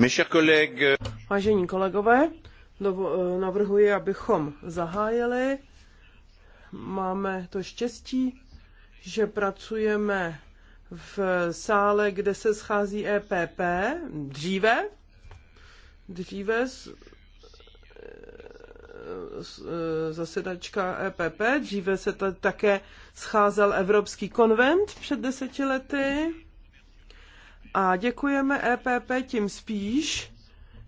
Euh, Vážení kolegové, eh, navrhuji, abychom zahájili. Máme to štěstí, že pracujeme v sále, kde se schází EPP dříve. Dříve eh, eh, zasedačka EPP, dříve se tady také scházel Evropský konvent před deseti lety. A děkujeme EPP tím spíš,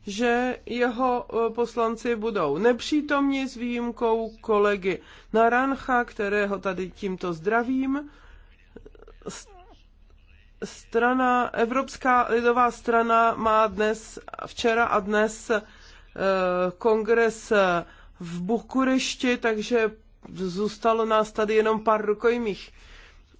že jeho e, poslanci budou nepřítomní s výjimkou kolegy Narancha, kterého tady tímto zdravím. Strana, Evropská lidová strana má dnes, včera a dnes e, kongres e, v Bukurešti, takže zůstalo nás tady jenom pár rukojmích.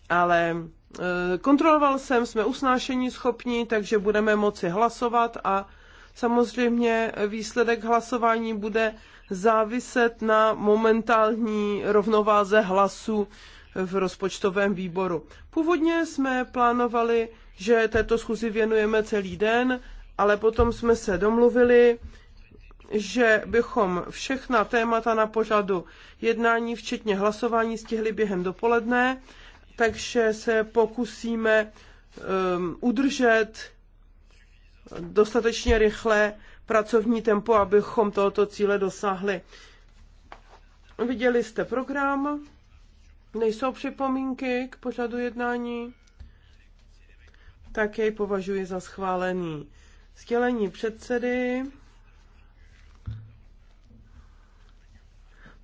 Ale Eh, kontroloval jsem, jsme usnášení schopní, takže budeme moci hlasovat a samozřejmě výsledek hlasování bude záviset na momentální rovnováze hlasů v rozpočtovém výboru. Původně jsme plánovali, že této schůzi věnujeme celý den, ale potom jsme se domluvili, že bychom všechna témata na pořadu jednání, včetně hlasování, stihli během dopoledne takže se pokusíme um, udržet dostatečně rychle pracovní tempo, abychom tohoto cíle dosáhli. Viděli jste program, nejsou připomínky k pořadu jednání, tak jej považuji za schválený. Sdělení předsedy.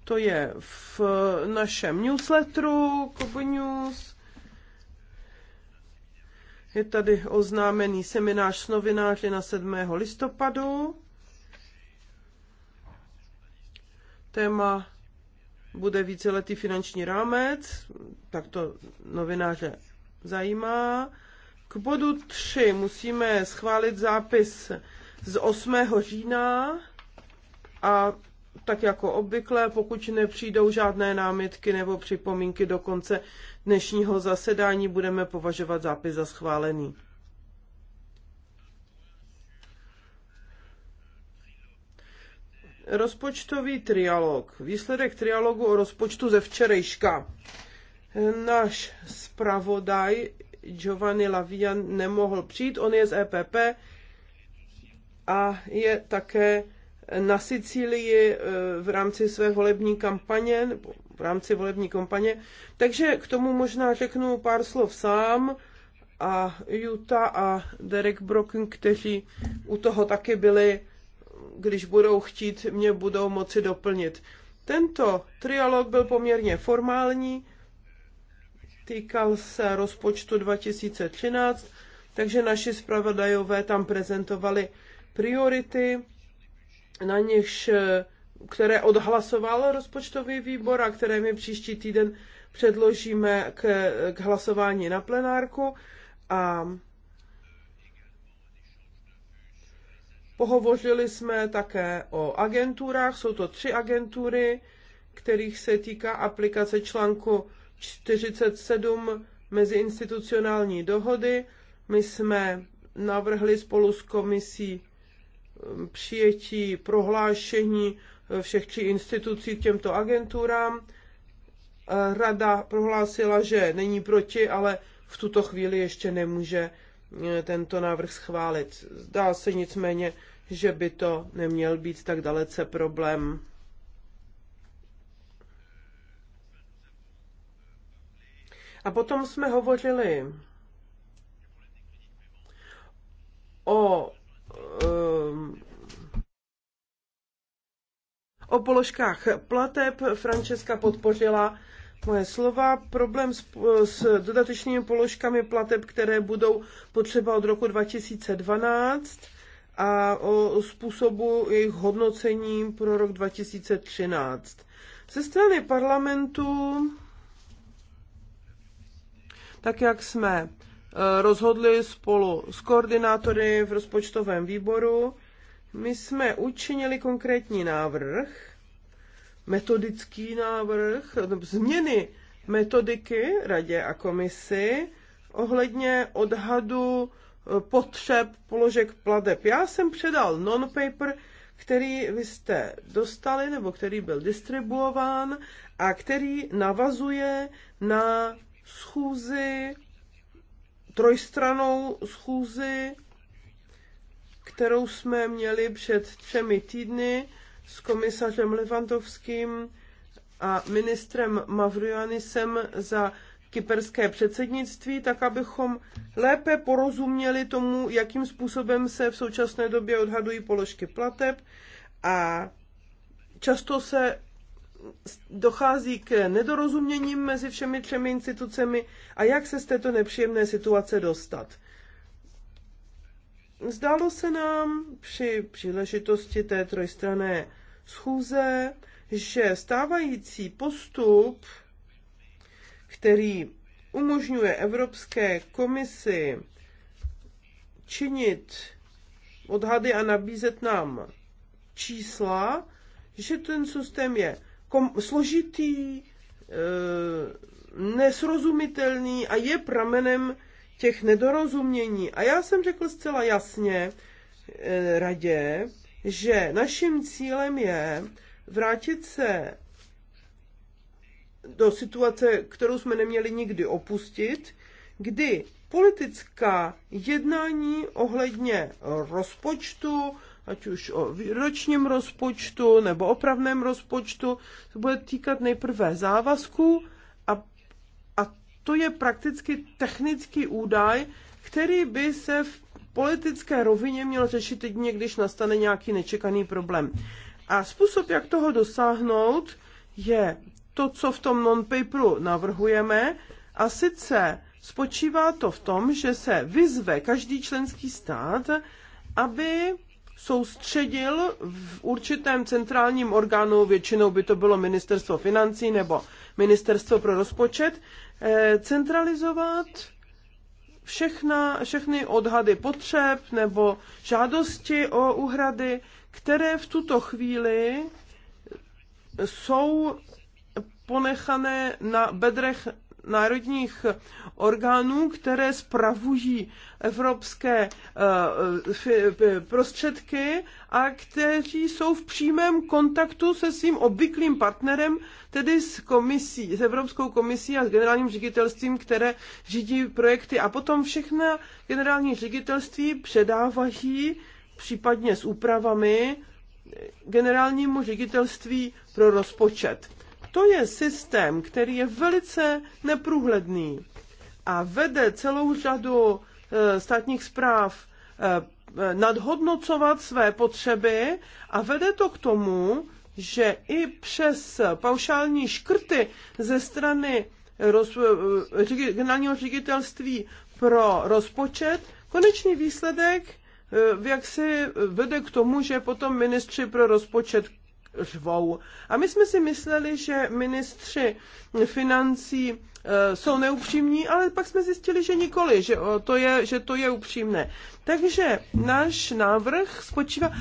to je v našem newsletteru Kobo News. Je tady oznámený seminář s novináři na 7. listopadu. Téma bude víceletý finanční rámec, tak to novináře zajímá. K bodu 3 musíme schválit zápis z 8. října a tak jako obvykle, pokud nepřijdou žádné námitky nebo připomínky do konce dnešního zasedání, budeme považovat zápis za schválený. Rozpočtový trialog. Výsledek trialogu o rozpočtu ze včerejška. Náš zpravodaj Giovanni Lavian nemohl přijít, on je z EPP a je také na Sicílii eh, v rámci své volební kampaně, nebo v rámci volební kampaně. Takže k tomu možná řeknu pár slov sám a Juta a Derek Brocken, kteří u toho taky byli, když budou chtít, mě budou moci doplnit. Tento trialog byl poměrně formální, týkal se rozpočtu 2013, takže naši zpravodajové tam prezentovali priority na něž, eh, které odhlasoval rozpočtový výbor a které my příští týden předložíme k, k hlasování na plenárku. A pohovořili jsme také o agenturách. Jsou to tři agentury, kterých se týká aplikace článku 47 meziinstitucionální dohody. My jsme navrhli spolu s komisí přijetí prohlášení všech tří institucí k těmto agenturám. Rada prohlásila, že není proti, ale v tuto chvíli ještě nemůže eh, tento návrh schválit. Zdá se nicméně, že by to neměl být tak dalece problém. A potom jsme hovořili položkách plateb. Francesca podpořila moje slova. Problém s, s dodatečnými položkami plateb, které budou potřeba od roku 2012 a o způsobu jejich hodnocení pro rok 2013. Ze strany parlamentu, tak jak jsme e, rozhodli spolu s koordinátory v rozpočtovém výboru, my jsme učinili konkrétní návrh, metodický návrh, změny metodiky radě a komisi ohledně odhadu eh, potřeb položek pladeb. Já jsem předal non-paper, který vy jste dostali nebo který byl distribuován a který navazuje na schůzi, trojstranou schůzi, kterou jsme měli před třemi týdny s komisařem Levantovským a ministrem Mavrujanisem za kyperské předsednictví, tak abychom lépe porozuměli tomu, jakým způsobem se v současné době odhadují položky plateb a často se dochází k nedorozuměním mezi všemi třemi institucemi a jak se z této nepříjemné situace dostat. Zdálo se nám při příležitosti té trojstrané schůze, že stávající postup, který umožňuje Evropské komisi činit odhady a nabízet nám čísla, že ten systém je složitý, e, nesrozumitelný a je pramenem těch nedorozumění. A já jsem řekl zcela jasně e, radě, že naším cílem je vrátit se do situace, kterou jsme neměli nikdy opustit, kdy politická jednání ohledně rozpočtu, ať už o výročním rozpočtu nebo opravném rozpočtu, se bude týkat nejprve závazků to je prakticky technický údaj, který by se v politické rovině měl řešit jedině, když nastane nějaký nečekaný problém. A způsob, jak toho dosáhnout, je to, co v tom non-paperu navrhujeme, a sice spočívá to v tom, že se vyzve každý členský stát, aby soustředil v určitém centrálním orgánu, většinou by to bylo ministerstvo financí nebo ministerstvo pro rozpočet, Eh, centralizovat všechna, všechny odhady potřeb nebo žádosti o úhrady, které v tuto chvíli jsou ponechané na bedrech národních orgánů, které spravují evropské eh, eh, prostředky a kteří jsou v přímém kontaktu se svým obvyklým partnerem, tedy s komisí, s Evropskou komisí a s generálním ředitelstvím, které řídí projekty. A potom všechna generální ředitelství předávají případně s úpravami generálnímu ředitelství pro rozpočet. To je systém, který je velice neprůhledný a vede celou řadu eh, státních zpráv eh, nadhodnocovat své potřeby a vede to k tomu, že i přes paušální škrty ze strany roz, eh, generálního ředitelství pro rozpočet, konečný výsledek jak si vede k tomu, že potom ministři pro rozpočet řvou. A my jsme si mysleli, že ministři financí e, jsou neupřímní, ale pak jsme zjistili, že nikoli, že to je, že to je upřímné. Takže náš návrh spočívá.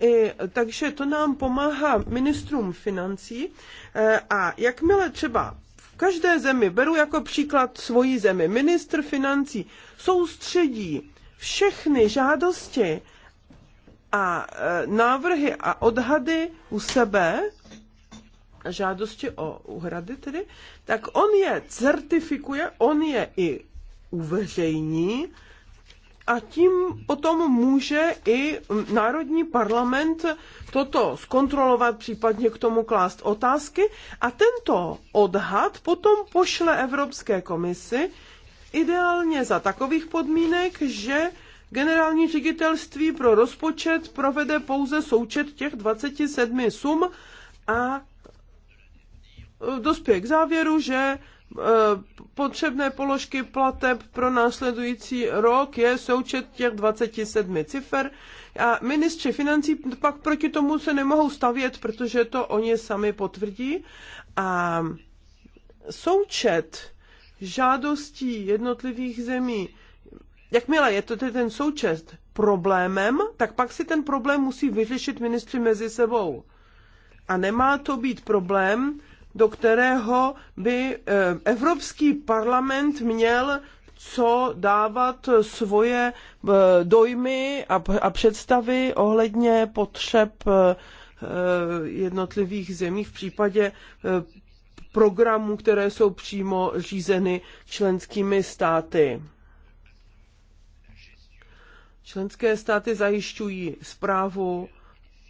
I, takže to nám pomáhá ministrům financí e, a jakmile třeba v každé zemi, beru jako příklad svoji zemi, ministr financí soustředí všechny žádosti a e, návrhy a odhady u sebe, žádosti o uhrady tedy, tak on je certifikuje, on je i uveřejní a tím potom může i Národní parlament toto zkontrolovat, případně k tomu klást otázky a tento odhad potom pošle Evropské komisi, ideálně za takových podmínek, že Generální ředitelství pro rozpočet provede pouze součet těch 27 sum a e, dospěje k závěru, že e, potřebné položky plateb pro následující rok je součet těch 27 cifer a ministři financí pak proti tomu se nemohou stavět, protože to oni sami potvrdí a součet žádostí jednotlivých zemí Jakmile je to ten součest problémem, tak pak si ten problém musí vyřešit ministři mezi sebou. A nemá to být problém, do kterého by eh, Evropský parlament měl co dávat svoje eh, dojmy a představy ohledně potřeb eh, jednotlivých zemí v případě programů, které jsou přímo řízeny členskými státy. Členské státy zajišťují zprávu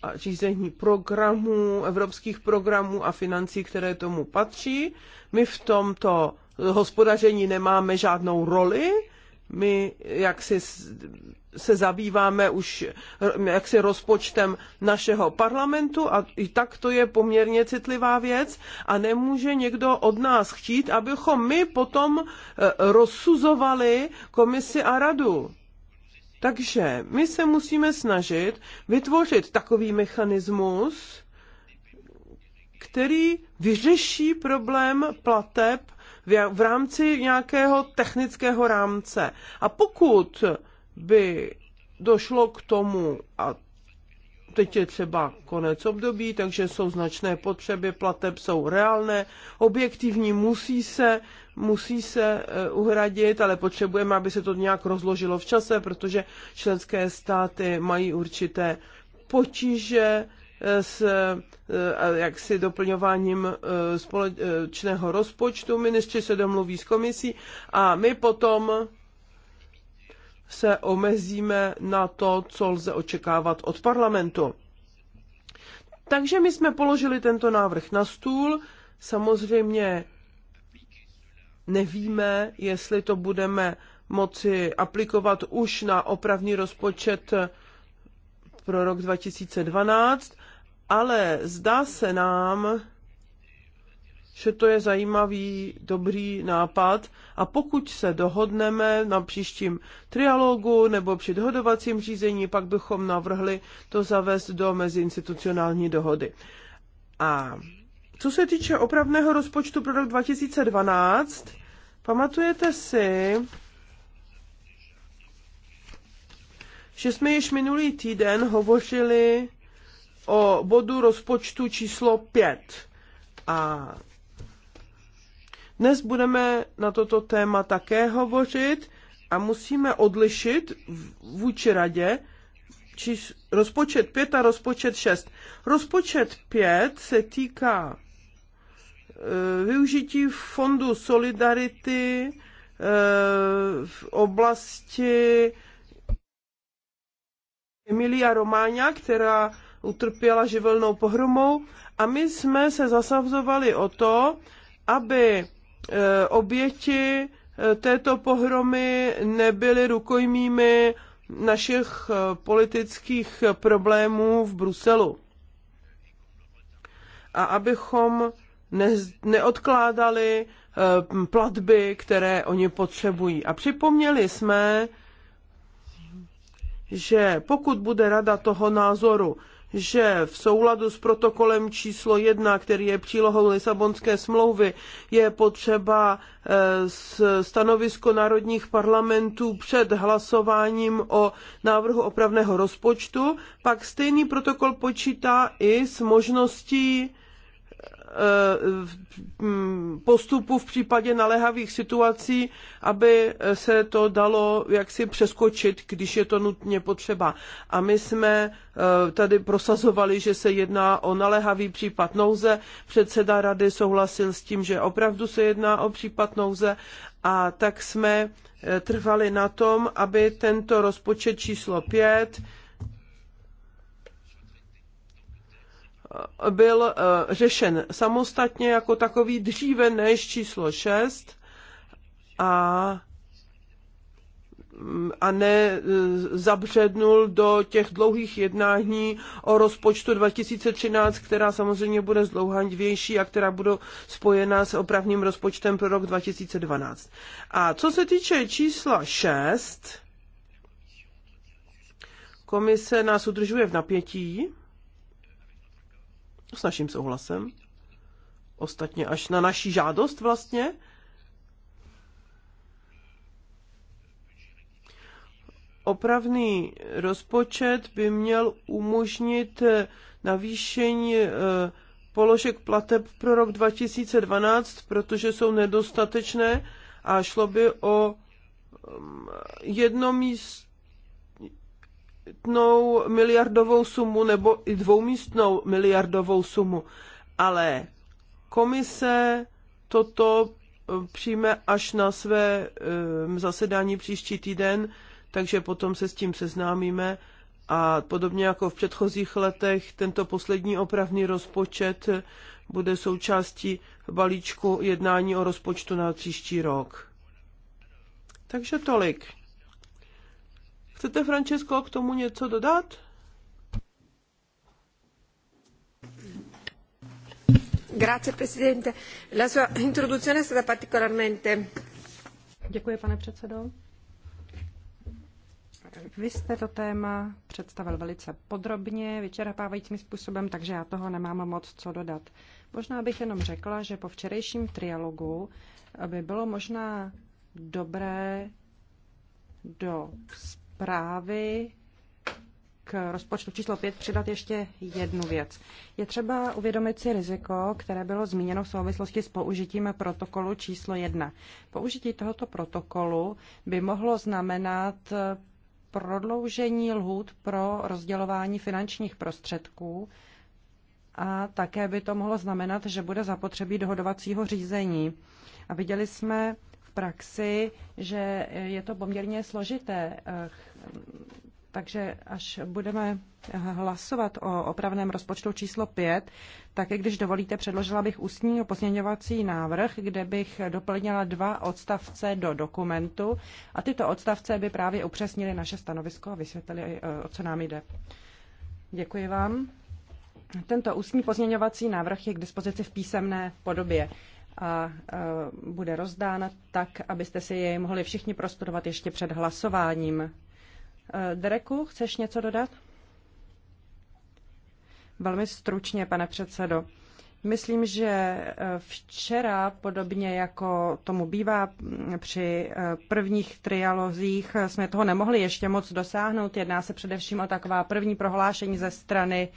a řízení programů, evropských programů a financí, které tomu patří. My v tomto hospodaření nemáme žádnou roli. My jak si se zabýváme už jaksi rozpočtem našeho parlamentu a i tak to je poměrně citlivá věc a nemůže někdo od nás chtít, abychom my potom eh, rozsuzovali komisi a radu. Takže my se musíme snažit vytvořit takový mechanismus, který vyřeší problém plateb v rámci nějakého technického rámce. A pokud by došlo k tomu, a teď je třeba konec období, takže jsou značné potřeby, plateb jsou reálné, objektivní, musí se, musí se e, uhradit, ale potřebujeme, aby se to nějak rozložilo v čase, protože členské státy mají určité potíže e, s e, jaksi doplňováním společného rozpočtu. Ministři se domluví s komisí a my potom se omezíme na to, co lze očekávat od parlamentu. Takže my jsme položili tento návrh na stůl. Samozřejmě nevíme, jestli to budeme moci aplikovat už na opravný rozpočet pro rok 2012, ale zdá se nám, že to je zajímavý, dobrý nápad a pokud se dohodneme na příštím trialogu nebo při dohodovacím řízení, pak bychom navrhli to zavést do meziinstitucionální dohody. A co se týče opravného rozpočtu pro rok 2012, pamatujete si, že jsme již minulý týden hovořili o bodu rozpočtu číslo 5. A dnes budeme na toto téma také hovořit a musíme odlišit vůči radě či rozpočet 5 a rozpočet 6. Rozpočet 5 se týká e, využití fondu Solidarity e, v oblasti Emilia Romáňa, která utrpěla živelnou pohromou. A my jsme se zasazovali o to, aby Eh, oběti eh, této pohromy nebyly rukojmími našich eh, politických problémů v Bruselu. A abychom ne, neodkládali platby, které oni potřebují. A připomněli jsme, že pokud bude rada toho názoru, že v souladu s protokolem číslo 1, který je přílohou Lisabonské smlouvy, je potřeba eh, stanovisko národních parlamentů před hlasováním o návrhu opravného rozpočtu, pak stejný protokol počítá i s možností Eh, postupu v případě naléhavých situací, aby se to dalo jaksi přeskočit, když je to nutně potřeba. A my jsme eh, tady prosazovali, že se jedná o naléhavý případ nouze. Předseda rady souhlasil s tím, že opravdu se jedná o případ nouze a tak jsme eh, trvali na tom, aby tento rozpočet číslo 5 byl eh, řešen samostatně jako takový dříve než číslo 6 a mm, a ne eh, zabřednul do těch dlouhých jednání o rozpočtu 2013, která samozřejmě bude zdlouhavější a která bude spojena s opravným rozpočtem pro rok 2012. A co se týče čísla 6, komise nás udržuje v napětí, s naším souhlasem. Ostatně až na naší žádost vlastně. Opravný rozpočet by měl umožnit navýšení eh, položek plateb pro rok 2012, protože jsou nedostatečné a šlo by o mm, jedno místo jednotnou miliardovou sumu nebo i dvoumístnou miliardovou sumu. Ale komise toto eh, přijme až na své eh, zasedání příští týden, takže potom se s tím seznámíme a podobně jako v předchozích letech tento poslední opravný rozpočet eh, bude součástí balíčku jednání o rozpočtu na příští rok. Takže tolik. Chcete, Francesco, k tomu něco dodat? Grazie, Presidente. La sua introduzione è stata particolarmente... Děkuji, pane předsedo. Vy jste to téma představil velice podrobně, vyčerpávajícím způsobem, takže já toho nemám moc co dodat. Možná bych jenom řekla, že po včerejším trialogu by bylo možná dobré do zprávy k rozpočtu číslo 5 přidat ještě jednu věc. Je třeba uvědomit si riziko, které bylo zmíněno v souvislosti s použitím protokolu číslo 1. Použití tohoto protokolu by mohlo znamenat prodloužení lhůt pro rozdělování finančních prostředků a také by to mohlo znamenat, že bude zapotřebí dohodovacího řízení. A viděli jsme praxi, že je to poměrně složité. Takže až budeme hlasovat o opravném rozpočtu číslo 5, tak i když dovolíte, předložila bych ústní pozměňovací návrh, kde bych doplnila dva odstavce do dokumentu a tyto odstavce by právě upřesnili naše stanovisko a vysvětlili, eh, o co nám jde. Děkuji vám. Tento ústní pozměňovací návrh je k dispozici v písemné podobě a bude rozdán tak, abyste si jej mohli všichni prostudovat ještě před hlasováním. E, Dereku, chceš něco dodat? Velmi stručně, pane předsedo. Myslím, že e, včera, podobně jako tomu bývá při e, prvních trialozích, jsme toho nemohli ještě moc dosáhnout. Jedná se především o taková první prohlášení ze strany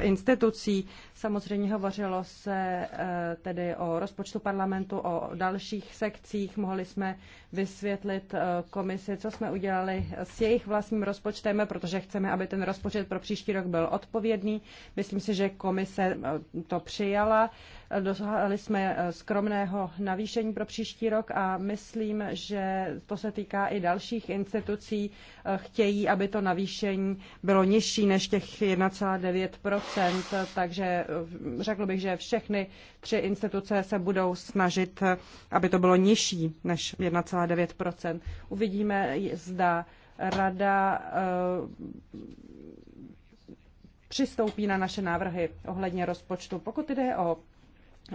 institucí. Samozřejmě hovořilo se eh, tedy o rozpočtu parlamentu, o dalších sekcích. Mohli jsme vysvětlit eh, komisi, co jsme udělali s jejich vlastním rozpočtem, protože chceme, aby ten rozpočet pro příští rok byl odpovědný. Myslím si, že komise eh, to přijala. Dosáhli jsme skromného navýšení pro příští rok a myslím, že to se týká i dalších institucí. Chtějí, aby to navýšení bylo nižší než těch 1,9 takže řekl bych, že všechny tři instituce se budou snažit, aby to bylo nižší než 1,9 Uvidíme, zda rada eh, přistoupí na naše návrhy ohledně rozpočtu. Pokud jde o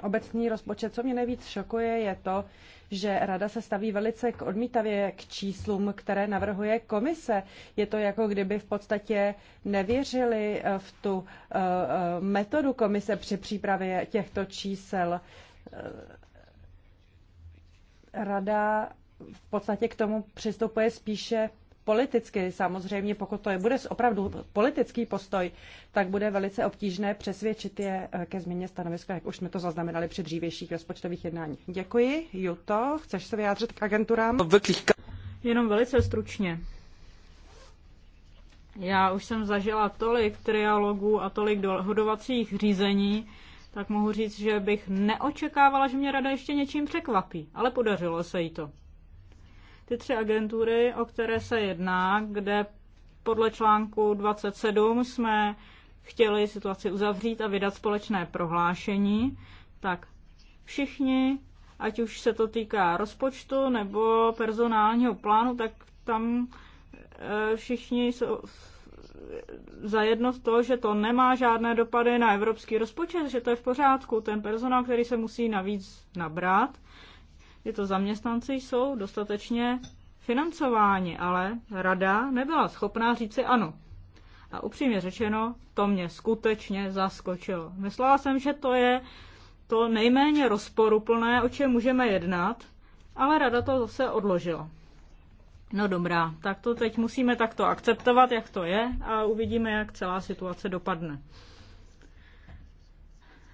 obecní rozpočet. Co mě nejvíc šokuje, je to, že rada se staví velice k odmítavě k číslům, které navrhuje komise. Je to jako kdyby v podstatě nevěřili eh, v tu eh, eh, metodu komise při přípravě těchto čísel. Rada v podstatě k tomu přistupuje spíše politicky. Samozřejmě, pokud to je, bude opravdu politický postoj, tak bude velice obtížné přesvědčit je eh, ke změně stanoviska, jak už jsme to zaznamenali při dřívějších rozpočtových jednáních. Děkuji. Juto, chceš se vyjádřit k agenturám? No, Jenom velice stručně. Já už jsem zažila tolik trialogů a tolik dohodovacích řízení, tak mohu říct, že bych neočekávala, že mě rada ještě něčím překvapí, ale podařilo se jí to. Ty tři agentury, o které se jedná, kde podle článku 27 jsme chtěli situaci uzavřít a vydat společné prohlášení, tak všichni, ať už se to týká rozpočtu nebo personálního plánu, tak tam e, všichni jsou zajedno v to, že to nemá žádné dopady na evropský rozpočet, že to je v pořádku. Ten personál, který se musí navíc nabrat, tyto zaměstnanci jsou dostatečně financováni, ale rada nebyla schopná říci ano. A upřímně řečeno, to mě skutečně zaskočilo. Myslela jsem, že to je to nejméně rozporuplné, o čem můžeme jednat, ale rada to zase odložila. No dobrá, tak to teď musíme takto akceptovat, jak to je a uvidíme, jak celá situace dopadne.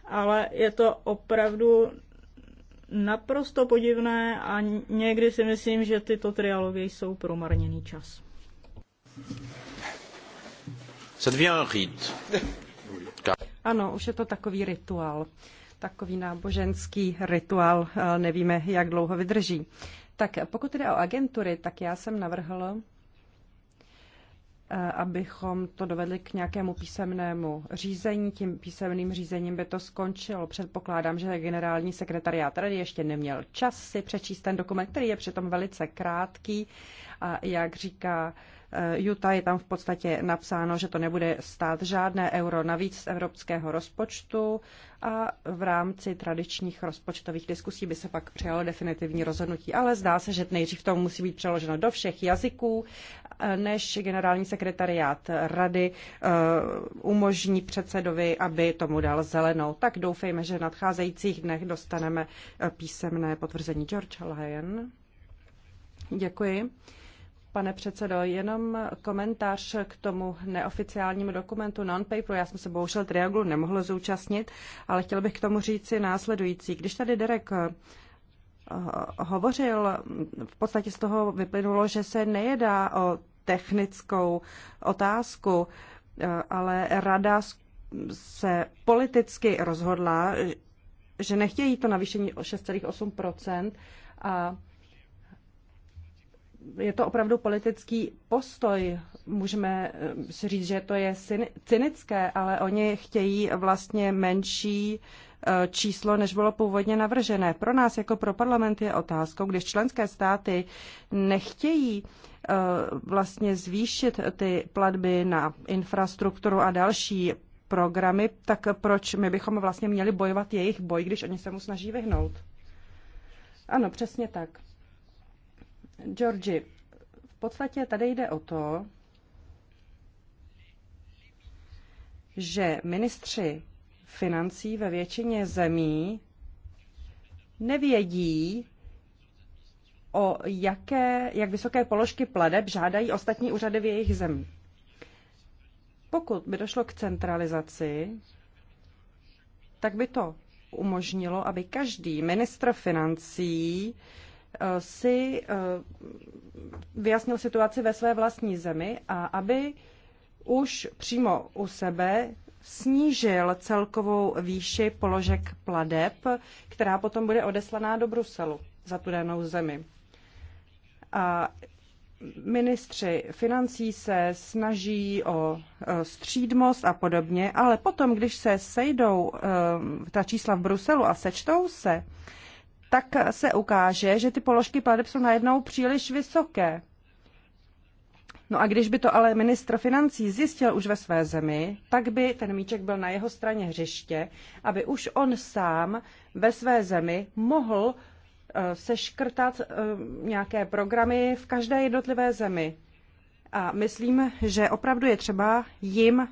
Ale je to opravdu naprosto podivné a někdy si myslím, že tyto trialogy jsou promarněný čas. Ano, už je to takový rituál, takový náboženský rituál, eh, nevíme, jak dlouho vydrží. Tak pokud jde o agentury, tak já jsem navrhl, Eh, abychom to dovedli k nějakému písemnému řízení. Tím písemným řízením by to skončilo. Předpokládám, že generální sekretariát rady ještě neměl čas si přečíst ten dokument, který je přitom velice krátký. A jak říká eh, Juta, je tam v podstatě napsáno, že to nebude stát žádné euro navíc z evropského rozpočtu a v rámci tradičních rozpočtových diskusí by se pak přijalo definitivní rozhodnutí. Ale zdá se, že nejdřív to musí být přeloženo do všech jazyků než generální sekretariát rady eh, umožní předsedovi, aby tomu dal zelenou. Tak doufejme, že v nadcházejících dnech dostaneme eh, písemné potvrzení. George Lyon. Děkuji. Pane předsedo, jenom komentář k tomu neoficiálnímu dokumentu non paper Já jsem se bohužel triangulu nemohl zúčastnit, ale chtěl bych k tomu říci následující. Když tady Derek eh, Eh, hovořil. V podstatě z toho vyplynulo, že se nejedá o technickou otázku, eh, ale rada se politicky rozhodla, že nechtějí to navýšení o 6,8 a je to opravdu politický postoj. Můžeme eh, si říct, že to je cynické, ale oni chtějí vlastně menší Eh, číslo, než bylo původně navržené. Pro nás jako pro parlament je otázkou, když členské státy nechtějí eh, vlastně zvýšit ty platby na infrastrukturu a další programy, tak proč my bychom vlastně měli bojovat jejich boj, když oni se mu snaží vyhnout? Ano, přesně tak. Georgi, v podstatě tady jde o to, že ministři financí ve většině zemí nevědí, o jaké, jak vysoké položky pladeb žádají ostatní úřady v jejich zemi. Pokud by došlo k centralizaci, tak by to umožnilo, aby každý ministr financí eh, si eh, vyjasnil situaci ve své vlastní zemi a aby už přímo u sebe snížil celkovou výši položek pladeb, která potom bude odeslaná do Bruselu za tu danou zemi. A ministři financí se snaží o e, střídmost a podobně, ale potom, když se sejdou e, ta čísla v Bruselu a sečtou se, tak se ukáže, že ty položky pladeb jsou najednou příliš vysoké. No a když by to ale ministr financí zjistil už ve své zemi, tak by ten míček byl na jeho straně hřiště, aby už on sám ve své zemi mohl eh, seškrtat eh, nějaké programy v každé jednotlivé zemi. A myslím, že opravdu je třeba jim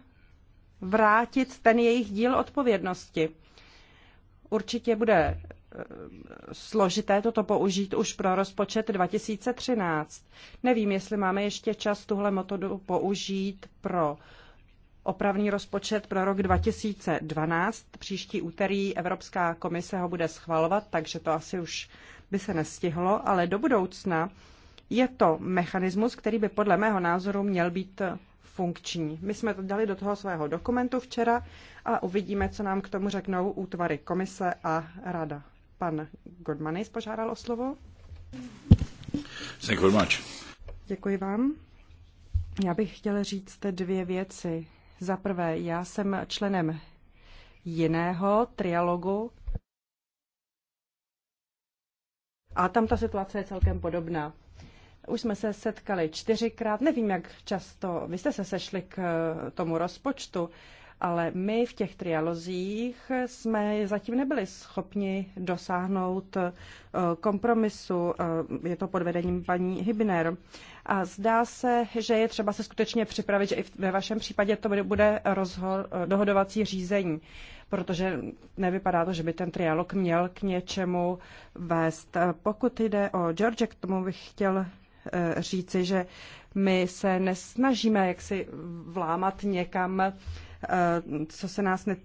vrátit ten jejich díl odpovědnosti. Určitě bude složité toto použít už pro rozpočet 2013. Nevím, jestli máme ještě čas tuhle metodu použít pro opravný rozpočet pro rok 2012. Příští úterý Evropská komise ho bude schvalovat, takže to asi už by se nestihlo, ale do budoucna je to mechanismus, který by podle mého názoru měl být funkční. My jsme to dali do toho svého dokumentu včera a uvidíme, co nám k tomu řeknou útvary komise a rada. Pan Godmanis požádal o slovo. Thank you very much. Děkuji vám. Já bych chtěla říct dvě věci. Za prvé, já jsem členem jiného trialogu a tam ta situace je celkem podobná. Už jsme se setkali čtyřikrát, nevím, jak často vy jste se sešli k tomu rozpočtu, ale my v těch trialozích jsme zatím nebyli schopni dosáhnout eh, kompromisu. Eh, je to pod vedením paní Hybner. A zdá se, že je třeba se skutečně připravit, že i ve vašem případě to bude rozho- dohodovací řízení, protože nevypadá to, že by ten trialog měl k něčemu vést. Pokud jde o George, k tomu bych chtěl eh, říci, že my se nesnažíme jaksi vlámat někam Eh, co se nás ne,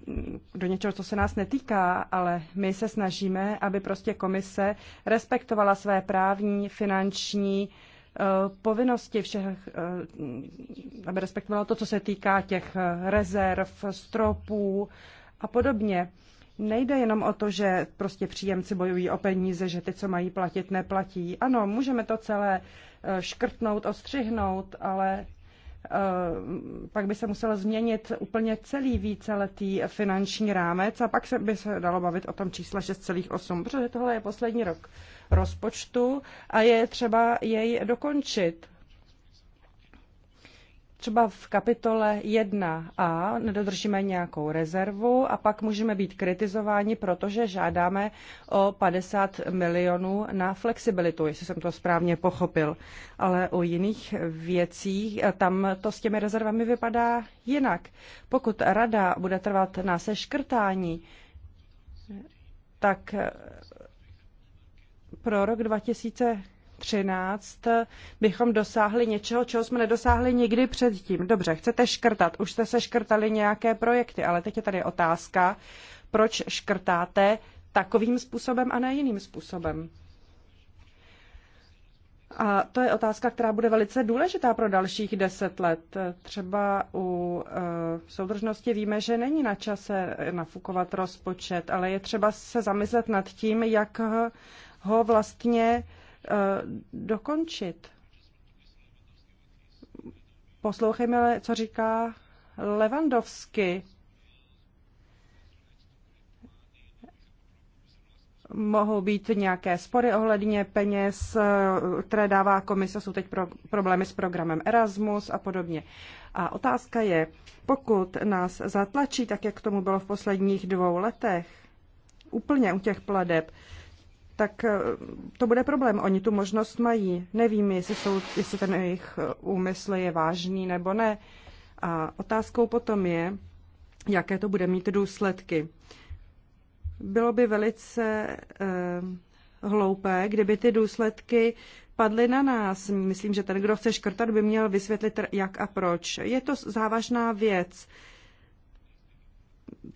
do něčeho, co se nás netýká, ale my se snažíme, aby prostě komise respektovala své právní, finanční eh, povinnosti všech, eh, aby respektovala to, co se týká těch rezerv, stropů a podobně. Nejde jenom o to, že prostě příjemci bojují o peníze, že ty, co mají platit, neplatí. Ano, můžeme to celé škrtnout, ostřihnout, ale Eh, pak by se musel změnit úplně celý víceletý finanční rámec a pak se by se dalo bavit o tom čísle 6,8, protože tohle je poslední rok rozpočtu a je třeba jej dokončit třeba v kapitole 1a nedodržíme nějakou rezervu a pak můžeme být kritizováni, protože žádáme o 50 milionů na flexibilitu, jestli jsem to správně pochopil. Ale u jiných věcí eh, tam to s těmi rezervami vypadá jinak. Pokud rada bude trvat na seškrtání, tak eh, pro rok 2000 2013 bychom dosáhli něčeho, čeho jsme nedosáhli nikdy předtím. Dobře, chcete škrtat, už jste se škrtali nějaké projekty, ale teď je tady otázka, proč škrtáte takovým způsobem a ne jiným způsobem. A to je otázka, která bude velice důležitá pro dalších deset let. Třeba u e, soudržnosti víme, že není na čase nafukovat rozpočet, ale je třeba se zamyslet nad tím, jak ho vlastně Eh, dokončit. Poslouchejme, co říká Levandovsky. mohou být nějaké spory ohledně peněz, eh, které dává komise, jsou teď pro, problémy s programem Erasmus a podobně. A otázka je, pokud nás zatlačí, tak jak tomu bylo v posledních dvou letech, úplně u těch pladeb, tak eh, to bude problém. Oni tu možnost mají. Nevím, jestli, jsou, jestli ten jejich eh, úmysl je vážný nebo ne. A otázkou potom je, jaké to bude mít důsledky. Bylo by velice eh, hloupé, kdyby ty důsledky padly na nás. Myslím, že ten, kdo chce škrtat, by měl vysvětlit, jak a proč. Je to závažná věc.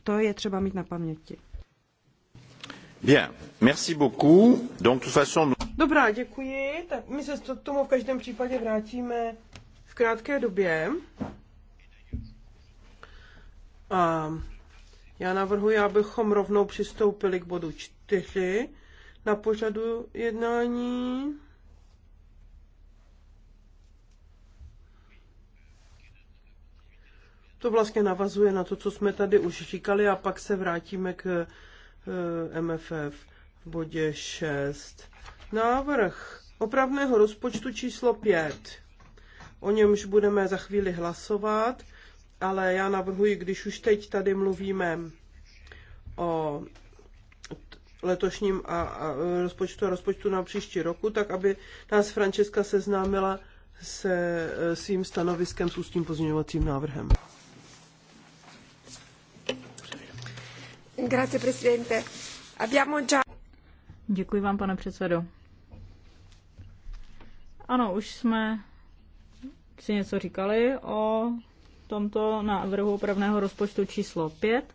To je třeba mít na paměti. Bien, merci beaucoup. Donc, de toute façon... Dobrá, děkuji. Tak my se k tomu v každém případě vrátíme v krátké době. A já navrhuji, abychom rovnou přistoupili k bodu čtyři na pořadu jednání. To vlastně navazuje na to, co jsme tady už říkali a pak se vrátíme k Eh, MFF v bodě 6. Návrh opravného rozpočtu číslo 5. O němž budeme za chvíli hlasovat, ale já navrhuji, když už teď tady mluvíme o letošním a, a rozpočtu a rozpočtu na příští roku, tak aby nás Francesca seznámila se eh, svým stanoviskem s ústním pozměňovacím návrhem. Děkuji vám, pane předsedo. Ano, už jsme si něco říkali o tomto návrhu opravného rozpočtu číslo 5.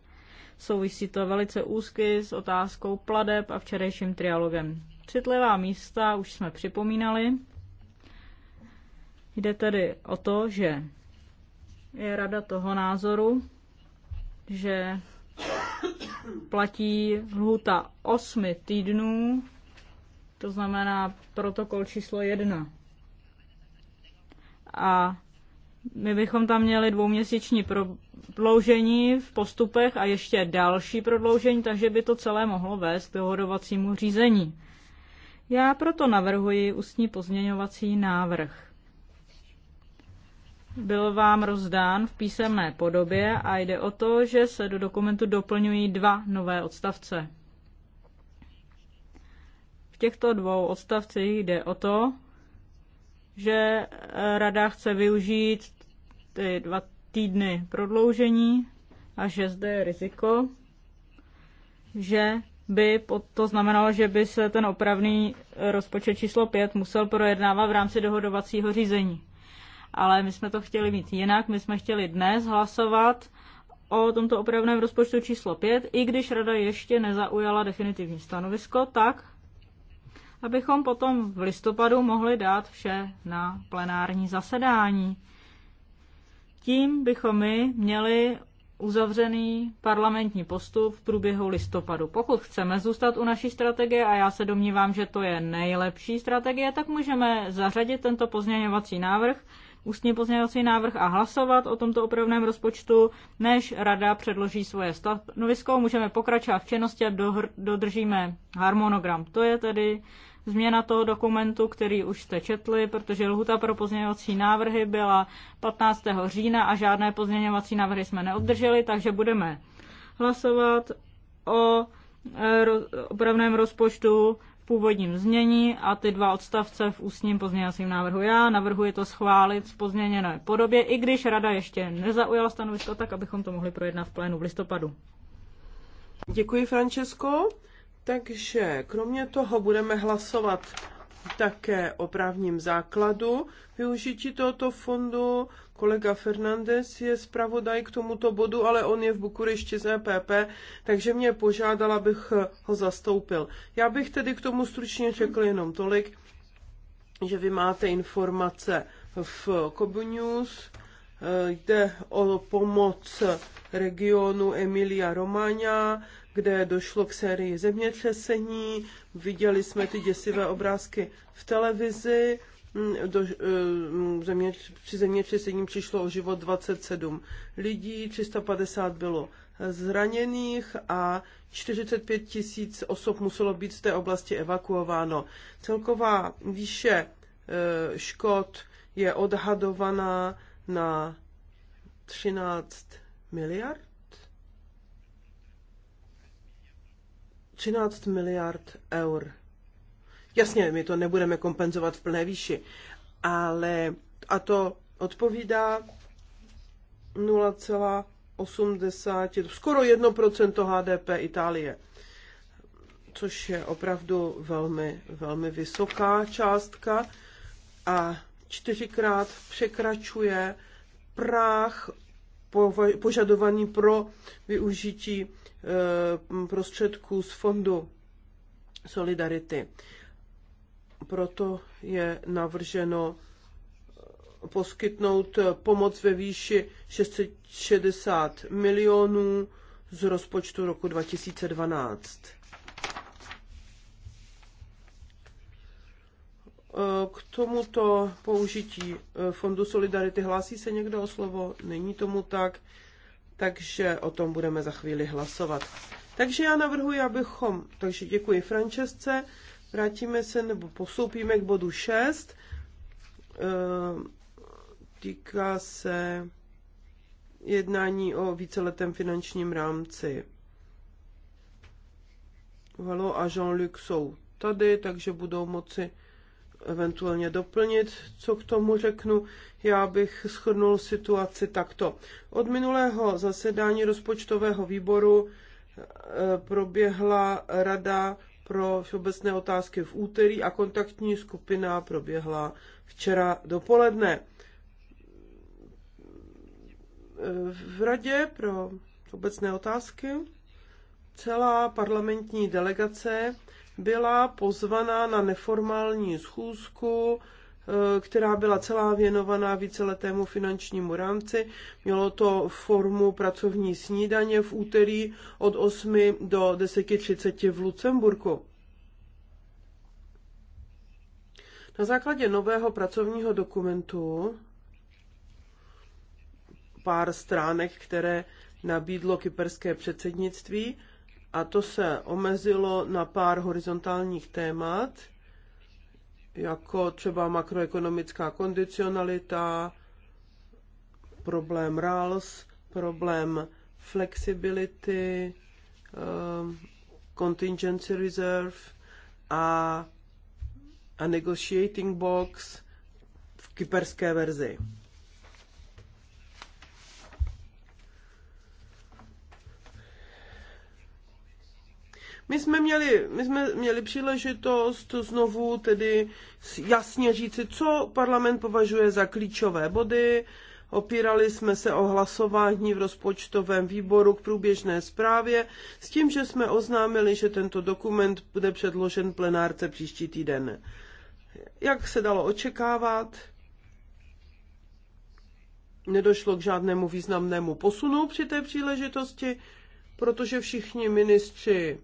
Souvisí to velice úzky s otázkou pladeb a včerejším trialogem. Citlivá místa už jsme připomínali. Jde tedy o to, že je rada toho názoru, že platí lhuta 8 týdnů, to znamená protokol číslo 1. A my bychom tam měli dvouměsíční prodloužení v postupech a ještě další prodloužení, takže by to celé mohlo vést k dohodovacímu řízení. Já proto navrhuji ústní pozměňovací návrh byl vám rozdán v písemné podobě a jde o to, že se do dokumentu doplňují dva nové odstavce. V těchto dvou odstavcích jde o to, že eh, Rada chce využít ty dva týdny prodloužení a že zde je riziko, že by to znamenalo, že by se ten opravný eh, rozpočet číslo 5 musel projednávat v rámci dohodovacího řízení ale my jsme to chtěli mít jinak. My jsme chtěli dnes hlasovat o tomto opravném rozpočtu číslo 5, i když rada ještě nezaujala definitivní stanovisko, tak abychom potom v listopadu mohli dát vše na plenární zasedání. Tím bychom my měli uzavřený parlamentní postup v průběhu listopadu. Pokud chceme zůstat u naší strategie, a já se domnívám, že to je nejlepší strategie, tak můžeme zařadit tento pozměňovací návrh ústní pozměňovací návrh a hlasovat o tomto opravném rozpočtu, než rada předloží svoje stanovisko. Můžeme pokračovat v činnosti a dohr- dodržíme harmonogram. To je tedy změna toho dokumentu, který už jste četli, protože lhuta pro pozměňovací návrhy byla 15. října a žádné pozměňovací návrhy jsme neobdrželi, takže budeme hlasovat o e, opravném rozpočtu původním znění a ty dva odstavce v ústním pozměňovacím návrhu. Já navrhuji to schválit v pozměněné podobě, i když rada ještě nezaujala stanovisko, tak abychom to mohli projednat v plénu v listopadu. Děkuji, Francesco. Takže kromě toho budeme hlasovat také o právním základu využití tohoto fondu Kolega Fernandez je zpravodaj k tomuto bodu, ale on je v Bukurešti z EPP, takže mě požádal, abych ho zastoupil. Já bych tedy k tomu stručně řekl jenom tolik, že vy máte informace v Kobu News, jde o pomoc regionu Emilia Romagna, kde došlo k sérii zemětřesení. Viděli jsme ty děsivé obrázky v televizi Mm, do eh, země, při zemětřesení přišlo o život 27 lidí, 350 bylo zraněných a 45 tisíc osob muselo být z té oblasti evakuováno. Celková výše eh, škod je odhadovaná na 13 miliard. 13 miliard eur. Jasně, my to nebudeme kompenzovat v plné výši, ale a to odpovídá 0,80, skoro 1% HDP Itálie, což je opravdu velmi, velmi vysoká částka a čtyřikrát překračuje práh požadovaný pro využití eh, prostředků z fondu Solidarity. Proto je navrženo poskytnout pomoc ve výši 660 milionů z rozpočtu roku 2012. K tomuto použití Fondu Solidarity hlásí se někdo o slovo? Není tomu tak, takže o tom budeme za chvíli hlasovat. Takže já navrhuji, abychom, takže děkuji Francesce, Vrátíme se nebo postoupíme k bodu 6. Ehm, týká se jednání o víceletém finančním rámci. Valo a Jean-Luc jsou tady, takže budou moci eventuálně doplnit, co k tomu řeknu. Já bych schrnul situaci takto. Od minulého zasedání rozpočtového výboru eh, proběhla rada pro všeobecné otázky v úterý a kontaktní skupina proběhla včera dopoledne. V Radě pro obecné otázky celá parlamentní delegace byla pozvaná na neformální schůzku Eh, která byla celá věnovaná víceletému finančnímu rámci. Mělo to formu pracovní snídaně v úterý od 8 do 10.30 v Lucemburku. Na základě nového pracovního dokumentu pár stránek, které nabídlo kyperské předsednictví, a to se omezilo na pár horizontálních témat – jako třeba makroekonomická kondicionalita, problém RALS, problém flexibility, ehm, contingency reserve a, a negotiating box v kyperské verzi. My jsme měli, my jsme měli příležitost znovu tedy jasně říci, co parlament považuje za klíčové body. Opírali jsme se o hlasování v rozpočtovém výboru k průběžné zprávě s tím, že jsme oznámili, že tento dokument bude předložen plenárce příští týden. Jak se dalo očekávat, nedošlo k žádnému významnému posunu při té příležitosti, protože všichni ministři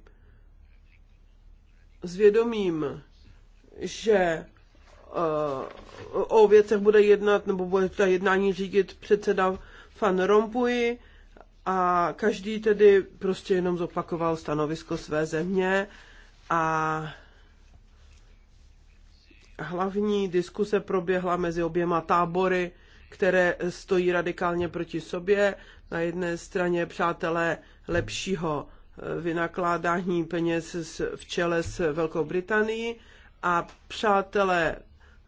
zvědomím, že eh, o věcech bude jednat, nebo bude ta jednání řídit předseda Fan Rompuy a každý tedy prostě jenom zopakoval stanovisko své země a hlavní diskuse proběhla mezi oběma tábory, které stojí radikálně proti sobě. Na jedné straně přátelé lepšího vynakládání peněz v čele s Velkou Británií a přátelé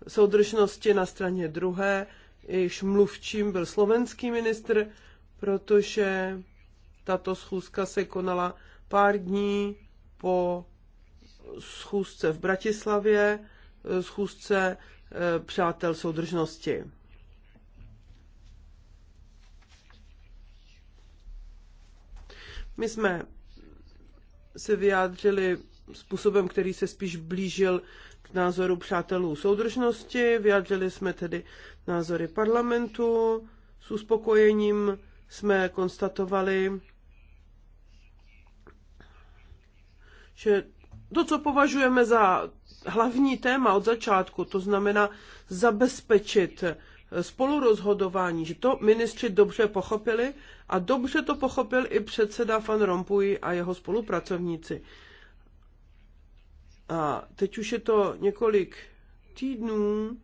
soudržnosti na straně druhé, jejichž mluvčím byl slovenský ministr, protože tato schůzka se konala pár dní po schůzce v Bratislavě, eh, schůzce eh, přátel soudržnosti. My jsme se vyjádřili způsobem, který se spíš blížil k názoru přátelů soudržnosti. Vyjádřili jsme tedy názory parlamentu. S uspokojením jsme konstatovali, že to, co považujeme za hlavní téma od začátku, to znamená zabezpečit spolurozhodování, že to ministři dobře pochopili a dobře to pochopil i předseda Van Rompuy a jeho spolupracovníci. A teď už je to několik týdnů,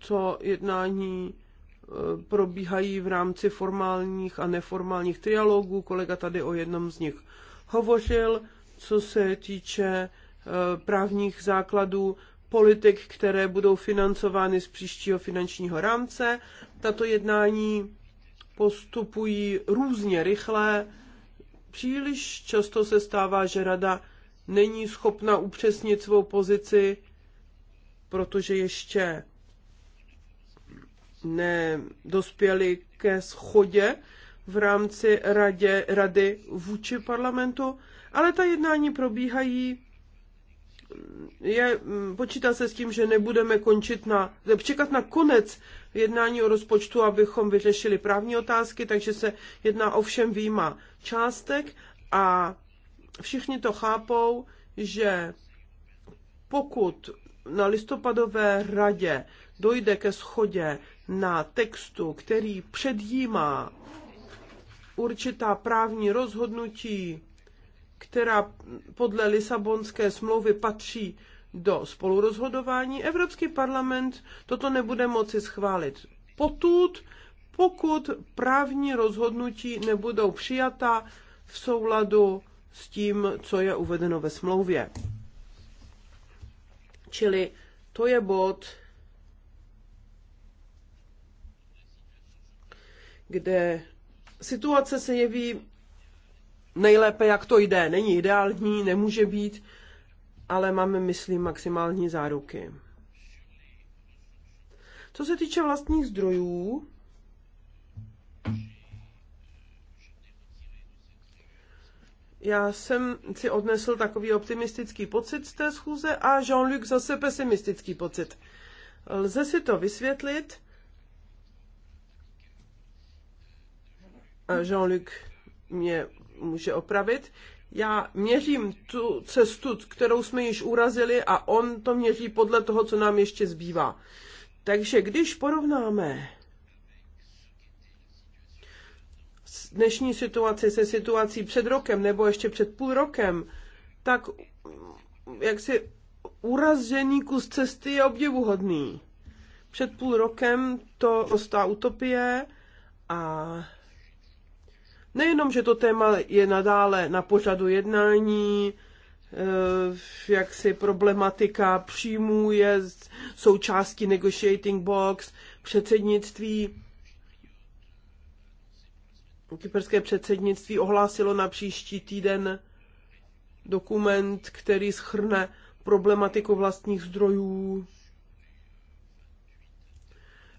co jednání eh, probíhají v rámci formálních a neformálních trialogů. Kolega tady o jednom z nich hovořil, co se týče Eh, právních základů politik, které budou financovány z příštího finančního rámce. Tato jednání postupují různě rychle. Příliš často se stává, že rada není schopna upřesnit svou pozici, protože ještě nedospěli ke schodě v rámci radě, rady vůči parlamentu, ale ta jednání probíhají je, mm, počítá se s tím, že nebudeme končit na, čekat na konec jednání o rozpočtu, abychom vyřešili právní otázky, takže se jedná o všem výjima částek a všichni to chápou, že pokud na listopadové radě dojde ke schodě na textu, který předjímá určitá právní rozhodnutí která podle Lisabonské smlouvy patří do spolurozhodování, Evropský parlament toto nebude moci schválit. Potud, pokud právní rozhodnutí nebudou přijata v souladu s tím, co je uvedeno ve smlouvě. Čili to je bod, kde situace se jeví nejlépe, jak to jde. Není ideální, nemůže být, ale máme, myslím, maximální záruky. Co se týče vlastních zdrojů, Já jsem si odnesl takový optimistický pocit z té schůze a Jean-Luc zase pesimistický pocit. Lze si to vysvětlit. Jean-Luc mě může opravit. Já měřím tu cestu, kterou jsme již urazili a on to měří podle toho, co nám ještě zbývá. Takže když porovnáme dnešní situaci se situací před rokem nebo ještě před půl rokem, tak mm, jak si urazený kus cesty je obdivuhodný. Před půl rokem to prostá utopie a Nejenom, že to téma je nadále na pořadu jednání, eh, jak si problematika příjmů je součástí negotiating box, předsednictví, kyperské předsednictví ohlásilo na příští týden dokument, který schrne problematiku vlastních zdrojů.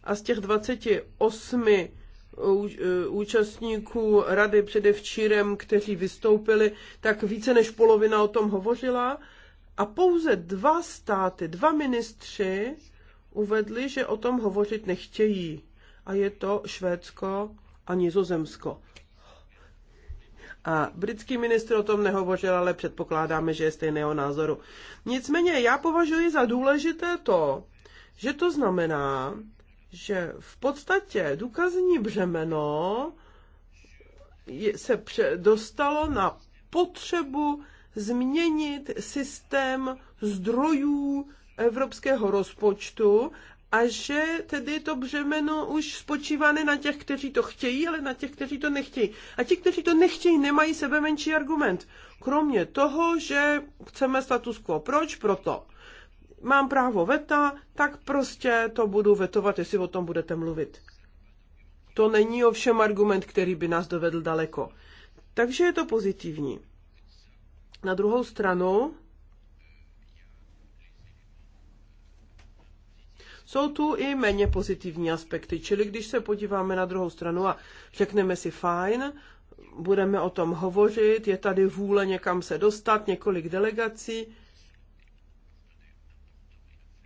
A z těch 28 Eh, účastníků rady předevčírem, kteří vystoupili, tak více než polovina o tom hovořila. A pouze dva státy, dva ministři uvedli, že o tom hovořit nechtějí. A je to Švédsko a Nizozemsko. A britský ministr o tom nehovořil, ale předpokládáme, že je stejného názoru. Nicméně já považuji za důležité to, že to znamená, že v podstatě důkazní břemeno se dostalo na potřebu změnit systém zdrojů evropského rozpočtu a že tedy to břemeno už spočívá ne na těch, kteří to chtějí, ale na těch, kteří to nechtějí. A ti, kteří to nechtějí, nemají sebe menší argument. Kromě toho, že chceme status quo. Proč? Proto, mám právo veta, tak prostě to budu vetovat, jestli o tom budete mluvit. To není ovšem argument, který by nás dovedl daleko. Takže je to pozitivní. Na druhou stranu jsou tu i méně pozitivní aspekty. Čili když se podíváme na druhou stranu a řekneme si fajn, budeme o tom hovořit, je tady vůle někam se dostat, několik delegací,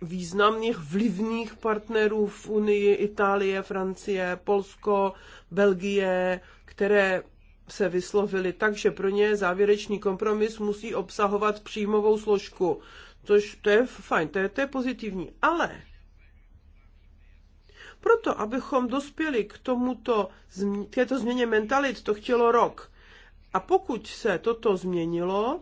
významných vlivných partnerů v Unii, Itálie, Francie, Polsko, Belgie, které se vyslovili tak, že pro ně závěrečný kompromis musí obsahovat příjmovou složku. Což to je fajn, to je, to je pozitivní. Ale proto, abychom dospěli k tomuto, k této změně mentalit, to chtělo rok. A pokud se toto změnilo,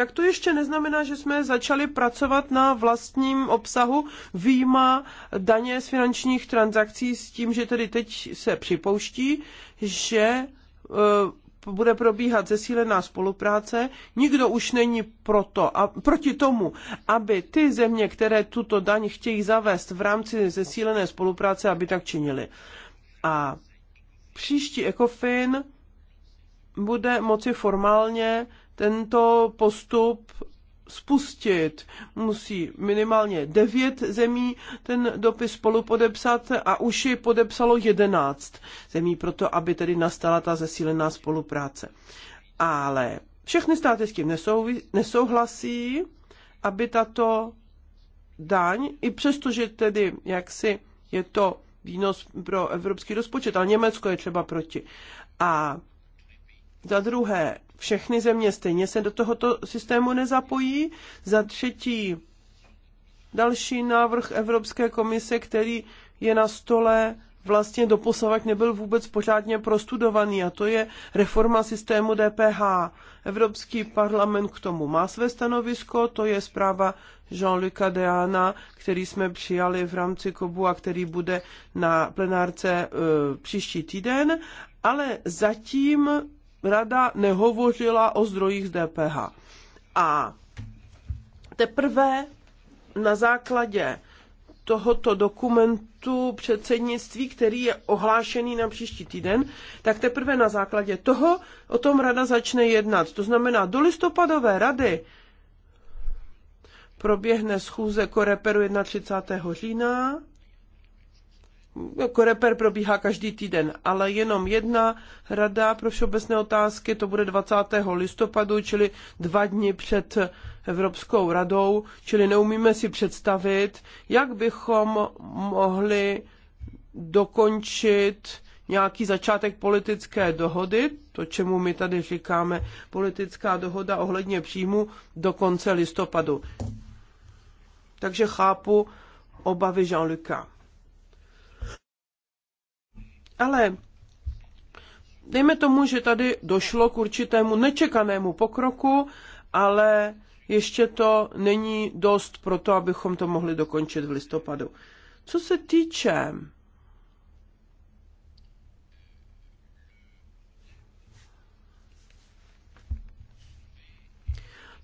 tak to ještě neznamená, že jsme začali pracovat na vlastním obsahu výjima daně z finančních transakcí s tím, že tedy teď se připouští, že eh, bude probíhat zesílená spolupráce. Nikdo už není proto a proti tomu, aby ty země, které tuto daň chtějí zavést v rámci zesílené spolupráce, aby tak činili. A příští ECOFIN bude moci formálně tento postup spustit. Musí minimálně devět zemí ten dopis spolu podepsat a už ji podepsalo jedenáct zemí proto, aby tedy nastala ta zesílená spolupráce. Ale všechny státy s tím nesou, nesouhlasí, aby tato daň, i přestože tedy jaksi je to výnos pro evropský rozpočet, ale Německo je třeba proti. A za druhé, všechny země stejně se do tohoto systému nezapojí. Za třetí, další návrh Evropské komise, který je na stole, vlastně doposavať nebyl vůbec pořádně prostudovaný a to je reforma systému DPH. Evropský parlament k tomu má své stanovisko, to je zpráva Jean-Luc Deana, který jsme přijali v rámci KOBU a který bude na plenárce e, příští týden, ale zatím rada nehovořila o zdrojích DPH. A teprve na základě tohoto dokumentu předsednictví, který je ohlášený na příští týden, tak teprve na základě toho o tom rada začne jednat. To znamená, do listopadové rady proběhne schůze Koreperu 31. října jako reper probíhá každý týden, ale jenom jedna rada pro všeobecné otázky, to bude 20. listopadu, čili dva dny před Evropskou radou, čili neumíme si představit, jak bychom mohli dokončit nějaký začátek politické dohody, to, čemu my tady říkáme politická dohoda ohledně příjmu, do konce listopadu. Takže chápu obavy Jean-Luca. Ale dejme tomu, že tady došlo k určitému nečekanému pokroku, ale ještě to není dost pro to, abychom to mohli dokončit v listopadu. Co se týče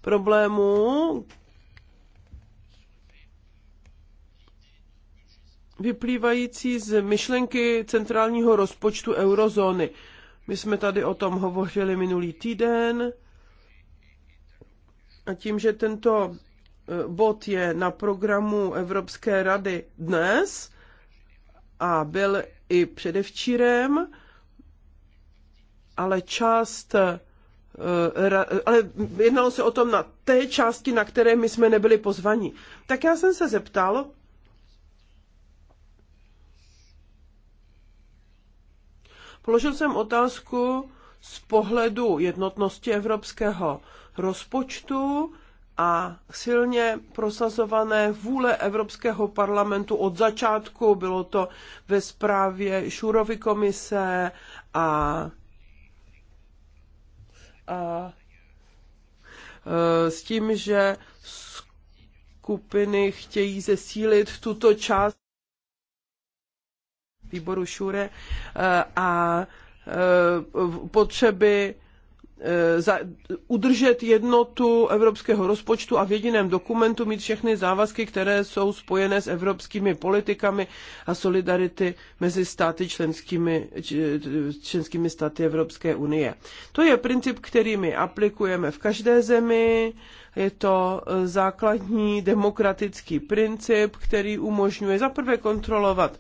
problémů, vyplývající z myšlenky centrálního rozpočtu eurozóny. My jsme tady o tom hovořili minulý týden a tím, že tento e, bod je na programu Evropské rady dnes a byl i předevčírem, ale část e, ale jednalo se o tom na té části, na které my jsme nebyli pozvaní. Tak já jsem se zeptal, Položil jsem otázku z pohledu jednotnosti evropského rozpočtu a silně prosazované vůle Evropského parlamentu od začátku. Bylo to ve zprávě Šurovy komise a, a e, s tím, že skupiny chtějí zesílit tuto část výboru Šure eh, a eh, potřeby eh, za, udržet jednotu evropského rozpočtu a v jediném dokumentu mít všechny závazky, které jsou spojené s evropskými politikami a solidarity mezi státy členskými, členskými státy Evropské unie. To je princip, který my aplikujeme v každé zemi. Je to základní demokratický princip, který umožňuje zaprvé kontrolovat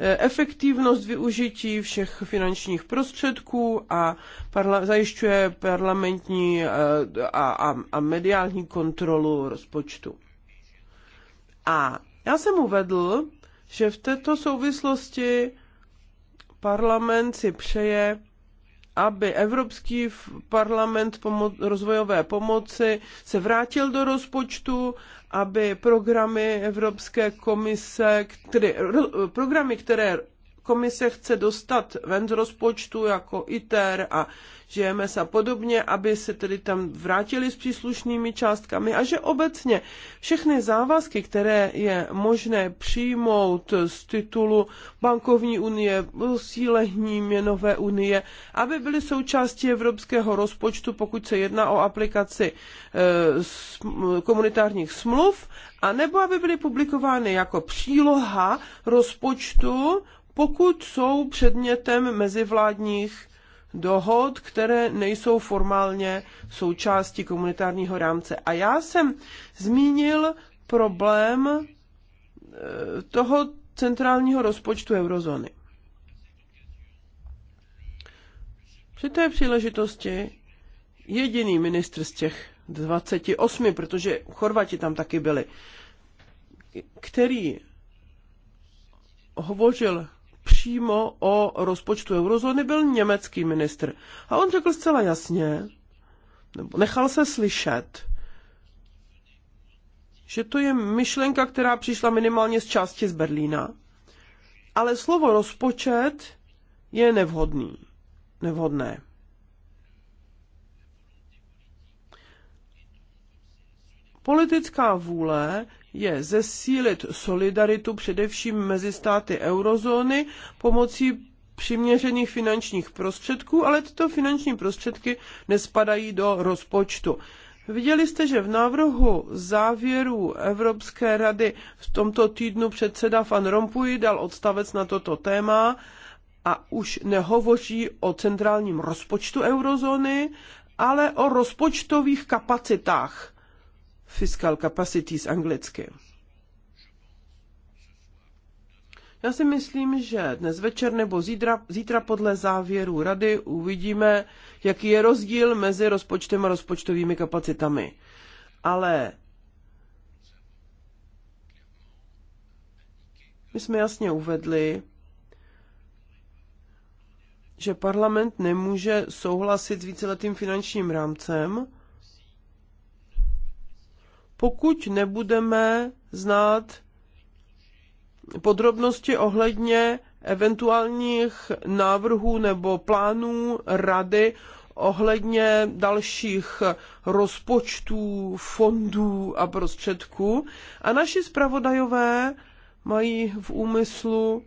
efektivnost využití všech finančních prostředků a parla- zajišťuje parlamentní eh, a, a, a mediální kontrolu rozpočtu. A já jsem uvedl, že v této souvislosti parlament si přeje aby Evropský parlament pomo- rozvojové pomoci se vrátil do rozpočtu, aby programy Evropské komise, které, programy, které komise chce dostat ven z rozpočtu jako ITER a ŽMS a podobně, aby se tedy tam vrátili s příslušnými částkami a že obecně všechny závazky, které je možné přijmout z titulu bankovní unie, sílení měnové unie, aby byly součástí evropského rozpočtu, pokud se jedná o aplikaci e, komunitárních smluv, a nebo aby byly publikovány jako příloha rozpočtu pokud jsou předmětem mezivládních dohod, které nejsou formálně součástí komunitárního rámce. A já jsem zmínil problém e, toho centrálního rozpočtu eurozóny. Při té příležitosti jediný ministr z těch 28, protože Chorvati tam taky byli, který hovořil přímo o rozpočtu eurozóny byl německý ministr. A on řekl zcela jasně, nebo nechal se slyšet, že to je myšlenka, která přišla minimálně z části z Berlína. Ale slovo rozpočet je nevhodný. Nevhodné. Politická vůle je zesílit solidaritu především mezi státy eurozóny pomocí přiměřených finančních prostředků, ale tyto finanční prostředky nespadají do rozpočtu. Viděli jste, že v návrhu závěrů Evropské rady v tomto týdnu předseda Van Rompuy dal odstavec na toto téma a už nehovoří o centrálním rozpočtu eurozóny, ale o rozpočtových kapacitách fiscal capacities anglicky. Já si myslím, že dnes večer nebo zítra, zítra podle závěru rady uvidíme, jaký je rozdíl mezi rozpočtem a rozpočtovými kapacitami. Ale my jsme jasně uvedli, že parlament nemůže souhlasit s víceletým finančním rámcem, pokud nebudeme znát podrobnosti ohledně eventuálních návrhů nebo plánů rady ohledně dalších rozpočtů, fondů a prostředků. A naši zpravodajové mají v úmyslu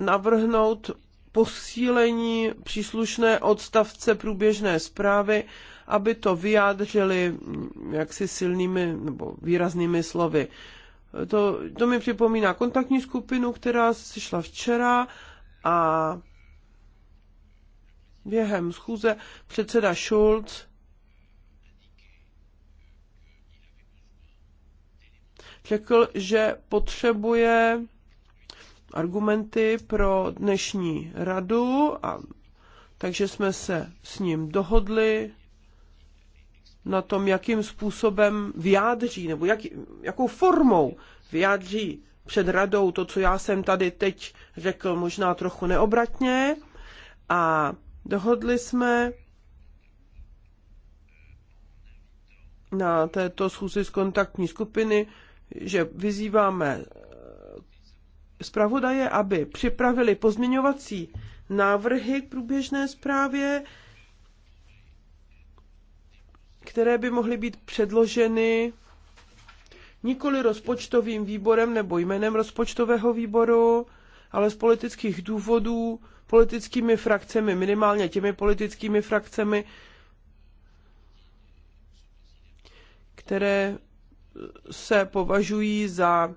navrhnout posílení příslušné odstavce průběžné zprávy aby to vyjádřili mm, jaksi silnými nebo výraznými slovy. To, to mi připomíná kontaktní skupinu, která se šla včera a během schůze předseda Schulz řekl, že potřebuje argumenty pro dnešní radu a takže jsme se s ním dohodli na tom, jakým způsobem vyjádří nebo jak, jakou formou vyjádří před radou to, co já jsem tady teď řekl, možná trochu neobratně. A dohodli jsme na této schůzi z kontaktní skupiny, že vyzýváme eh, zpravodaje, aby připravili pozměňovací návrhy k průběžné zprávě, které by mohly být předloženy nikoli rozpočtovým výborem nebo jménem rozpočtového výboru, ale z politických důvodů, politickými frakcemi, minimálně těmi politickými frakcemi, které se považují za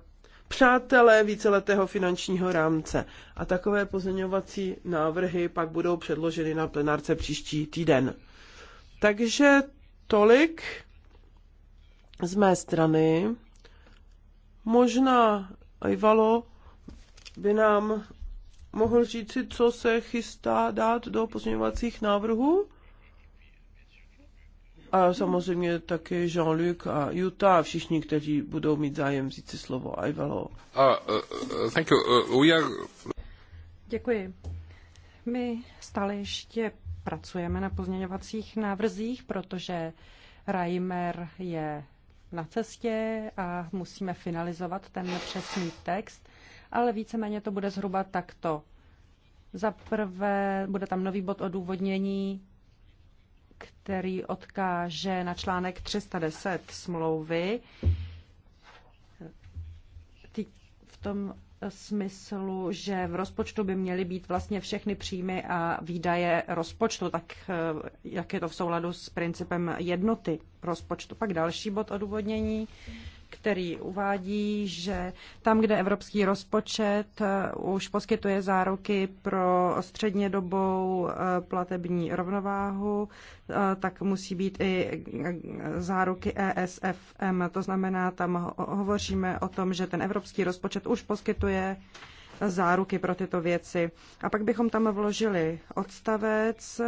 přátelé víceletého finančního rámce. A takové pozměňovací návrhy pak budou předloženy na plenárce příští týden. Takže Tolik z mé strany. Možná Ivalo by nám mohl říci, co se chystá dát do pozměňovacích návrhů. A samozřejmě také Jean-Luc a Jutta a všichni, kteří budou mít zájem vzít si slovo. Ivalo. Uh, uh, thank you. Uh, we are... Děkuji. My stále ještě pracujeme na pozměňovacích návrzích, protože Reimer je na cestě a musíme finalizovat ten přesný text, ale víceméně to bude zhruba takto. Za prvé bude tam nový bod odůvodnění, který odkáže na článek 310 smlouvy. V tom smyslu, že v rozpočtu by měly být vlastně všechny příjmy a výdaje rozpočtu, tak eh, jak je to v souladu s principem jednoty rozpočtu. Pak další bod odůvodnění který uvádí, že tam, kde evropský rozpočet eh, už poskytuje záruky pro střednědobou eh, platební rovnováhu, eh, tak musí být i záruky ESFM. To znamená, tam hovoříme o tom, že ten evropský rozpočet už poskytuje záruky pro tyto věci. A pak bychom tam vložili odstavec,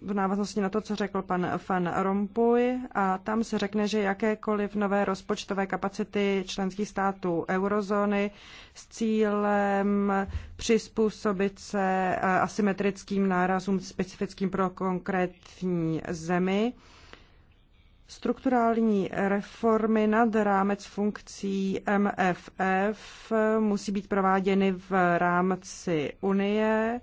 v návaznosti na to, co řekl pan Van Rompuy, a tam se řekne, že jakékoliv nové rozpočtové kapacity členských států eurozóny s cílem přizpůsobit se eh, asymetrickým nárazům specifickým pro konkrétní zemi, Strukturální reformy nad rámec funkcí MFF musí být prováděny v rámci Unie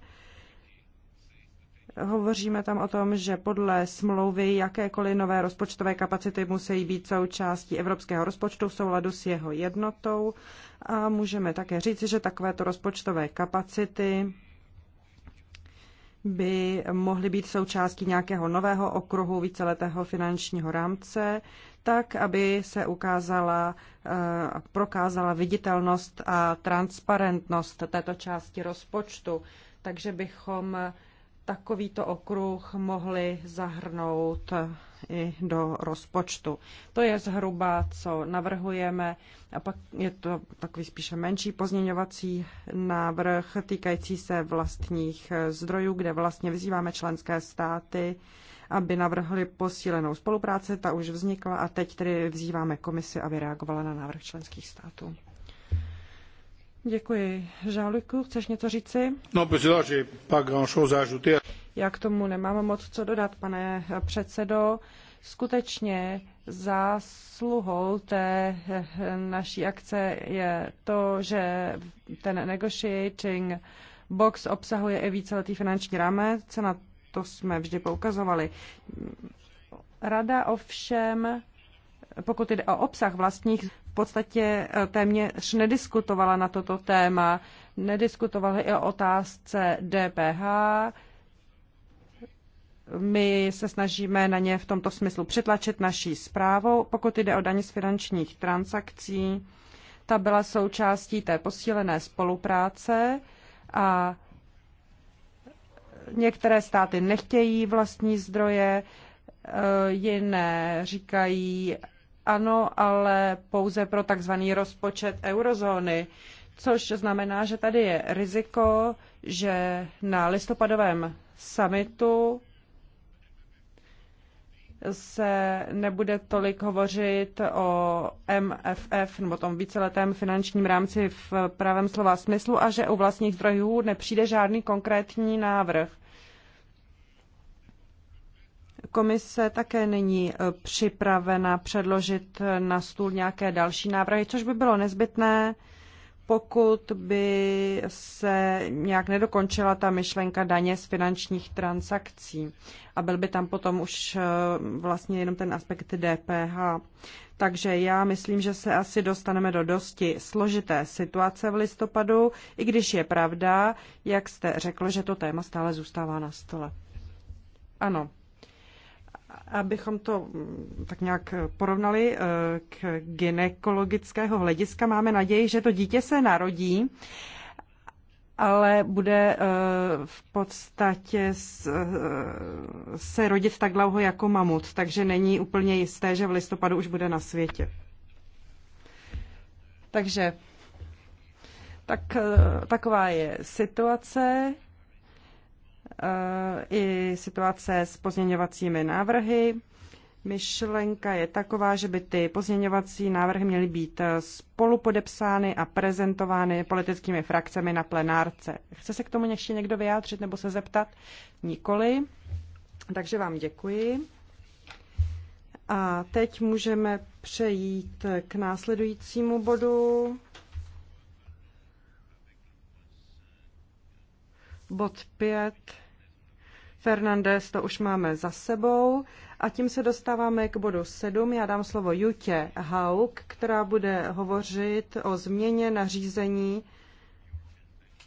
Hovoříme tam o tom, že podle smlouvy jakékoliv nové rozpočtové kapacity musí být součástí evropského rozpočtu v souladu s jeho jednotou a můžeme také říci, že takovéto rozpočtové kapacity by mohly být součástí nějakého nového okruhu víceletého finančního rámce, tak, aby se ukázala eh, prokázala viditelnost a transparentnost této části rozpočtu. Takže bychom takovýto okruh mohli zahrnout i do rozpočtu. To je zhruba, co navrhujeme. A pak je to takový spíše menší pozměňovací návrh týkající se vlastních zdrojů, kde vlastně vyzýváme členské státy, aby navrhli posílenou spolupráci. Ta už vznikla a teď tedy vzýváme komisi, aby reagovala na návrh členských států. Děkuji. Žáliku, chceš něco říci? No, protože pak Já k tomu nemám moc co dodat, pane předsedo. Skutečně zásluhou té eh, naší akce je to, že ten negotiating box obsahuje i víceletý finanční rámec, na to jsme vždy poukazovali. Rada ovšem pokud jde o obsah vlastních, v podstatě eh, téměř nediskutovala na toto téma, nediskutovala i o otázce DPH. My se snažíme na ně v tomto smyslu přetlačit naší zprávou. Pokud jde o daně z finančních transakcí, ta byla součástí té posílené spolupráce a některé státy nechtějí vlastní zdroje, eh, jiné říkají, ano, ale pouze pro takzvaný rozpočet eurozóny, což znamená, že tady je riziko, že na listopadovém summitu se nebude tolik hovořit o MFF nebo tom víceletém finančním rámci v pravém slova smyslu a že u vlastních zdrojů nepřijde žádný konkrétní návrh. Komise také není e, připravena předložit na stůl nějaké další návrhy, což by bylo nezbytné, pokud by se nějak nedokončila ta myšlenka daně z finančních transakcí a byl by tam potom už e, vlastně jenom ten aspekt DPH. Takže já myslím, že se asi dostaneme do dosti složité situace v listopadu, i když je pravda, jak jste řekl, že to téma stále zůstává na stole. Ano, abychom to mm, tak nějak porovnali eh, k ginekologického hlediska, máme naději, že to dítě se narodí, ale bude eh, v podstatě eh, se rodit tak dlouho jako mamut, takže není úplně jisté, že v listopadu už bude na světě. Takže tak, taková je situace i situace s pozměňovacími návrhy. Myšlenka je taková, že by ty pozměňovací návrhy měly být spolu podepsány a prezentovány politickými frakcemi na plenárce. Chce se k tomu ještě někdo vyjádřit nebo se zeptat? Nikoli. Takže vám děkuji. A teď můžeme přejít k následujícímu bodu. Bod 5 Fernandez to už máme za sebou a tím se dostáváme k bodu 7. Já dám slovo Jutě Hauk, která bude hovořit o změně nařízení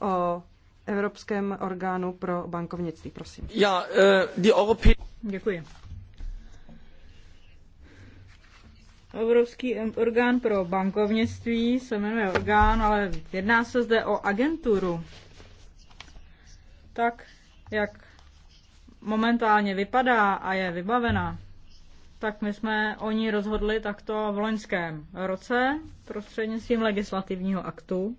o Evropském orgánu pro bankovnictví. Prosím. Já, uh, eh, Europe... Děkuji. Evropský orgán pro bankovnictví se jmenuje orgán, ale jedná se zde o agenturu. Tak, jak momentálně vypadá a je vybavena, tak my jsme o ní rozhodli takto v loňském roce prostřednictvím legislativního aktu.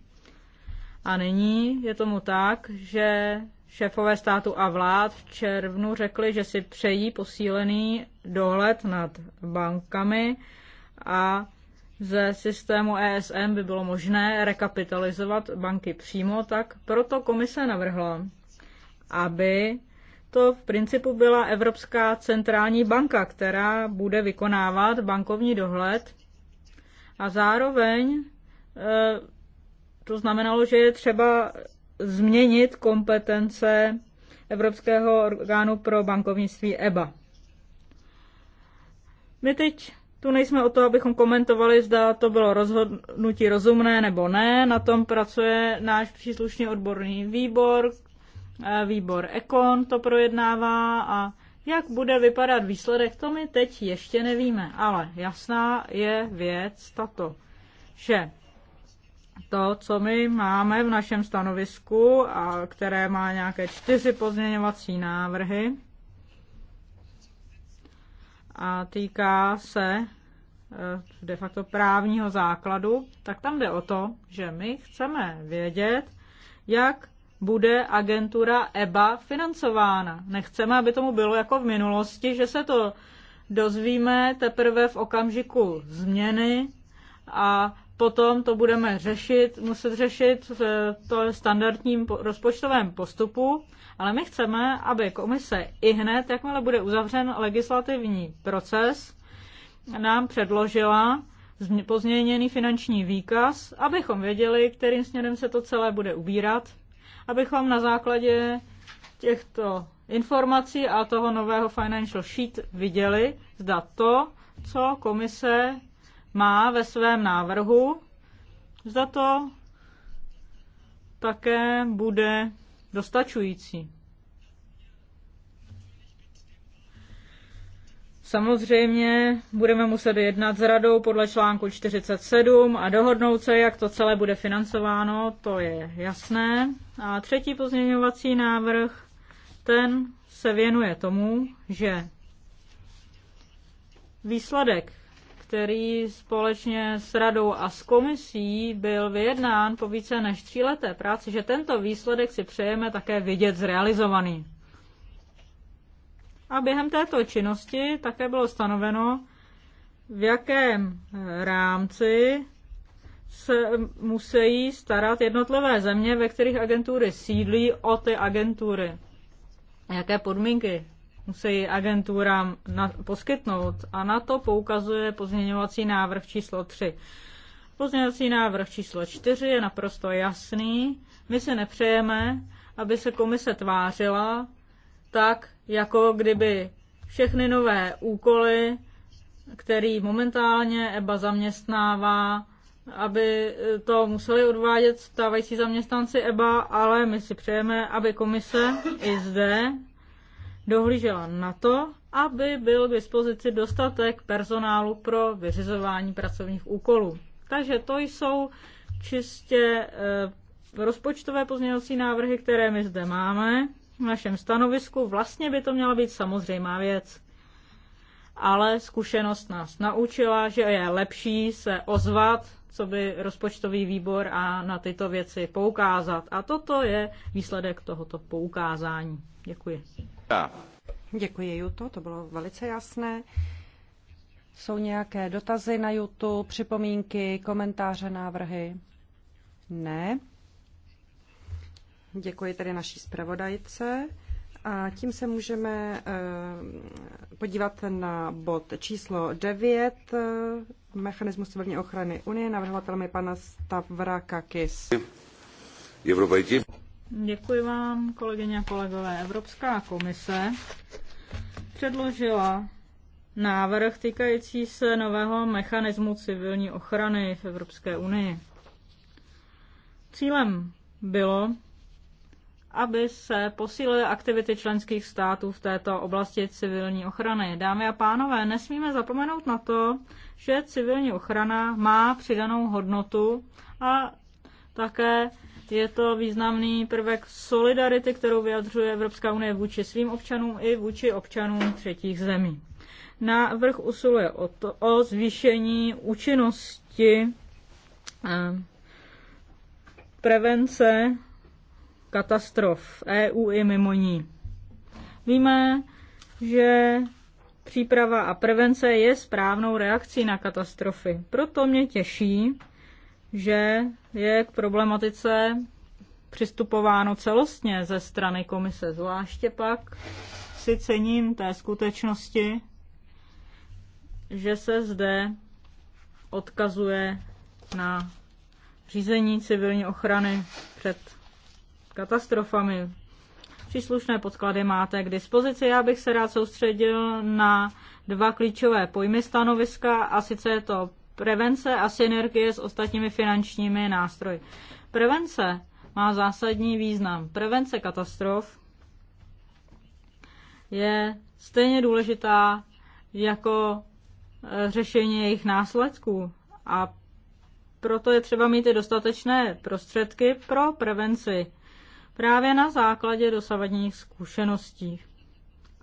A nyní je tomu tak, že šéfové státu a vlád v červnu řekli, že si přejí posílený dohled nad bankami a ze systému ESM by bylo možné rekapitalizovat banky přímo, tak proto komise navrhla, aby to v principu byla Evropská centrální banka, která bude vykonávat bankovní dohled a zároveň e, to znamenalo, že je třeba změnit kompetence Evropského orgánu pro bankovnictví EBA. My teď tu nejsme o to, abychom komentovali, zda to bylo rozhodnutí rozumné nebo ne. Na tom pracuje náš příslušný odborný výbor, výbor Ekon to projednává a jak bude vypadat výsledek, to my teď ještě nevíme, ale jasná je věc tato, že to, co my máme v našem stanovisku, a které má nějaké čtyři pozměňovací návrhy a týká se eh, de facto právního základu, tak tam jde o to, že my chceme vědět, jak bude agentura EBA financována. Nechceme, aby tomu bylo jako v minulosti, že se to dozvíme teprve v okamžiku změny a potom to budeme řešit, muset řešit v to standardním rozpočtovém postupu, ale my chceme, aby komise i hned, jakmile bude uzavřen legislativní proces, nám předložila pozměněný finanční výkaz, abychom věděli, kterým směrem se to celé bude ubírat abych vám na základě těchto informací a toho nového financial sheet viděli, zda to, co komise má ve svém návrhu, zda to také bude dostačující. Samozřejmě budeme muset jednat s radou podle článku 47 a dohodnout se, jak to celé bude financováno, to je jasné. A třetí pozměňovací návrh, ten se věnuje tomu, že výsledek, který společně s radou a s komisí byl vyjednán po více než tříleté práci, že tento výsledek si přejeme také vidět zrealizovaný. A během této činnosti také bylo stanoveno, v jakém rámci se musí starat jednotlivé země, ve kterých agentury sídlí, o ty agentury. Jaké podmínky musí agenturám na, poskytnout. A na to poukazuje pozměňovací návrh číslo 3. Pozměňovací návrh číslo 4 je naprosto jasný. My se nepřejeme, aby se komise tvářila tak, jako kdyby všechny nové úkoly, který momentálně EBA zaměstnává, aby to museli odvádět stávající zaměstnanci EBA, ale my si přejeme, aby komise i zde dohlížela na to, aby byl k dispozici dostatek personálu pro vyřizování pracovních úkolů. Takže to jsou čistě eh, rozpočtové pozměňovací návrhy, které my zde máme v našem stanovisku, vlastně by to měla být samozřejmá věc. Ale zkušenost nás naučila, že je lepší se ozvat, co by rozpočtový výbor a na tyto věci poukázat. A toto je výsledek tohoto poukázání. Děkuji. Děkuji, Juto, to bylo velice jasné. Jsou nějaké dotazy na YouTube, připomínky, komentáře, návrhy? Ne. Děkuji tedy naší zpravodajce. A tím se můžeme eh, podívat na bod číslo 9, eh, mechanismus civilní ochrany Unie. Navrhovatelem je pana Stavra Kakis. Děkuji vám, kolegyně a kolegové. Evropská komise předložila návrh týkající se nového mechanismu civilní ochrany v Evropské unii. Cílem bylo aby se posílily aktivity členských států v této oblasti civilní ochrany. Dámy a pánové, nesmíme zapomenout na to, že civilní ochrana má přidanou hodnotu a také je to významný prvek solidarity, kterou vyjadřuje Evropská unie vůči svým občanům i vůči občanům třetích zemí. Návrh usiluje o, to, o zvýšení účinnosti eh, prevence katastrof EU i mimo ní. Víme, že příprava a prevence je správnou reakcí na katastrofy. Proto mě těší, že je k problematice přistupováno celostně ze strany komise. Zvláště pak si cením té skutečnosti, že se zde odkazuje na řízení civilní ochrany před katastrofami. Příslušné podklady máte k dispozici. Já bych se rád soustředil na dva klíčové pojmy stanoviska, a sice je to prevence a synergie s ostatními finančními nástroji. Prevence má zásadní význam. Prevence katastrof je stejně důležitá jako e, řešení jejich následků. A proto je třeba mít i dostatečné prostředky pro prevenci právě na základě dosavadních zkušeností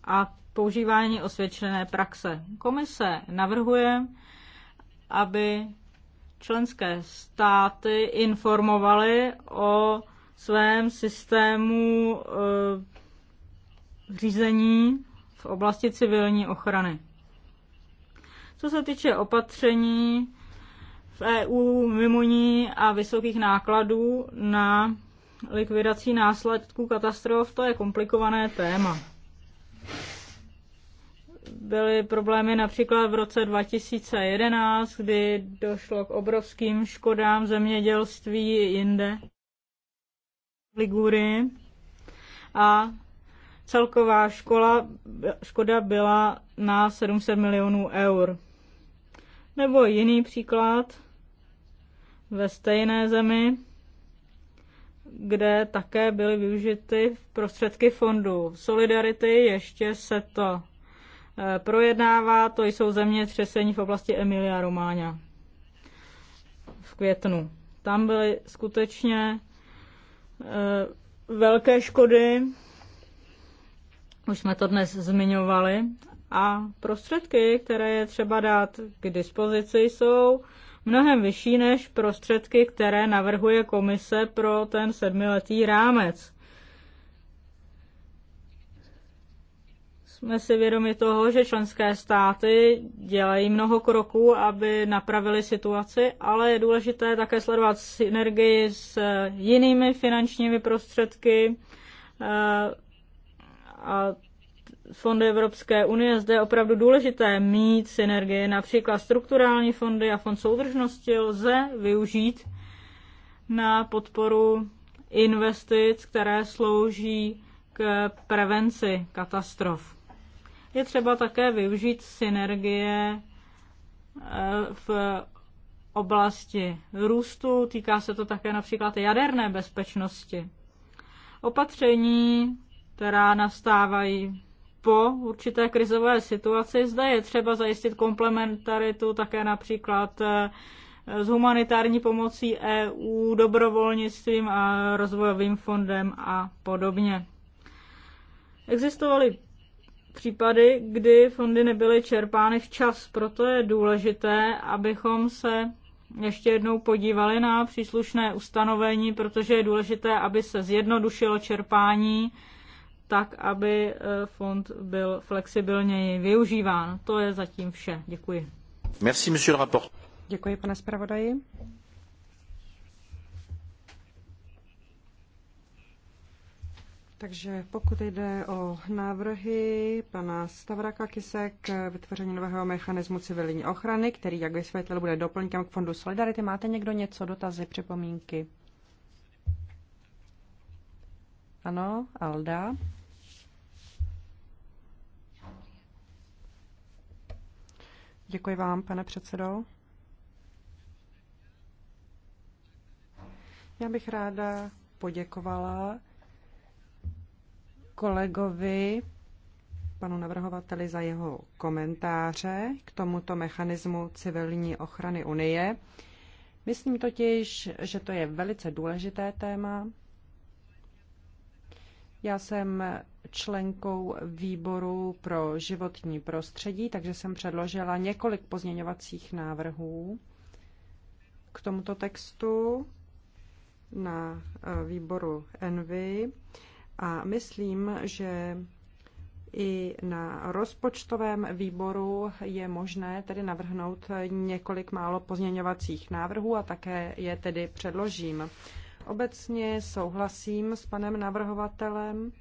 a používání osvědčené praxe. Komise navrhuje, aby členské státy informovaly o svém systému e, řízení v oblasti civilní ochrany. Co se týče opatření v EU mimo ní a vysokých nákladů na likvidací následků katastrof, to je komplikované téma. Byly problémy například v roce 2011, kdy došlo k obrovským škodám zemědělství jinde, v a celková škola, škoda byla na 700 milionů eur. Nebo jiný příklad, ve stejné zemi kde také byly využity prostředky fondu Solidarity. Ještě se to eh, projednává, to jsou země třesení v oblasti Emilia Romáňa v květnu. Tam byly skutečně eh, velké škody, už jsme to dnes zmiňovali, a prostředky, které je třeba dát k dispozici, jsou mnohem vyšší než prostředky, které navrhuje komise pro ten sedmiletý rámec. Jsme si vědomi toho, že členské státy dělají mnoho kroků, aby napravili situaci, ale je důležité také sledovat synergii s jinými finančními prostředky eh, a fondy Evropské unie, zde je opravdu důležité mít synergie, například strukturální fondy a fond soudržnosti lze využít na podporu investic, které slouží k prevenci katastrof. Je třeba také využít synergie eh, v oblasti růstu, týká se to také například jaderné bezpečnosti. Opatření, která nastávají po určité krizové situaci. Zde je třeba zajistit komplementaritu také například eh, s humanitární pomocí EU, dobrovolnictvím a rozvojovým fondem a podobně. Existovaly případy, kdy fondy nebyly čerpány včas, proto je důležité, abychom se ještě jednou podívali na příslušné ustanovení, protože je důležité, aby se zjednodušilo čerpání tak, aby eh, fond byl flexibilněji využíván. To je zatím vše. Děkuji. Merci, monsieur le rapport. Děkuji, pane zpravodaji. Takže pokud jde o návrhy pana Stavraka Kisek vytvoření nového mechanismu civilní ochrany, který, jak vysvětlil, bude doplňkem k Fondu Solidarity, máte někdo něco, dotazy, připomínky? Ano, Alda. Děkuji vám, pane předsedo. Já bych ráda poděkovala kolegovi, panu navrhovateli, za jeho komentáře k tomuto mechanismu civilní ochrany Unie. Myslím totiž, že to je velice důležité téma, já jsem členkou výboru pro životní prostředí, takže jsem předložila několik pozměňovacích návrhů k tomuto textu na eh, výboru Envy a myslím, že i na rozpočtovém výboru je možné tedy navrhnout několik málo pozměňovacích návrhů a také je tedy předložím. Obecně souhlasím s panem navrhovatelem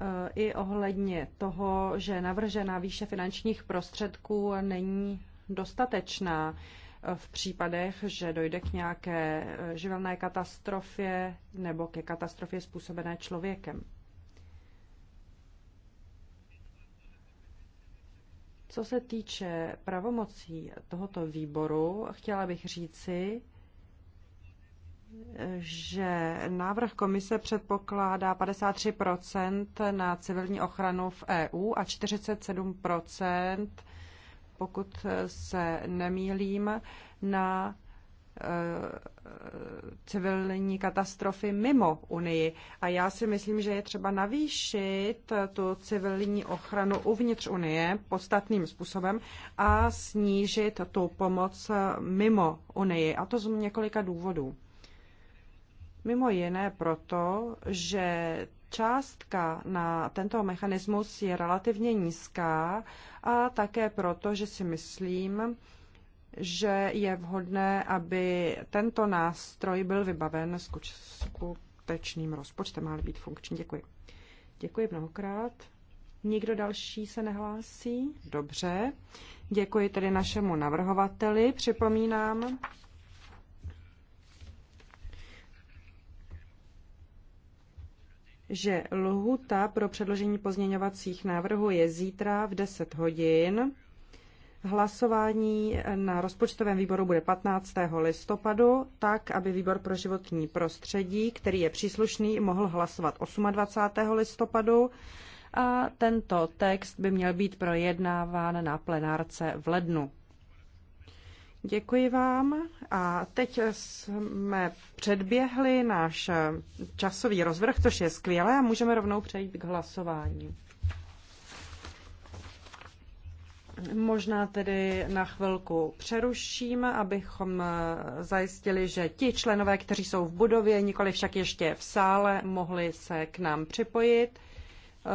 eh, i ohledně toho, že navržená výše finančních prostředků není dostatečná eh, v případech, že dojde k nějaké eh, živelné katastrofě nebo ke katastrofě způsobené člověkem. Co se týče pravomocí tohoto výboru, chtěla bych říci, že návrh komise předpokládá 53 na civilní ochranu v EU a 47 pokud se nemýlím, na eh, civilní katastrofy mimo Unii. A já si myslím, že je třeba navýšit tu civilní ochranu uvnitř Unie podstatným způsobem a snížit tu pomoc mimo Unii. A to z několika důvodů. Mimo jiné proto, že částka na tento mechanismus je relativně nízká a také proto, že si myslím, že je vhodné, aby tento nástroj byl vybaven skutečným rozpočtem, má být funkční. Děkuji. Děkuji mnohokrát. Nikdo další se nehlásí? Dobře. Děkuji tedy našemu navrhovateli. Připomínám, že lhuta pro předložení pozměňovacích návrhů je zítra v 10 hodin. Hlasování na rozpočtovém výboru bude 15. listopadu, tak aby výbor pro životní prostředí, který je příslušný, mohl hlasovat 28. listopadu a tento text by měl být projednáván na plenárce v lednu. Děkuji vám. A teď jsme předběhli náš časový rozvrh, což je skvělé a můžeme rovnou přejít k hlasování. Možná tedy na chvilku přerušíme, abychom zajistili, že ti členové, kteří jsou v budově, nikoli však ještě v sále, mohli se k nám připojit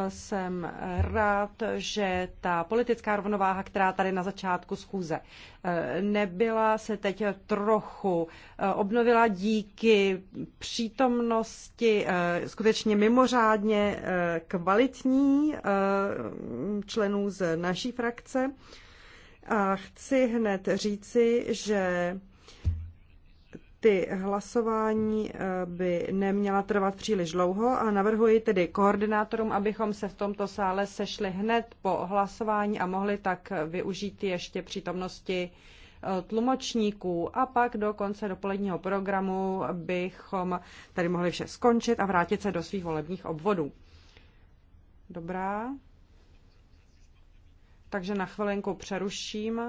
jsem rád, že ta politická rovnováha, která tady na začátku schůze eh, nebyla, se teď trochu eh, obnovila díky přítomnosti eh, skutečně mimořádně kvalitní členů z naší frakce. A chci hned říci, že ty hlasování eh, by neměla trvat příliš dlouho a navrhuji tedy koordinátorům, abychom se v tomto sále sešli hned po hlasování a mohli tak využít ještě přítomnosti eh, tlumočníků a pak do konce dopoledního programu bychom tady mohli vše skončit a vrátit se do svých volebních obvodů. Dobrá. Takže na chvilenku přeruším.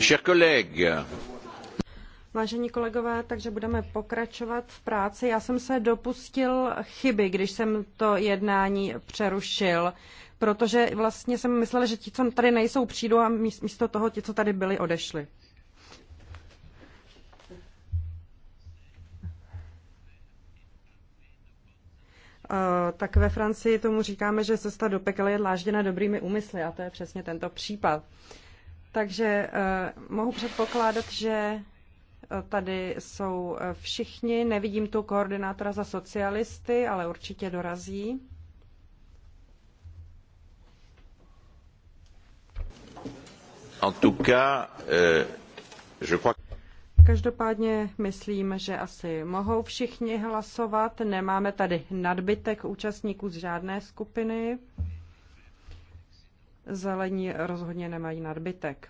Chers collègues. Vážení kolegové, takže budeme pokračovat v práci. Já jsem se dopustil chyby, když jsem to jednání přerušil, protože vlastně jsem myslel, že ti, co tady nejsou, přijdou a místo toho ti, co tady byli, odešli. tak ve Francii tomu říkáme, že cesta do pekla je dlážděna dobrými úmysly a to je přesně tento případ. Takže e, mohu předpokládat, že e, tady jsou e, všichni. Nevidím tu koordinátora za socialisty, ale určitě dorazí. En tout cas, euh, je crois... Každopádně myslím, že asi mohou všichni hlasovat. Nemáme tady nadbytek účastníků z žádné skupiny. Zelení rozhodně nemají nadbytek.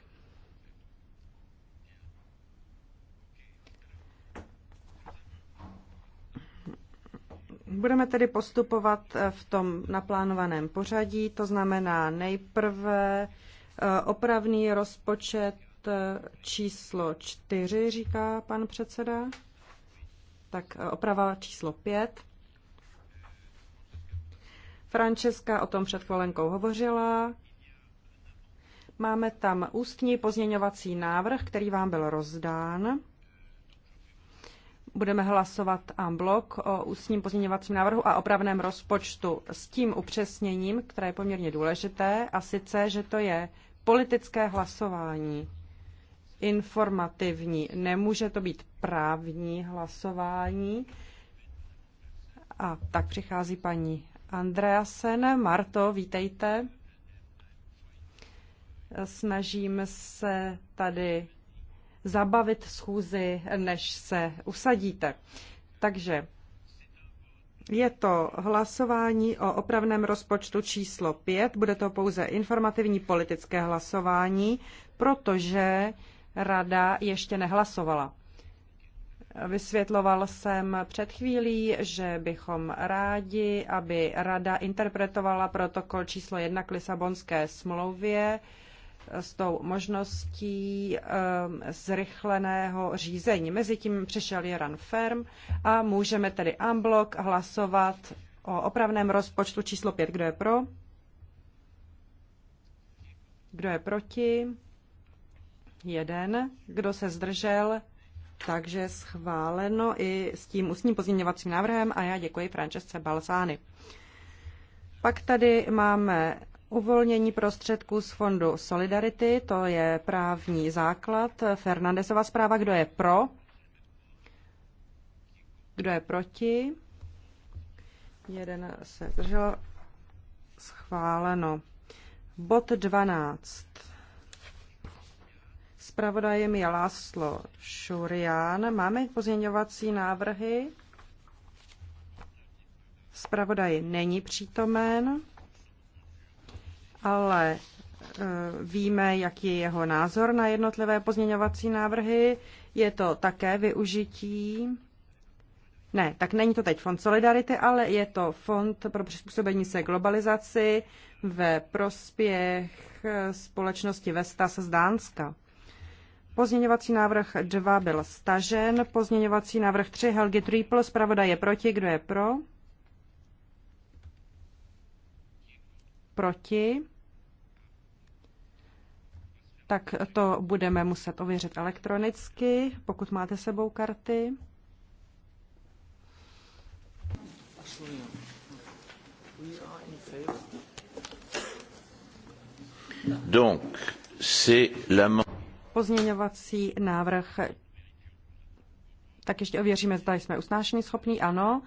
Budeme tedy postupovat eh, v tom naplánovaném pořadí, to znamená nejprve eh, opravný rozpočet Eh, číslo čtyři, říká pan předseda. Tak eh, oprava číslo pět. Francesca o tom před kolenkou hovořila. Máme tam ústní pozměňovací návrh, který vám byl rozdán. Budeme hlasovat en blok o ústním pozměňovacím návrhu a opravném rozpočtu s tím upřesněním, které je poměrně důležité, a sice, že to je politické hlasování informativní. Nemůže to být právní hlasování. A tak přichází paní Andreasen. Marto, vítejte. Snažím se tady zabavit schůzi, než se usadíte. Takže je to hlasování o opravném rozpočtu číslo 5. Bude to pouze informativní politické hlasování, protože rada ještě nehlasovala. Vysvětloval jsem před chvílí, že bychom rádi, aby Rada interpretovala protokol číslo 1 k Lisabonské smlouvě s tou možností ehm, zrychleného řízení. Mezitím přišel Jeran Ferm a můžeme tedy unblock hlasovat o opravném rozpočtu číslo 5. Kdo je pro? Kdo je proti? Jeden. Kdo se zdržel? Takže schváleno i s tím ústním pozměňovacím návrhem a já děkuji Francesce Balzány. Pak tady máme uvolnění prostředků z fondu Solidarity, to je právní základ. Fernandesova zpráva, kdo je pro? Kdo je proti? Jeden se zdržel. Schváleno. Bod 12. Spravodajem je Láslo Šurián. Máme pozměňovací návrhy. Spravodaj není přítomen, ale e, víme, jaký je jeho názor na jednotlivé pozměňovací návrhy. Je to také využití. Ne, tak není to teď Fond Solidarity, ale je to Fond pro přizpůsobení se globalizaci ve prospěch e, společnosti Vestas z Dánska. Pozměňovací návrh 2 byl stažen. Pozměňovací návrh 3 Helgi Triple. Zpravodaj je proti. Kdo je pro? Proti. Tak to budeme muset ověřit elektronicky, pokud máte sebou karty. Donc, c'est l'amendement. Pozměňovací návrh. Tak ještě ověříme, zda jsme usnášení schopní. Ano.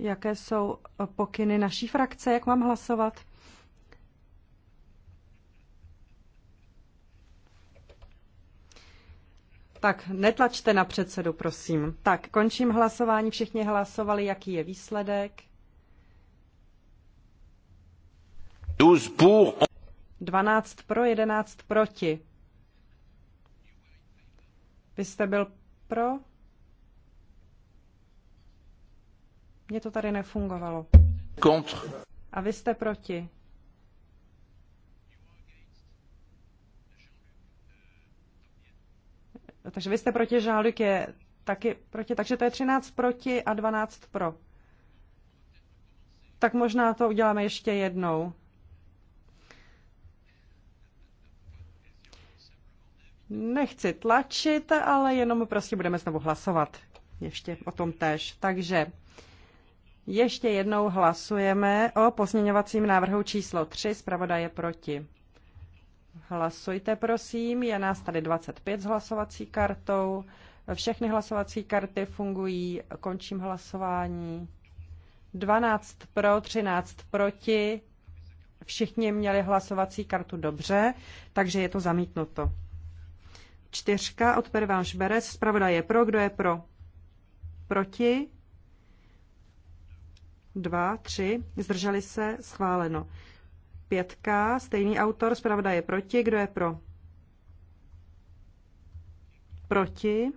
Jaké jsou pokyny naší frakce, jak mám hlasovat? Tak, netlačte na předsedu, prosím. Tak, končím hlasování. Všichni hlasovali, jaký je výsledek. 12 pour, 12 pro, 11 proti. Vy jste byl pro? Mně to tady nefungovalo. Contre. A vy jste proti. Takže vy jste proti, Žáluk je taky proti. Takže to je 13 proti a 12 pro. Tak možná to uděláme ještě jednou. Nechci tlačit, ale jenom prostě budeme znovu hlasovat ještě o tom tež. Takže ještě jednou hlasujeme o pozměňovacím návrhu číslo 3, zpravodaje proti. Hlasujte, prosím, je nás tady 25 s hlasovací kartou. Všechny hlasovací karty fungují, končím hlasování. 12 pro, 13 proti. Všichni měli hlasovací kartu dobře, takže je to zamítnuto čtyřka od Perváš Berec. Zpravodaj je pro. Kdo je pro? Proti? Dva, tři. Zdrželi se? Schváleno. Pětka, stejný autor, zpravda je proti. Kdo je pro? Proti.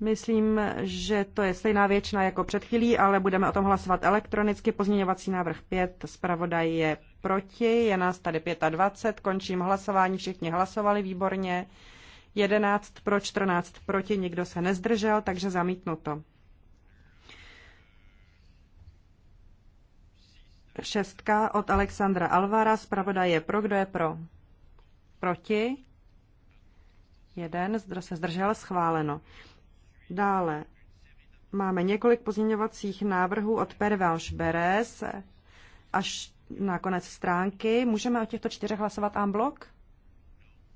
Myslím, že to je stejná většina jako před chvílí, ale budeme o tom hlasovat elektronicky. Pozměňovací návrh 5, zpravodaj je proti, je nás tady 25, končím hlasování, všichni hlasovali výborně. 11 pro, 14 proti, nikdo se nezdržel, takže zamítnuto. Šestka od Alexandra Alvara, zpravoda je pro, kdo je pro? Proti? Jeden, kdo se zdržel, schváleno. Dále máme několik pozměňovacích návrhů od Pervenche Beres až na konec stránky. Můžeme o těchto čtyřech hlasovat en blok?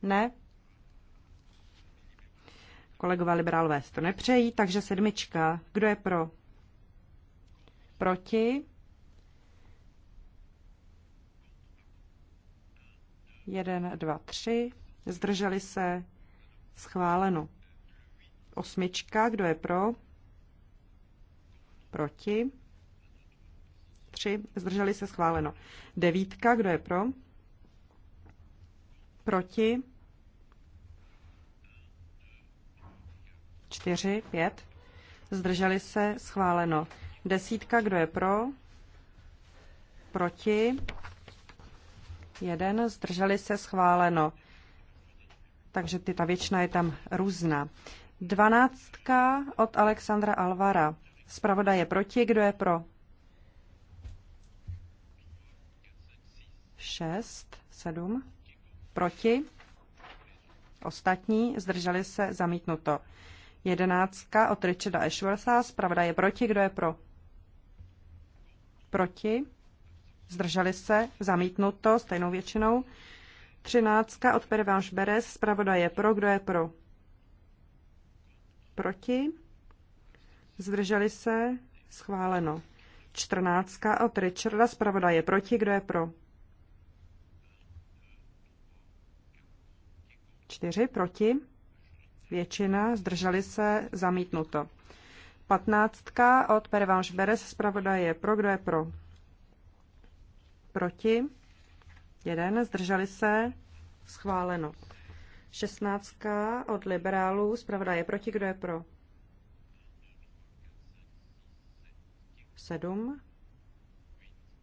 Ne? Kolegové liberálové si to nepřejí, takže sedmička. Kdo je pro? Proti? Jeden, dva, tři. Zdrželi se. Schváleno. Osmička. Kdo je pro? Proti? 3, zdrželi se schváleno. Devítka, kdo je pro? Proti? 4, 5, zdrželi se schváleno. Desítka, kdo je pro? Proti? 1, zdrželi se schváleno. Takže ty, ta většina je tam různá. Dvanáctka od Alexandra Alvara. Zpravodaj je proti, kdo je pro? 6, 7, proti, ostatní, zdrželi se, zamítnuto. Jedenáctka od Richarda Ashwortha, zpravda je proti, kdo je pro? Proti, zdrželi se, zamítnuto, stejnou většinou. Třináctka od Pervanš Beres, zpravda je pro, kdo je pro? Proti, zdrželi se, schváleno. Čtrnáctka od Richarda, zpravda je proti, kdo je pro? 4 proti, většina, zdrželi se, zamítnuto. 15 od Pervanš Beres, zpravodaje je pro, kdo je pro? Proti, jeden, zdrželi se, schváleno. 16 od liberálů, zpravodaje je proti, kdo je pro? 7,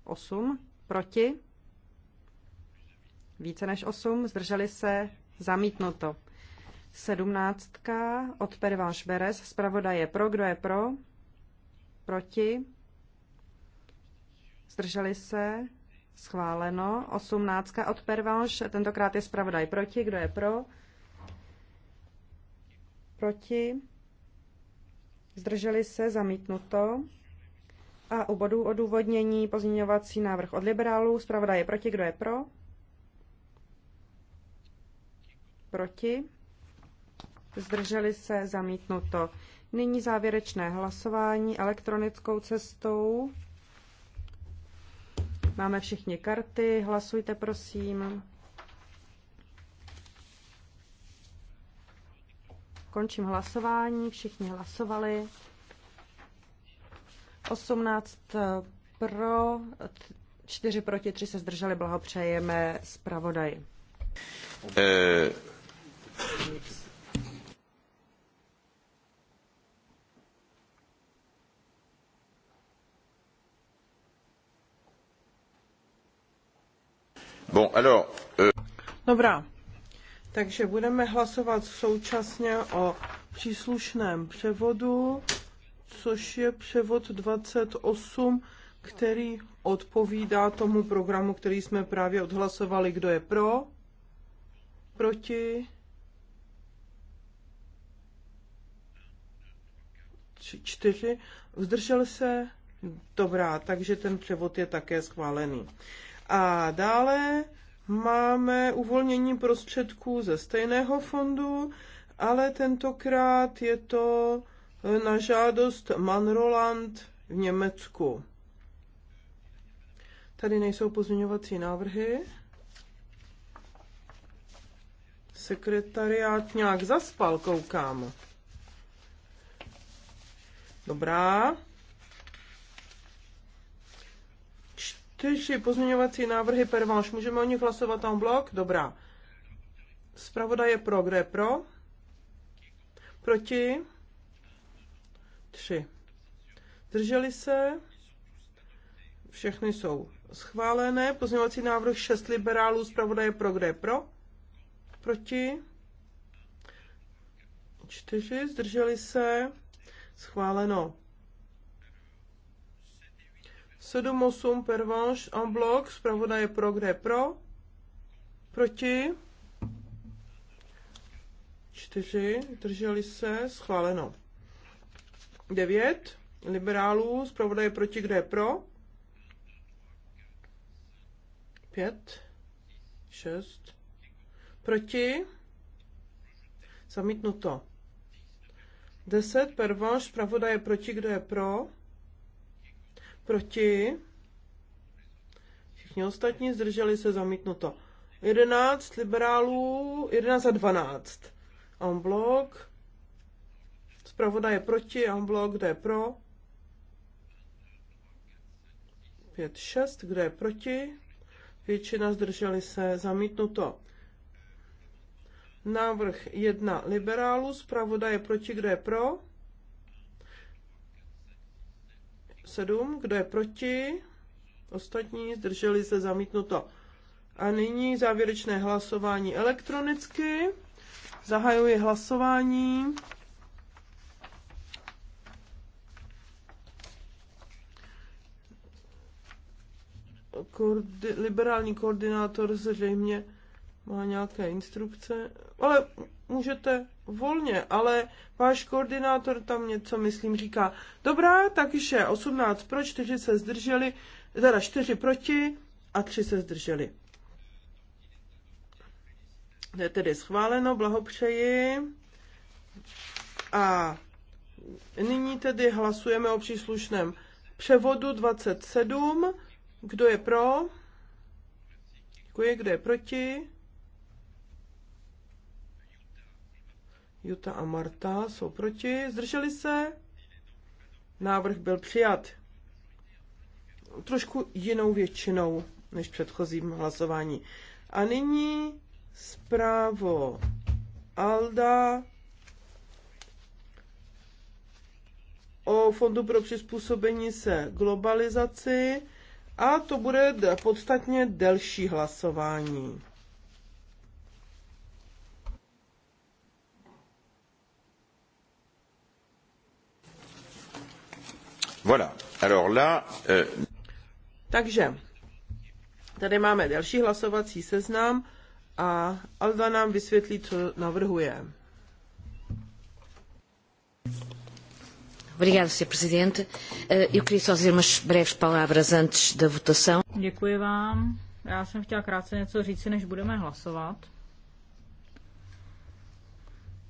8, proti, více než 8, zdrželi se, Zamítnuto. Sedmnáctka od Perváš Beres. Zpravoda je pro. Kdo je pro? Proti? Zdrželi se? Schváleno. Osmnáctka od Perváš. Tentokrát je zpravodaj proti. Kdo je pro? Proti? Zdrželi se? Zamítnuto. A u bodu odůvodnění pozměňovací návrh od liberálů. Zpravodaj je proti. Kdo je pro? proti? Zdrželi se zamítnuto. Nyní závěrečné hlasování elektronickou cestou. Máme všichni karty, hlasujte prosím. Končím hlasování, všichni hlasovali. 18 eh, pro, 4 proti, 3 se zdrželi, blahopřejeme zpravodaji. Eh. Bon, alors, euh... Dobrá. Takže budeme hlasovat současně o příslušném převodu, což je převod 28, který odpovídá tomu programu, který jsme právě odhlasovali. Kdo je pro? Proti? tři, čtyři, vzdržel se? Dobrá, takže ten převod je také schválený. A dále máme uvolnění prostředků ze stejného fondu, ale tentokrát je to na žádost Manroland v Německu. Tady nejsou pozměňovací návrhy. Sekretariát nějak zaspal, koukám. Dobrá. Čtyři pozměňovací návrhy per váš. Můžeme o nich hlasovat tam blok? Dobrá. Zpravoda je pro. Kde je pro? Proti? Tři. Drželi se? Všechny jsou schválené. Pozměňovací návrh 6 liberálů. Zpravoda je pro. Kde je pro? Proti? Čtyři. Zdrželi se? schváleno. 7-8 pervanš en bloc, zpravodaj je pro, kde je pro, proti, 4, drželi se, schváleno. 9, liberálů, zpravodaj je proti, kde je pro, 5, 6, proti, zamítnuto. 10, pervanš, pravoda je proti, kdo je pro? Proti. Všichni ostatní zdrželi se zamítnuto. 11 liberálů, 11 a 12. Amblok. Zpravoda je proti, amblok, kdo je pro? 5, 6, kdo je proti? Většina zdrželi se zamítnuto. Návrh 1 liberálů, zpravodaje je proti, kdo je pro? 7, kdo je proti? Ostatní zdrželi se zamítnuto. A nyní závěrečné hlasování elektronicky. Zahajuji hlasování. Koordi- liberální koordinátor zřejmě má nějaké instrukce ale můžete volně, ale váš koordinátor tam něco, myslím, říká. Dobrá, tak již je 18 pro, 4 se zdrželi, teda 4 proti a 3 se zdrželi. Je tedy schváleno, blahopřeji. A nyní tedy hlasujeme o příslušném převodu 27. Kdo je pro? Děkuji. Kdo je proti? Juta a Marta jsou proti. Zdrželi se? Návrh byl přijat. Trošku jinou většinou než předchozím hlasování. A nyní zprávo Alda o Fondu pro přizpůsobení se globalizaci a to bude podstatně delší hlasování. Euh, Takže, tady máme další hlasovací seznam a Alda nám vysvětlí, co navrhuje. Obrigada, Sr. Presidente. Eh, eu queria só dizer umas breves palavras antes da votação. Děkuji vám. Já jsem chtěla krátce něco říci, než budeme hlasovat.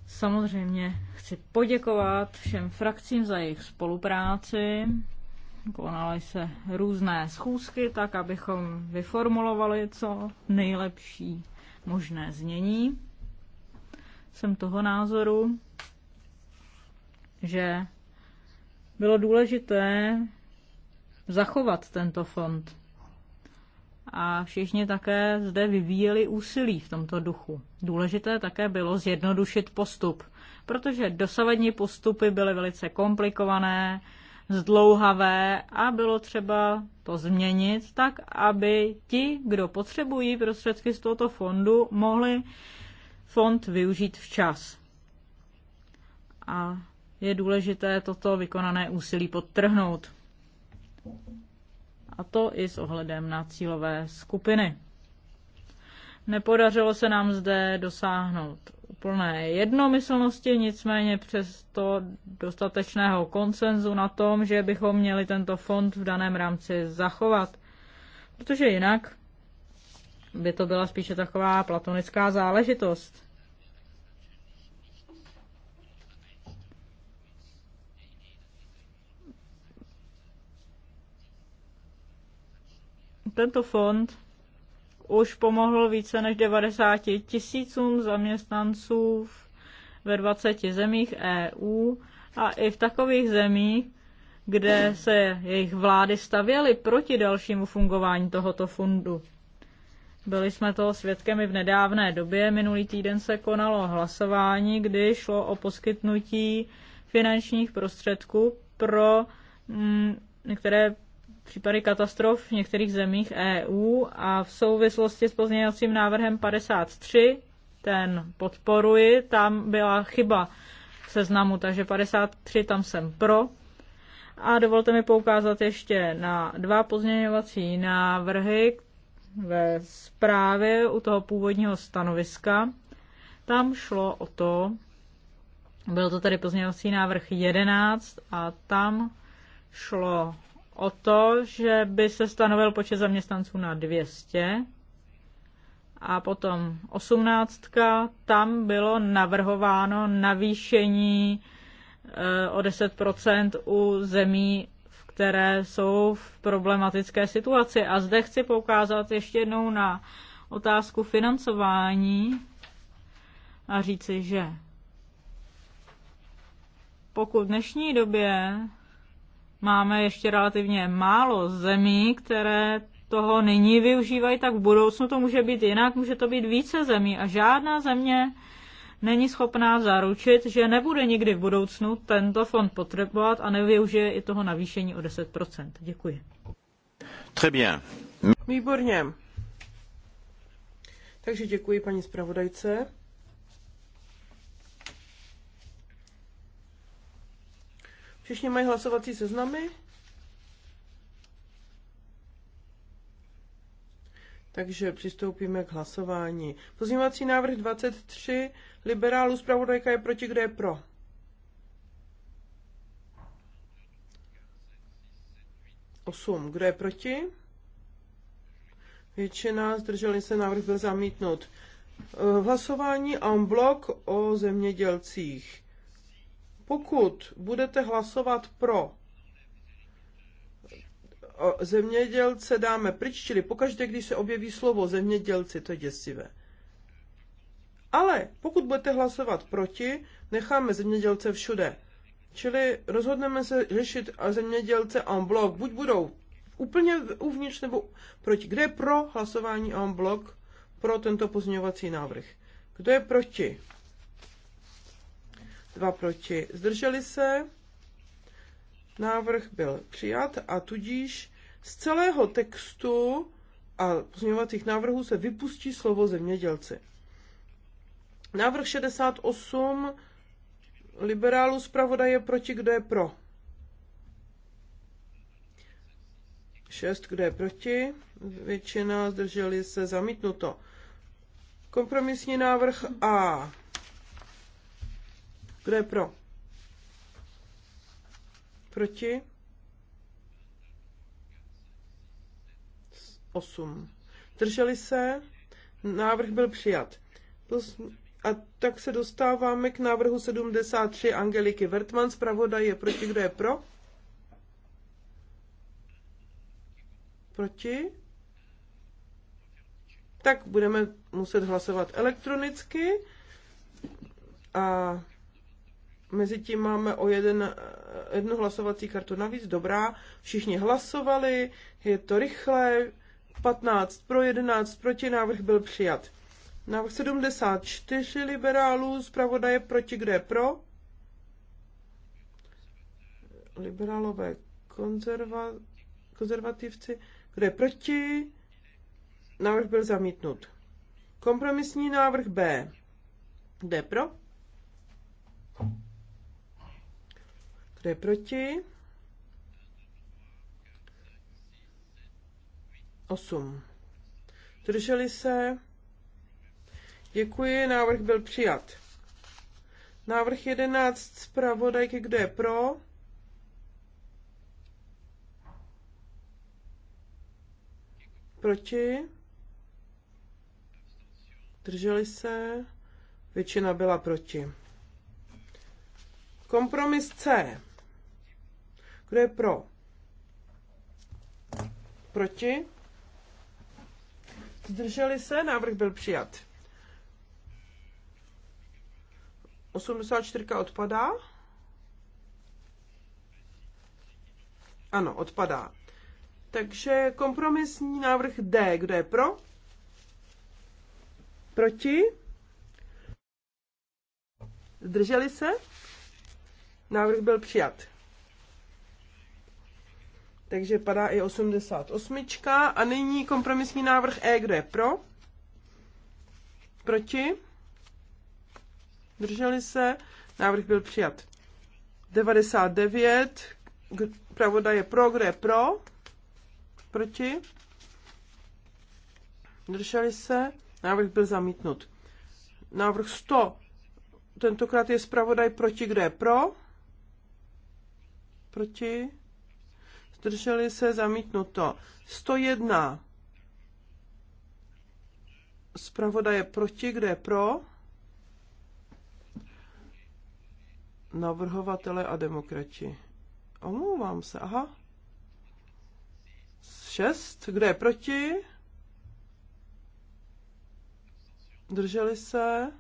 Samozřejmě chci poděkovat všem frakcím za jejich spolupráci. Konaly se různé schůzky, tak abychom vyformulovali co nejlepší možné znění. Jsem toho názoru, že bylo důležité zachovat tento fond a všichni také zde vyvíjeli úsilí v tomto duchu. Důležité také bylo zjednodušit postup, protože dosavadní postupy byly velice komplikované, zdlouhavé a bylo třeba to změnit tak, aby ti, kdo potřebují prostředky z tohoto fondu, mohli fond využít včas. A je důležité toto vykonané úsilí podtrhnout a to i s ohledem na cílové skupiny. Nepodařilo se nám zde dosáhnout úplné jednomyslnosti, nicméně přesto dostatečného konsenzu na tom, že bychom měli tento fond v daném rámci zachovat. Protože jinak by to byla spíše taková platonická záležitost. Tento fond už pomohl více než 90 tisícům zaměstnanců ve 20 zemích EU a i v takových zemích, kde se jejich vlády stavěly proti dalšímu fungování tohoto fondu. Byli jsme toho svědkem i v nedávné době. Minulý týden se konalo hlasování, kdy šlo o poskytnutí finančních prostředků pro m, mm, některé případy katastrof v některých zemích EU a v souvislosti s pozměňovacím návrhem 53, ten podporuji, tam byla chyba v seznamu, takže 53 tam jsem pro. A dovolte mi poukázat ještě na dva pozměňovací návrhy ve zprávě u toho původního stanoviska. Tam šlo o to, byl to tady pozměňovací návrh 11 a tam šlo o to, že by se stanovil počet zaměstnanců na 200 a potom 18. Tam bylo navrhováno navýšení eh, o 10% u zemí, které jsou v problematické situaci. A zde chci poukázat ještě jednou na otázku financování a říci, že pokud v dnešní době máme ještě relativně málo zemí, které toho nyní využívají, tak v budoucnu to může být jinak, může to být více zemí a žádná země není schopná zaručit, že nebude nikdy v budoucnu tento fond potřebovat a nevyužije i toho navýšení o 10%. Děkuji. Très bien. Výborně. Takže děkuji paní zpravodajce. Všichni mají hlasovací seznamy? Takže přistoupíme k hlasování. Pozměňovací návrh 23 liberálů zpravodajka je proti, kdo je pro? Osm. Kdo je proti? Většina zdrželi se, návrh byl zamítnut. Hlasování en bloc o zemědělcích. Pokud budete hlasovat pro zemědělce dáme pryč, čili pokaždé, když se objeví slovo zemědělci, to je děsivé. Ale pokud budete hlasovat proti, necháme zemědělce všude. Čili rozhodneme se řešit a zemědělce en blok. Buď budou úplně uvnitř nebo proti. Kde je pro hlasování en blok pro tento pozměňovací návrh? Kdo je proti? 2 proti. Zdrželi se. Návrh byl přijat a tudíž z celého textu a pozměňovacích návrhů se vypustí slovo zemědělci. Návrh 68 liberálu zpravodaje proti, kdo je pro. 6, kdo je proti, většina zdrželi se zamítnuto. Kompromisní návrh A. Kdo je pro? Proti? 8. Drželi se? Návrh byl přijat. A tak se dostáváme k návrhu 73 Angeliky Vertman. Zpravodaj je proti, kdo je pro? Proti? Tak budeme muset hlasovat elektronicky. A Mezi tím máme o jeden, jednu hlasovací kartu navíc, dobrá. Všichni hlasovali, je to rychlé. 15 pro 11 proti, návrh byl přijat. Návrh 74 liberálů, zpravodaje proti, kde je pro? Liberálové konzerva, konzervativci, kde je proti? Návrh byl zamítnut. Kompromisní návrh B. Kde je pro? Kdo je proti? 8. Drželi se? Děkuji, návrh byl přijat. Návrh 11 zpravodajky, kdo je pro? Proti? Drželi se? Většina byla proti. Kompromis C. Kdo je pro? Proti? Zdrželi se? Návrh byl přijat. 84 odpadá? Ano, odpadá. Takže kompromisní návrh D. Kdo je pro? Proti? Zdrželi se? Návrh byl přijat. Takže padá i 88. A nyní kompromisní návrh E, kdo je pro? Proti? Drželi se? Návrh byl přijat. 99. Pravoda je pro, kdo je pro? Proti? Drželi se? Návrh byl zamítnut. Návrh 100. Tentokrát je zpravodaj proti, kdo je pro? Proti? zdrželi se, zamítnuto. 101. Zpravoda je proti, kde je pro? Navrhovatele a demokrati. Omlouvám se, aha. 6, kde je proti? Drželi se.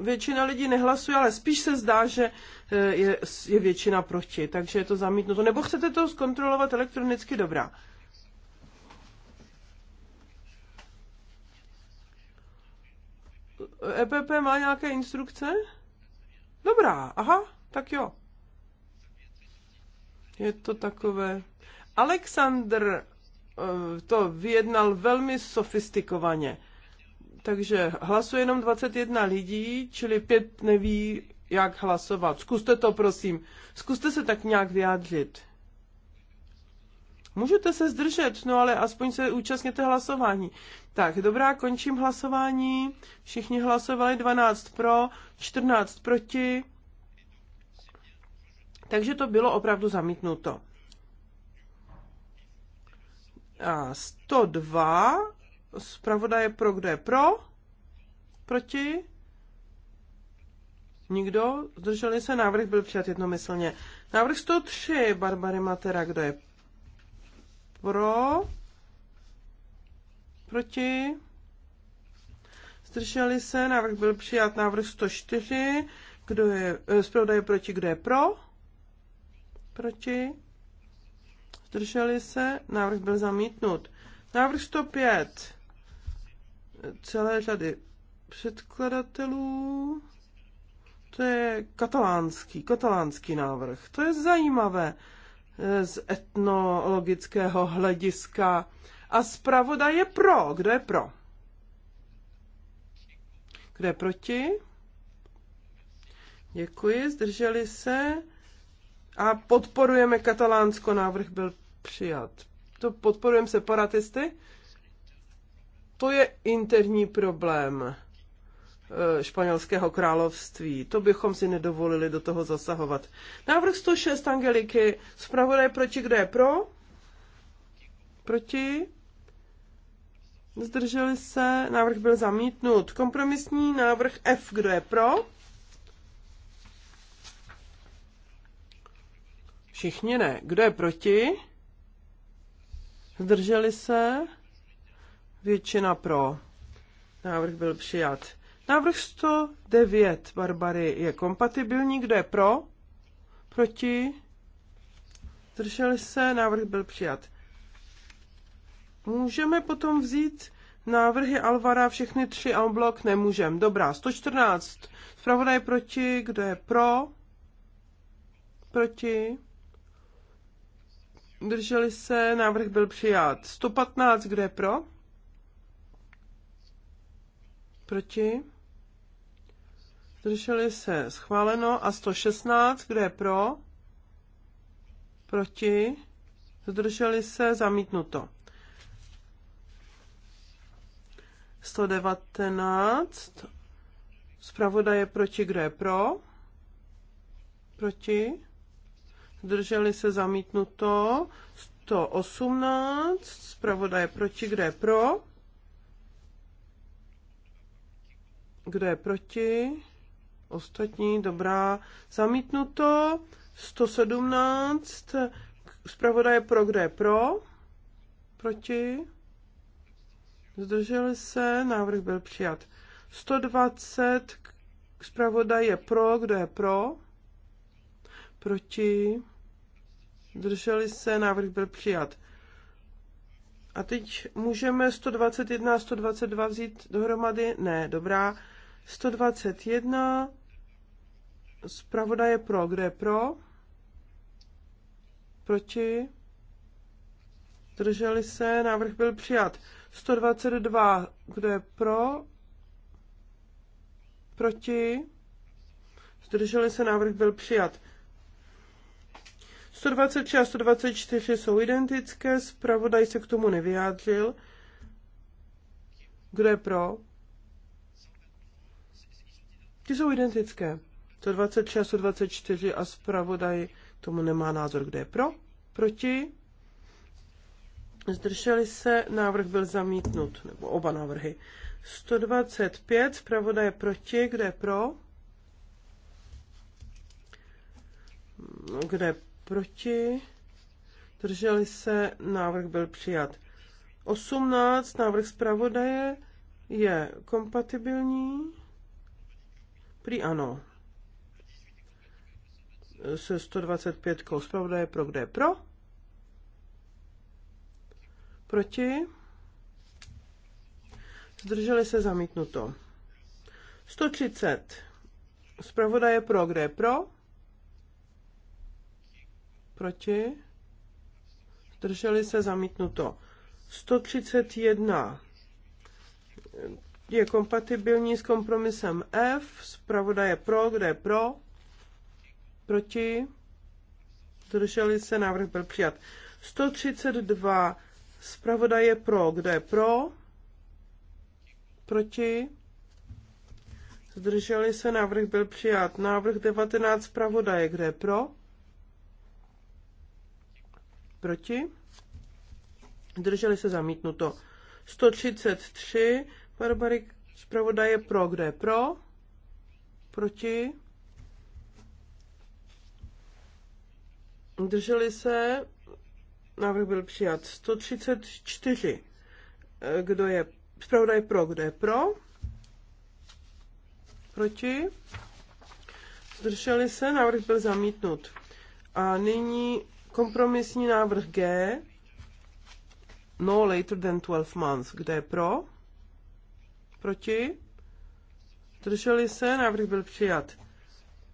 většina lidí nehlasuje, ale spíš se zdá, že e, je, je většina proti, takže je to zamítnuto. Nebo chcete to zkontrolovat elektronicky, dobrá. EPP má nějaké instrukce? Dobrá, aha, tak jo. Je to takové. Alexander e, to vyjednal velmi sofistikovaně. Takže hlasuje jenom 21 lidí, čili pět neví, jak hlasovat. Zkuste to, prosím. Zkuste se tak nějak vyjádřit. Můžete se zdržet, no ale aspoň se účastněte hlasování. Tak, dobrá, končím hlasování. Všichni hlasovali 12 pro, 14 proti. Takže to bylo opravdu zamítnuto. A 102 zpravodaje pro, kdo je pro, proti, nikdo, zdrželi se, návrh byl přijat jednomyslně. Návrh 103, Barbary Matera, kdo je pro, proti, zdrželi se, návrh byl přijat, návrh 104, kdo je, eh, je proti, kdo je pro, proti, zdrželi se, návrh byl zamítnut. Návrh 105, celé řady předkladatelů. To je katalánský, katalánský návrh. To je zajímavé eh, z etnologického hlediska. A zpravoda je pro. Kdo je pro? Kdo je proti? Děkuji, zdrželi se. A podporujeme Katalánsko, návrh byl přijat. To podporujeme separatisty? To je interní problém eh, španělského království. To bychom si nedovolili do toho zasahovat. Návrh 106 Angeliky. Zpravodaj proti, kdo je pro? Proti? Zdrželi se, návrh byl zamítnut. Kompromisní návrh F, kdo je pro? Všichni ne. Kdo je proti? Zdrželi se? většina pro. Návrh byl přijat. Návrh 109 Barbary je kompatibilní. Kdo je pro? Proti? Zdrželi se? Návrh byl přijat. Můžeme potom vzít návrhy Alvara, všechny tři en blok nemůžeme. Dobrá, 114. Zpravodaj proti, kdo je pro? Proti? Drželi se, návrh byl přijat. 115, kdo je pro? Proti? Zdrželi se schváleno. A 116, kdo je pro? Proti? Zdrželi se zamítnuto. 119. Zpravoda je proti, kdo je pro? Proti? Zdrželi se zamítnuto. 118. Zpravoda je proti, kdo je pro? Kdo je proti? Ostatní, dobrá. Zamítnuto. 117. Zpravodaj pro, kdo je pro? Proti? Zdrželi se, návrh byl přijat. 120, zpravodaj je pro, kdo je pro? Proti? Zdrželi se, návrh byl přijat. A teď můžeme 121 a 122 vzít dohromady? Ne, dobrá. 121. Zpravodaje pro. Kde je pro? Proti? Drželi se. Návrh byl přijat. 122. Kdo je pro? Proti? Zdrželi se. Návrh byl přijat. 123 a 124 jsou identické. Zpravodaj se k tomu nevyjádřil. Kdo je pro? Ty jsou identické. 126, 124 a zpravodaj tomu nemá názor, kde je pro, proti. Zdrželi se, návrh byl zamítnut, nebo oba návrhy. 125, zpravodaj je proti, kde je pro. Kde je proti. Zdrželi se, návrh byl přijat. 18, návrh zpravodaje je kompatibilní. Prý ano. Se 125 zpravodaje pro kde je pro? Proti? Zdrželi se zamítnuto. 130. Zpravodaje pro kde je pro? Proti? Zdrželi se zamítnuto. 131 je kompatibilní s kompromisem F. Zpravodaj je pro, kde je pro? Proti? Zdrželi se, návrh byl přijat. 132. Zpravodaj je pro, kde je pro? Proti? Zdrželi se, návrh byl přijat. Návrh 19 zpravodaje, kde je pro? Proti? Zdrželi se zamítnuto. 133 Barbary je pro. Kdo je pro? Proti? Drželi se? Návrh byl přijat. 134. Kdo je zpravodaj pro? Kdo je pro? Proti? Zdrželi se? Návrh byl zamítnut. A nyní kompromisní návrh G. No later than 12 months. Kde je pro? Proti? Drželi se, návrh byl přijat.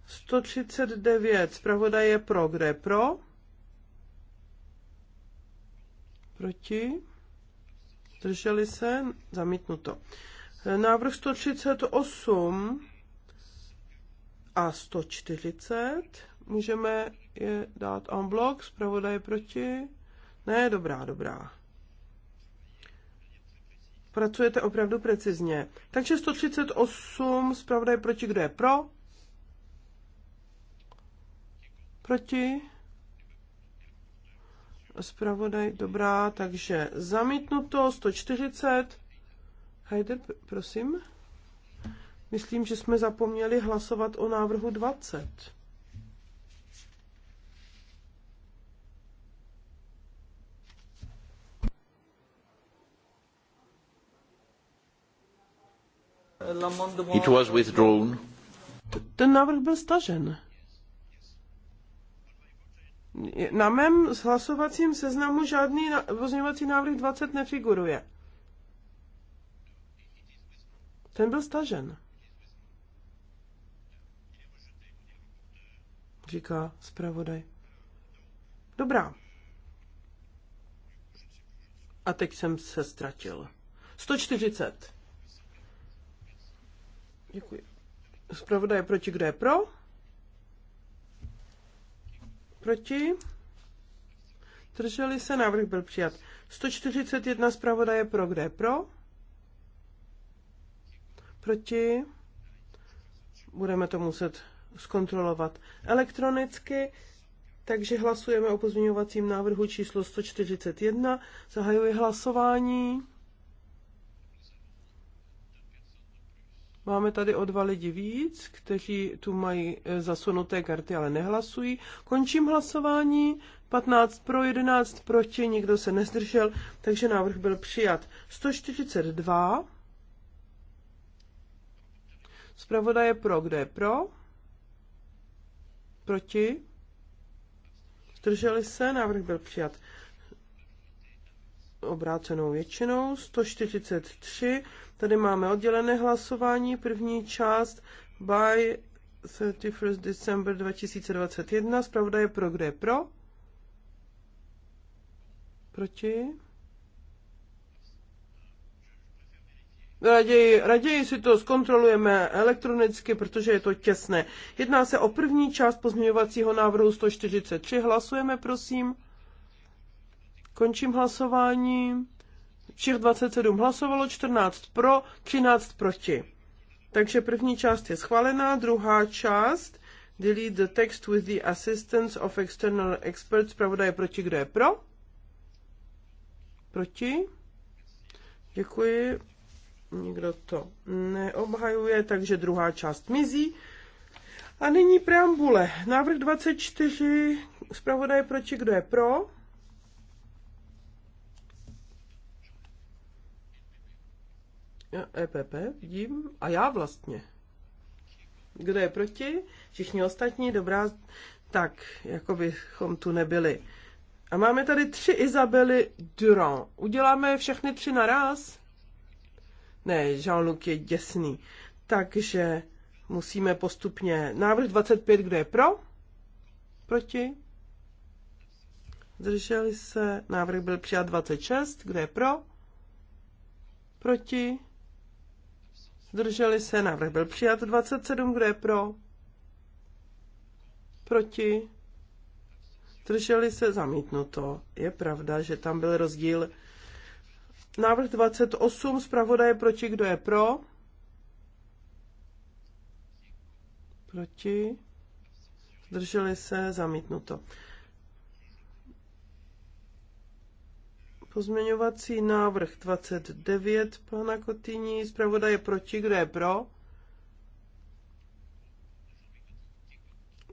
139, zpravodaj je pro, kde je pro? Proti? Drželi se, zamítnuto. Návrh 138 a 140, můžeme je dát en bloc, zpravodaj je proti? Ne, dobrá, dobrá pracujete opravdu precizně. Takže 138, zpravodaj proti, kdo je pro? Proti? Zpravodaj, dobrá, takže zamítnuto, 140. Hajde, prosím. Myslím, že jsme zapomněli hlasovat o návrhu 20. It was withdrawn. Ten návrh byl stažen. Na mém hlasovacím seznamu žádný pozměňovací návrh 20 nefiguruje. Ten byl stažen. Říká zpravodaj. Dobrá. A teď jsem se ztratil. 140. Děkuji. Zpravodaj proti, kdo je pro? Proti? Drželi se, návrh byl přijat. 141 zpravodaje pro, kde je pro? Proti? Budeme to muset zkontrolovat elektronicky, takže hlasujeme o pozměňovacím návrhu číslo 141. Zahajuji hlasování. Máme tady o dva lidi víc, kteří tu mají e, zasunuté karty, ale nehlasují. Končím hlasování. 15 pro, 11 proti, nikdo se nezdržel, takže návrh byl přijat. 142. Zpravoda je pro. Kdo je pro? Proti? Zdrželi se, návrh byl přijat obrácenou většinou. 143. Tady máme oddělené hlasování. První část by 31. December 2021. Zpravda je pro, kde je pro? Proti? Raději, raději si to zkontrolujeme elektronicky, protože je to těsné. Jedná se o první část pozměňovacího návrhu 143. Hlasujeme, prosím. Končím hlasování. Všech 27 hlasovalo, 14 pro, 13 proti. Takže první část je schválená, druhá část delete the text with the assistance of external experts. Pravda je proti, kdo je pro? Proti? Děkuji. Nikdo to neobhajuje, takže druhá část mizí. A nyní preambule. Návrh 24. Zpravodaj proti, kdo je pro? EPP, vidím, a já vlastně. Kdo je proti? Všichni ostatní, dobrá, tak, jako bychom tu nebyli. A máme tady tři Izabely Durand. Uděláme všechny tři naraz? Ne, Jean-Luc je děsný. Takže musíme postupně. Návrh 25, kdo je pro? Proti? Zdrželi se. Návrh byl přijat 26, kdo je pro? Proti? Zdrželi se, návrh byl přijat. 27, kdo je pro? Proti? Zdrželi se, zamítnuto. Je pravda, že tam byl rozdíl. Návrh 28, zpravodaje proti, kdo je pro? Proti? Zdrželi se, zamítnuto. Pozměňovací návrh 29 pana Kotyní. Zpravodaj je proti. Kdo je pro?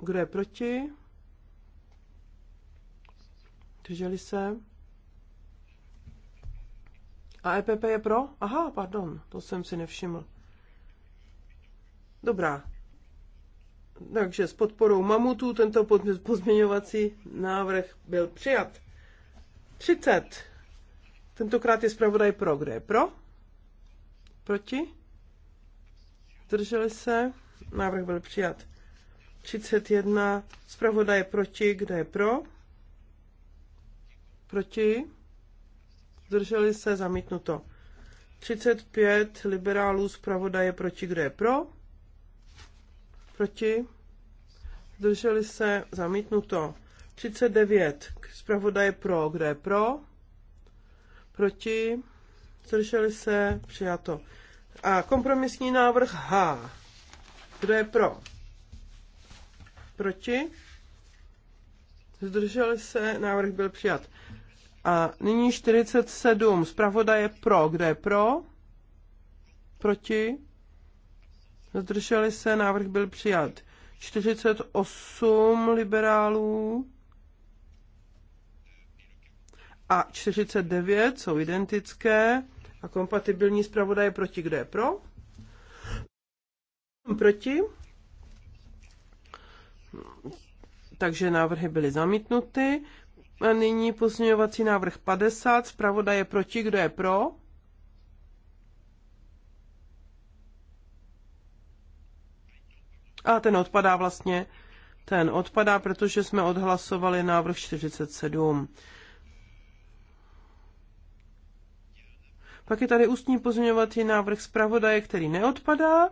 Kdo je proti? Drželi se? A EPP je pro? Aha, pardon, to jsem si nevšiml. Dobrá. Takže s podporou mamutů tento pozměňovací návrh byl přijat. 30. Tentokrát je zpravodaj pro. Kdo je pro? Proti? Drželi se? Návrh byl přijat. 31. Zpravodaj je proti. Kdo je pro? Proti? Drželi se? Zamítnuto. 35. Liberálů zpravodaj je proti. Kdo je pro? Proti? Drželi se? Zamítnuto. 39. Zpravodaj je pro. Kdo je pro? proti, zdrželi se, přijato. A kompromisní návrh H. Kdo je pro? Proti? Zdrželi se, návrh byl přijat. A nyní 47. Zpravoda je pro. Kdo je pro? Proti? Zdrželi se, návrh byl přijat. 48 liberálů a 49 jsou identické a kompatibilní zpravodaj je proti. Kdo je pro? Proti? Takže návrhy byly zamítnuty. A nyní pozměňovací návrh 50. Zpravodaj je proti. Kdo je pro? A ten odpadá vlastně. Ten odpadá, protože jsme odhlasovali návrh 47. Pak je tady ústní pozměňovací návrh zpravodaje, který neodpadá.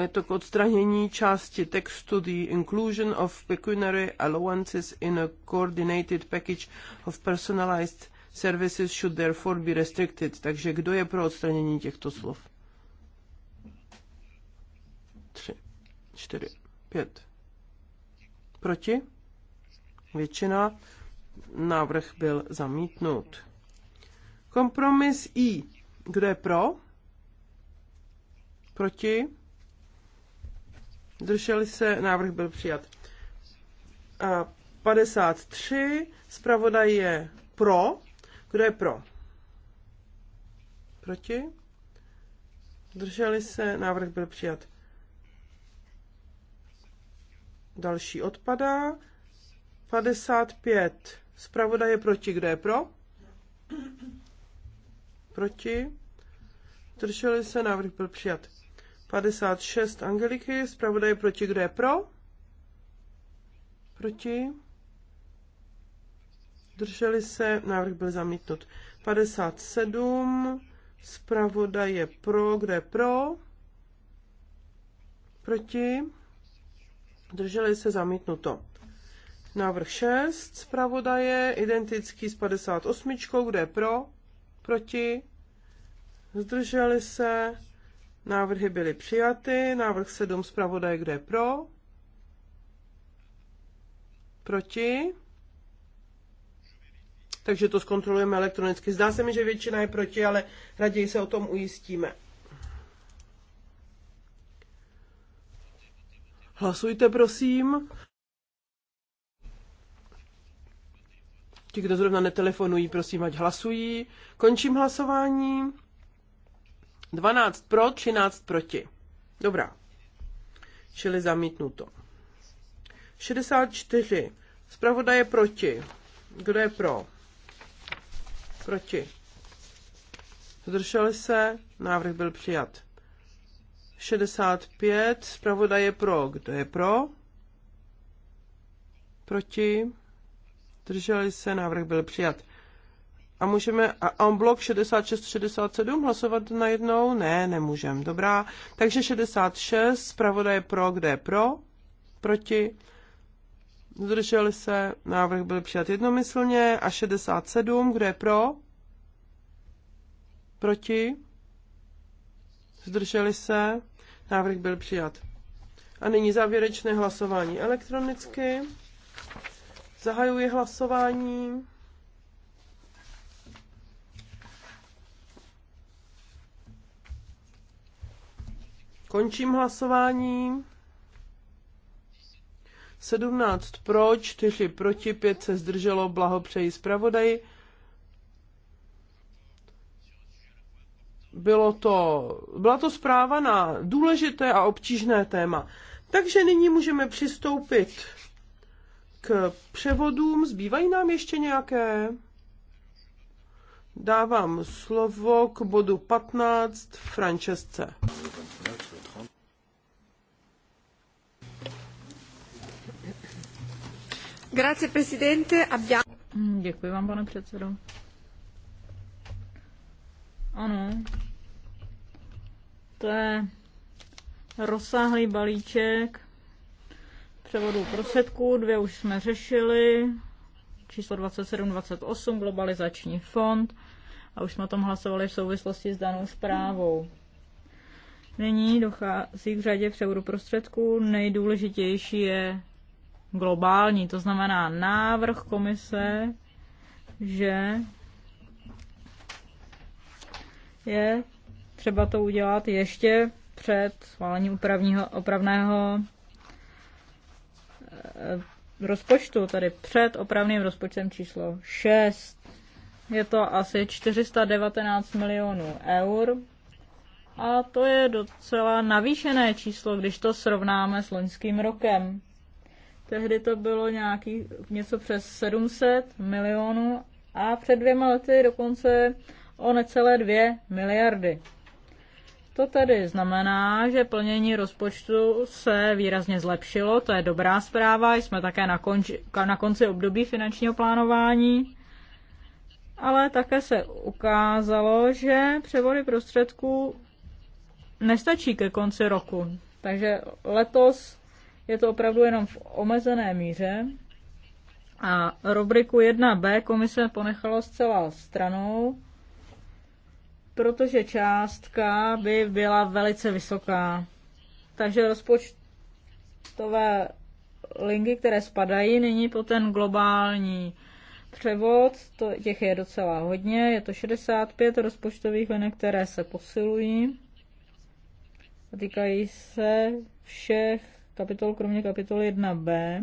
Je to k odstranění části textu The inclusion of pecuniary allowances in a coordinated package of personalized services should therefore be restricted. Takže kdo je pro odstranění těchto slov? Tři, čtyři, pět. Proti? Většina. Návrh byl zamítnut. Kompromis I. Kdo je pro? Proti? Zdrželi se, návrh byl přijat. A 53, zpravodaj je pro. Kdo je pro? Proti? Zdrželi se, návrh byl přijat. Další odpadá. 55, zpravodaj je proti. Kdo je pro? Proti? Drželi se, návrh byl přijat. 56 Angeliky, zpravodaj proti, kdo je pro? Proti? Drželi se, návrh byl zamítnut. 57 zpravodaj je pro, kdo je pro? Proti? Drželi se, zamítnuto. Návrh 6 zpravodaje, identický s 58, kdo je pro? proti, zdrželi se, návrhy byly přijaty, návrh 7 zpravodaje, kdo je pro, proti, takže to zkontrolujeme elektronicky. Zdá se mi, že většina je proti, ale raději se o tom ujistíme. Hlasujte, prosím. Ti, kdo zrovna netelefonují, prosím, ať hlasují. Končím hlasování. 12 pro, 13 proti. Dobrá. Čili zamítnuto. 64. Zpravodaj je proti. Kdo je pro? Proti. Zdrželi se, návrh byl přijat. 65, zpravodaj je pro. Kdo je pro? Proti zdrželi se, návrh byl přijat. A můžeme a en blok 66, 67 hlasovat najednou? Ne, nemůžem. Dobrá. Takže 66, zpravodaj pro, kde je pro? Proti? Zdrželi se, návrh byl přijat jednomyslně. A 67, kde je pro? Proti? Zdrželi se, návrh byl přijat. A nyní závěrečné hlasování elektronicky. Zahajuji hlasování. Končím hlasování. 17 pro, 4 proti, 5 se zdrželo, blahopřeji zpravodaji. Bylo to, byla to zpráva na důležité a obtížné téma. Takže nyní můžeme přistoupit k převodům. Zbývají nám ještě nějaké? Dávám slovo k bodu 15 Francesce. Grazie, presidente. Abbiamo... Mm, děkuji vám, pane předsedo. Ano. To je rozsáhlý balíček převodu prostředků, dvě už jsme řešili, číslo 2728, globalizační fond, a už jsme o tom hlasovali v souvislosti s danou zprávou. Nyní dochází k řadě převodu prostředků. Nejdůležitější je globální, to znamená návrh komise, že je třeba to udělat ještě před schválením opravného Eh, rozpočtu, tady před opravným rozpočtem číslo 6. Je to asi 419 milionů eur a to je docela navýšené číslo, když to srovnáme s loňským rokem. Tehdy to bylo nějaký, něco přes 700 milionů a před dvěma lety dokonce o necelé 2 miliardy. To tedy znamená, že plnění rozpočtu se výrazně zlepšilo, to je dobrá zpráva, jsme také na, konči, na konci období finančního plánování, ale také se ukázalo, že převody prostředků nestačí ke konci roku. Takže letos je to opravdu jenom v omezené míře. A rubriku 1b komise ponechala zcela stranou protože částka by byla velice vysoká. Takže rozpočtové linky, které spadají nyní po ten globální převod, to, těch je docela hodně, je to 65 rozpočtových linek, které se posilují a týkají se všech kapitol, kromě kapitoly 1b,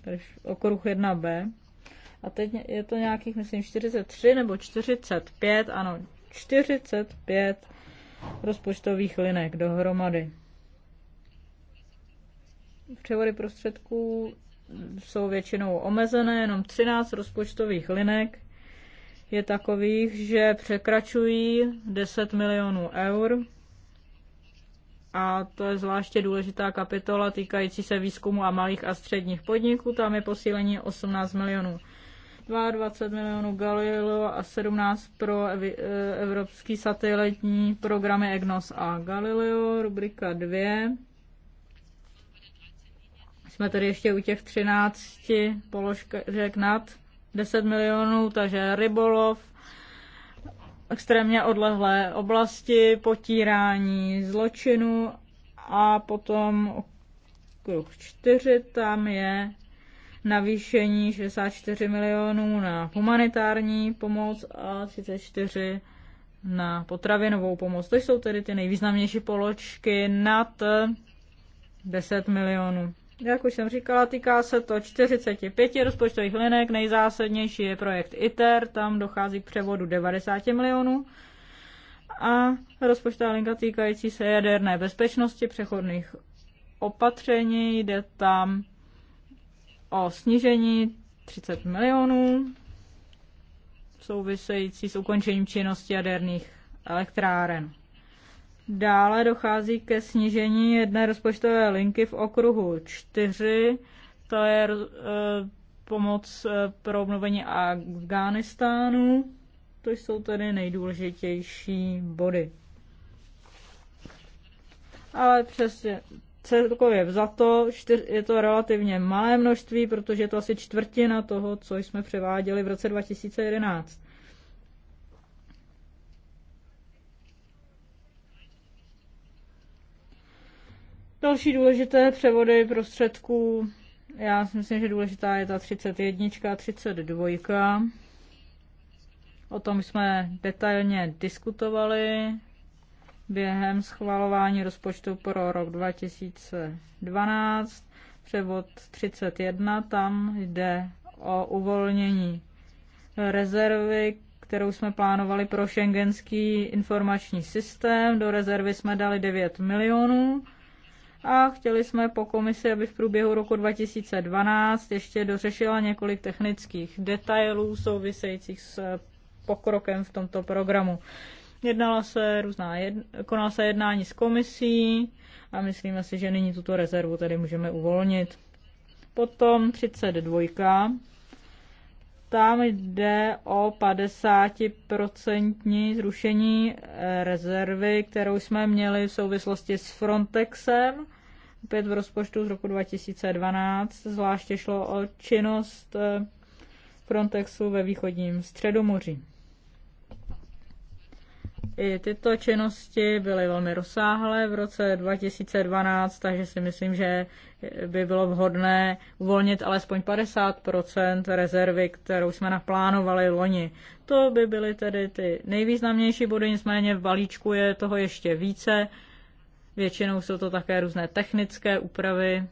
tedy okruh 1b. A teď je to nějakých, myslím, 43 nebo 45, ano, 45 rozpočtových linek dohromady. Převody prostředků jsou většinou omezené, jenom 13 rozpočtových linek je takových, že překračují 10 milionů eur a to je zvláště důležitá kapitola týkající se výzkumu a malých a středních podniků. Tam je posílení 18 milionů 22 milionů Galileo a 17 pro ev- eh, evropský satelitní programy EGNOS a Galileo, rubrika 2. Jsme tady ještě u těch 13 položek nad 10 milionů, takže rybolov, extrémně odlehlé oblasti, potírání zločinu a potom okruh 4 tam je navýšení 64 milionů na humanitární pomoc a 34 na potravinovou pomoc. To jsou tedy ty nejvýznamnější položky nad 10 milionů. Jak už jsem říkala, týká se to 45 rozpočtových linek. Nejzásadnější je projekt ITER, tam dochází k převodu 90 milionů. A rozpočtová linka týkající se jaderné bezpečnosti přechodných opatření, jde tam o snížení 30 milionů související s ukončením činnosti jaderných elektráren. Dále dochází ke snížení jedné rozpočtové linky v okruhu 4, to je e, pomoc eh, pro obnovení Afganistánu. To jsou tedy nejdůležitější body. Ale přesně celkově vzato je to relativně malé množství, protože je to asi čtvrtina toho, co jsme převáděli v roce 2011. Další důležité převody prostředků, já si myslím, že důležitá je ta 31 a 32. O tom jsme detailně diskutovali během schvalování rozpočtu pro rok 2012, převod 31, tam jde o uvolnění rezervy, kterou jsme plánovali pro šengenský informační systém. Do rezervy jsme dali 9 milionů a chtěli jsme po komisi, aby v průběhu roku 2012 ještě dořešila několik technických detailů souvisejících s pokrokem v tomto programu. Jednala se různá jed, konala se jednání s komisí a myslíme si, že nyní tuto rezervu tedy můžeme uvolnit. Potom 32. Tam jde o 50% zrušení eh, rezervy, kterou jsme měli v souvislosti s Frontexem. Opět v rozpočtu z roku 2012. Zvláště šlo o činnost eh, Frontexu ve východním středomoří. I tyto činnosti byly velmi rozsáhlé v roce 2012, takže si myslím, že by bylo vhodné uvolnit alespoň 50 rezervy, kterou jsme naplánovali loni. To by byly tedy ty nejvýznamnější body, nicméně v balíčku je toho ještě více. Většinou jsou to také různé technické úpravy,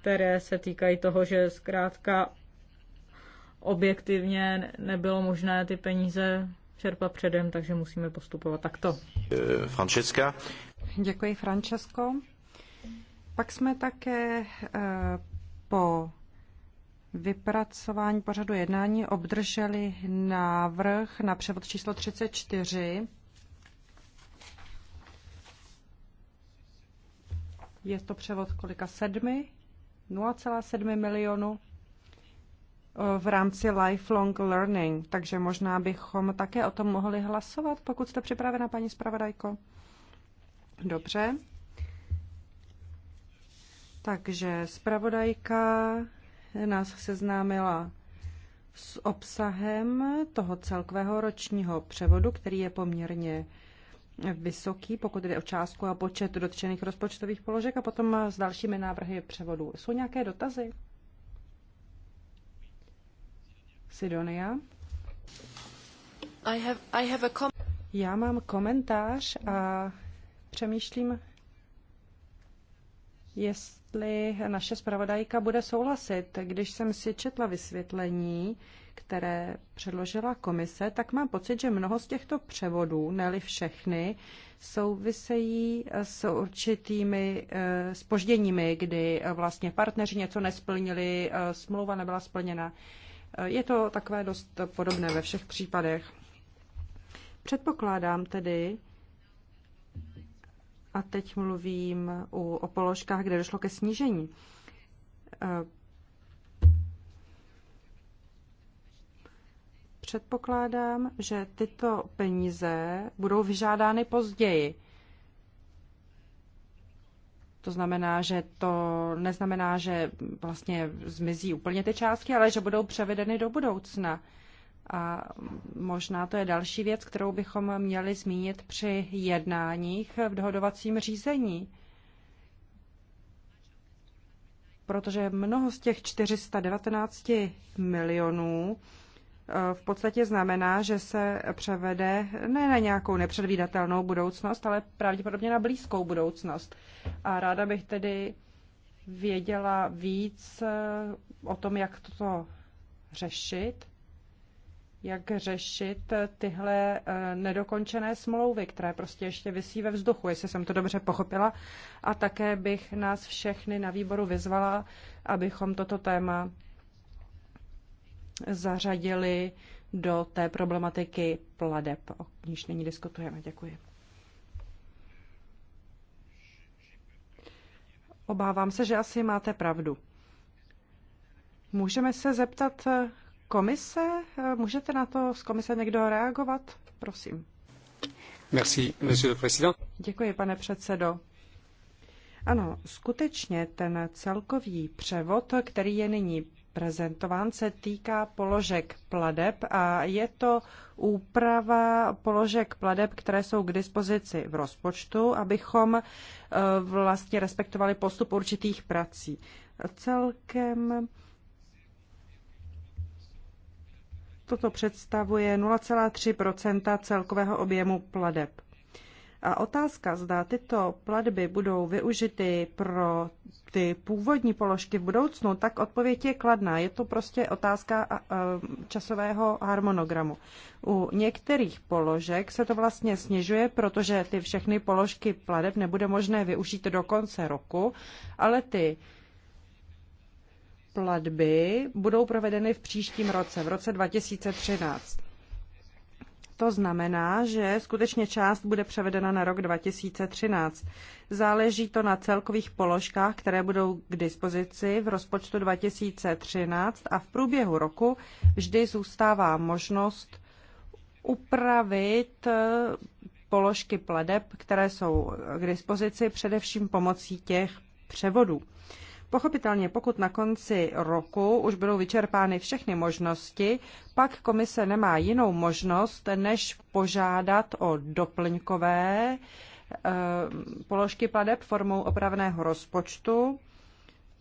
které se týkají toho, že zkrátka objektivně nebylo možné ty peníze čerpat předem, takže musíme postupovat takto. Francesca. Děkuji, Francesco. Pak jsme také eh, po vypracování pořadu jednání obdrželi návrh na převod číslo 34. Je to převod kolika? Sedmi? 0,7 milionu v rámci lifelong learning, takže možná bychom také o tom mohli hlasovat, pokud jste připravena, paní zpravodajko. Dobře. Takže zpravodajka nás seznámila s obsahem toho celkového ročního převodu, který je poměrně vysoký, pokud jde o částku a počet dotčených rozpočtových položek a potom s dalšími návrhy převodu. Jsou nějaké dotazy? Sidonia. I have, I have a Já mám komentář a přemýšlím, jestli naše zpravodajka bude souhlasit. Když jsem si četla vysvětlení, které předložila komise, tak mám pocit, že mnoho z těchto převodů, neli všechny, souvisejí s určitými spožděními, eh, kdy eh, vlastně partneři něco nesplnili, eh, smlouva nebyla splněna. Je to takové dost podobné ve všech případech. Předpokládám tedy, a teď mluvím u, o položkách, kde došlo ke snížení. Eh, předpokládám, že tyto peníze budou vyžádány později to znamená, že to neznamená, že vlastně zmizí úplně ty částky, ale že budou převedeny do budoucna. A možná to je další věc, kterou bychom měli zmínit při jednáních v dohodovacím řízení. Protože mnoho z těch 419 milionů v podstatě znamená, že se převede ne na nějakou nepředvídatelnou budoucnost, ale pravděpodobně na blízkou budoucnost. A ráda bych tedy věděla víc eh, o tom, jak toto řešit, jak řešit tyhle eh, nedokončené smlouvy, které prostě ještě vysí ve vzduchu, jestli jsem to dobře pochopila. A také bych nás všechny na výboru vyzvala, abychom toto téma zařadili do té problematiky pladeb, o níž nyní diskutujeme. Děkuji. Obávám se, že asi máte pravdu. Můžeme se zeptat komise? Můžete na to z komise někdo reagovat? Prosím. Merci, monsieur le président. Děkuji, pane předsedo. Ano, skutečně ten celkový převod, který je nyní prezentován, se týká položek pladeb a je to úprava položek pladeb, které jsou k dispozici v rozpočtu, abychom e, vlastně respektovali postup určitých prací. Celkem toto představuje 0,3 celkového objemu pladeb. A otázka, zda tyto platby budou využity pro ty původní položky v budoucnu, tak odpověď je kladná. Je to prostě otázka časového harmonogramu. U některých položek se to vlastně snižuje, protože ty všechny položky pladeb nebude možné využít do konce roku, ale ty platby budou provedeny v příštím roce, v roce 2013. To znamená, že skutečně část bude převedena na rok 2013. Záleží to na celkových položkách, které budou k dispozici v rozpočtu 2013 a v průběhu roku vždy zůstává možnost upravit eh, položky pladeb, které jsou k dispozici především pomocí těch převodů. Pochopitelně, pokud na konci roku už budou vyčerpány všechny možnosti, pak komise nemá jinou možnost, než požádat o doplňkové eh, položky pladeb formou opravného rozpočtu,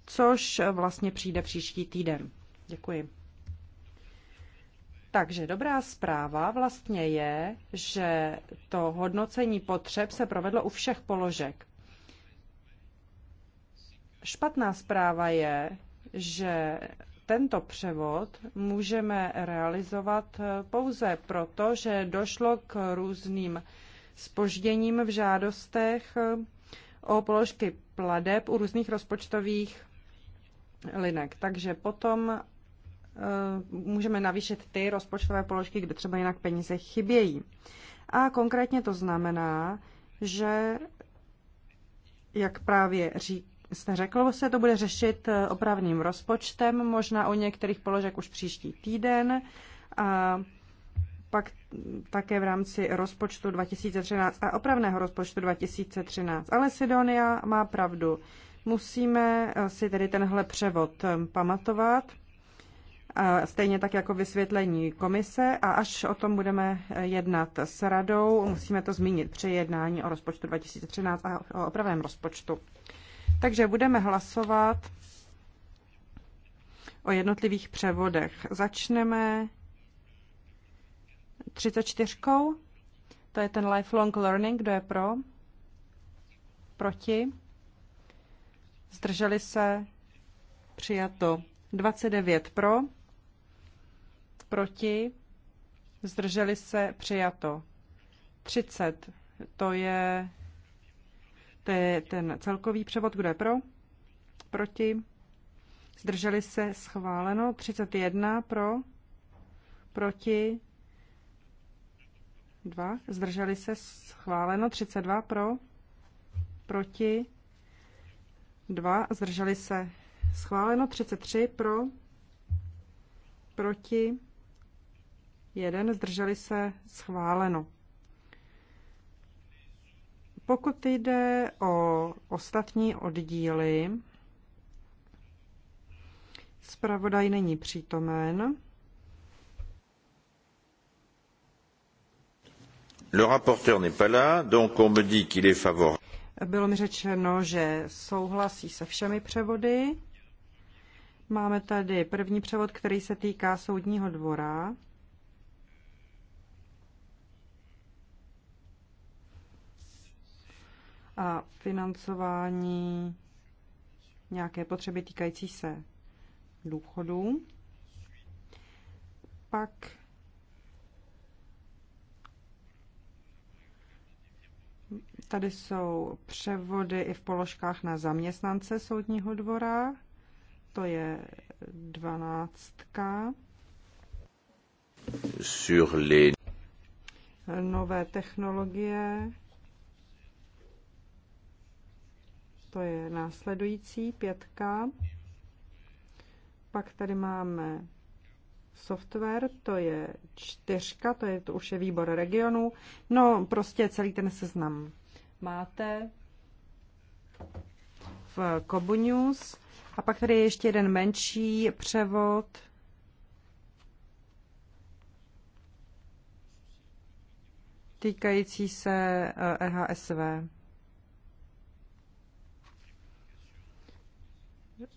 což vlastně přijde příští týden. Děkuji. Takže dobrá zpráva vlastně je, že to hodnocení potřeb se provedlo u všech položek. Špatná zpráva je, že tento převod můžeme realizovat pouze proto, že došlo k různým spožděním v žádostech o položky pladeb u různých rozpočtových linek. Takže potom eh, můžeme navýšit ty rozpočtové položky, kde třeba jinak peníze chybějí. A konkrétně to znamená, že, jak právě říká, jste řekl, se to bude řešit eh, opravným rozpočtem, možná u některých položek už příští týden. A pak také v rámci rozpočtu 2013 a opravného rozpočtu 2013. Ale Sidonia má pravdu. Musíme eh, si tedy tenhle převod eh, pamatovat, stejně tak jako vysvětlení komise a až o tom budeme jednat s radou, musíme to zmínit při jednání o rozpočtu 2013 a o opravném rozpočtu. Takže budeme hlasovat o jednotlivých převodech. Začneme 34. To je ten lifelong learning. Kdo je pro? Proti? Zdrželi se? Přijato. 29 pro? Proti? Zdrželi se? Přijato. 30. To je to je ten celkový převod, kdo je pro, proti, zdrželi se, schváleno, 31 pro, proti, 2, zdrželi se, schváleno, 32 pro, proti, 2, zdrželi se, schváleno, 33 pro, proti, 1, zdrželi se, schváleno. Pokud jde o ostatní oddíly, zpravodaj není přítomen. Le rapporteur n'est pas là, donc on me dit qu'il est favorable. Bylo mi řečeno, že souhlasí se všemi převody. Máme tady první převod, který se týká soudního dvora. a financování nějaké potřeby týkající se důchodů. Pak tady jsou převody i v položkách na zaměstnance soudního dvora. To je dvanáctka. Sur les... Nové technologie to je následující pětka. Pak tady máme software, to je čtyřka, to, je, to už je výbor regionu. No, prostě celý ten seznam máte v Kobu News. A pak tady je ještě jeden menší převod. týkající se EHSV. E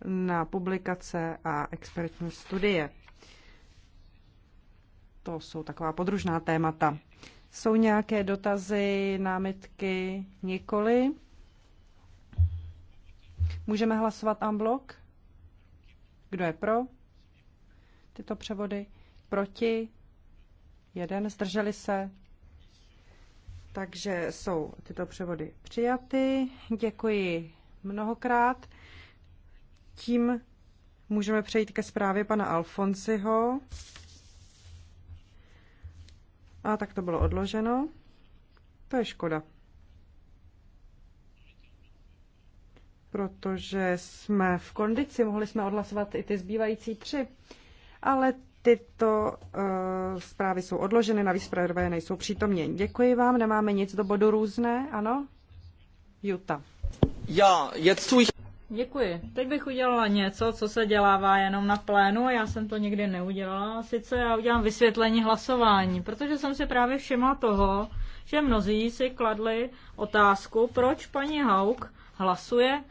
na publikace a expertní studie. To jsou taková podružná témata. Jsou nějaké dotazy, námitky? Nikoli. Můžeme hlasovat en blok? Kdo je pro tyto převody? Proti? Jeden. Zdrželi se? Takže jsou tyto převody přijaty. Děkuji mnohokrát tím můžeme přejít ke zprávě pana Alfonsiho. A tak to bylo odloženo. To je škoda. Protože jsme v kondici, mohli jsme odhlasovat i ty zbývající tři. Ale tyto uh, zprávy jsou odloženy, navíc zprávy nejsou přítomně. Děkuji vám, nemáme nic do bodu různé, ano? Juta. Já, jetzt tu ich... Děkuji. Teď bych udělala něco, co se dělává jenom na plénu. Já jsem to nikdy neudělala. Sice já udělám vysvětlení hlasování, protože jsem si právě všimla toho, že mnozí si kladli otázku, proč paní Hauk hlasuje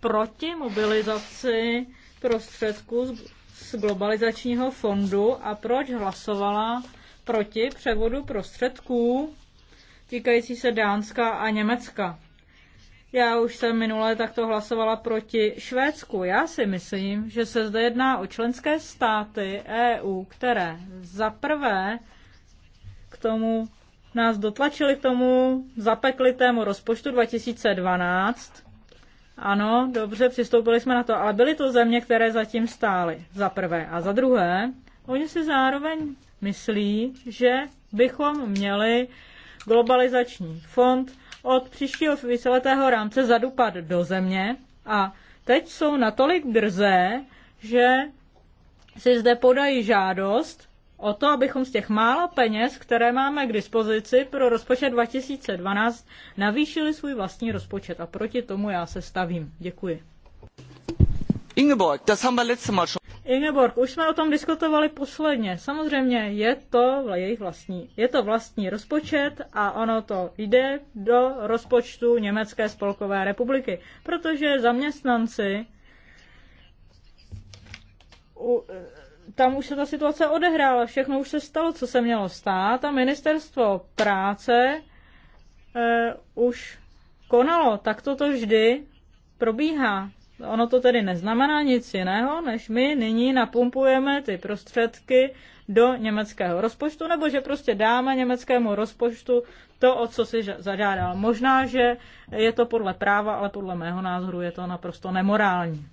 proti mobilizaci prostředků z globalizačního fondu a proč hlasovala proti převodu prostředků týkající se Dánska a Německa. Já už jsem minule takto hlasovala proti Švédsku. Já si myslím, že se zde jedná o členské státy EU, které za prvé k tomu nás dotlačili k tomu zapeklitému rozpočtu 2012. Ano, dobře, přistoupili jsme na to, ale byly to země, které zatím stály, za prvé. A za druhé, oni si zároveň myslí, že bychom měli globalizační fond od příštího víceletého rámce zadupat do země a teď jsou natolik drzé, že si zde podají žádost o to, abychom z těch málo peněz, které máme k dispozici pro rozpočet 2012, navýšili svůj vlastní rozpočet. A proti tomu já se stavím. Děkuji. Ingeborg, das haben wir Mal schon. Ingeborg, už jsme o tom diskutovali posledně. Samozřejmě je to jejich vlastní. Je to vlastní rozpočet a ono to jde do rozpočtu Německé spolkové republiky, protože zaměstnanci u, tam už se ta situace odehrála, všechno už se stalo, co se mělo stát a ministerstvo práce eh, už konalo. Tak toto vždy probíhá. Ono to tedy neznamená nic jiného, než my nyní napumpujeme ty prostředky do německého rozpočtu, nebo že prostě dáme německému rozpočtu to, o co si zažádal. Možná, že je to podle práva, ale podle mého názoru je to naprosto nemorální.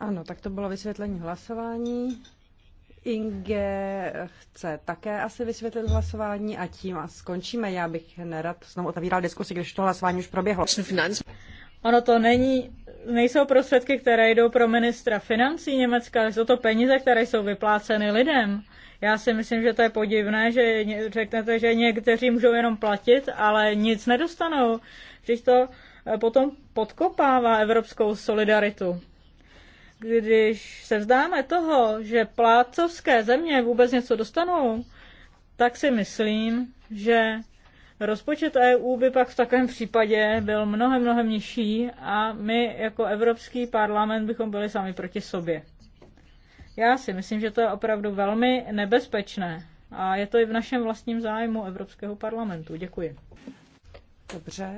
Ano, tak to bylo vysvětlení hlasování. Inge chce také asi vysvětlit hlasování a tím skončíme. Já bych nerad znovu otevíral diskusi, když to hlasování už proběhlo. Ono to není nejsou prostředky, které jdou pro ministra financí Německa, ale jsou to peníze, které jsou vypláceny lidem. Já si myslím, že to je podivné, že řeknete, že někteří můžou jenom platit, ale nic nedostanou. Když to eh, potom podkopává evropskou solidaritu. Když se vzdáme toho, že plátcovské země vůbec něco dostanou, tak si myslím, že Rozpočet EU by pak v takovém případě byl mnohem, mnohem nižší a my jako Evropský parlament bychom byli sami proti sobě. Já si myslím, že to je opravdu velmi nebezpečné a je to i v našem vlastním zájmu Evropského parlamentu. Děkuji. Dobře,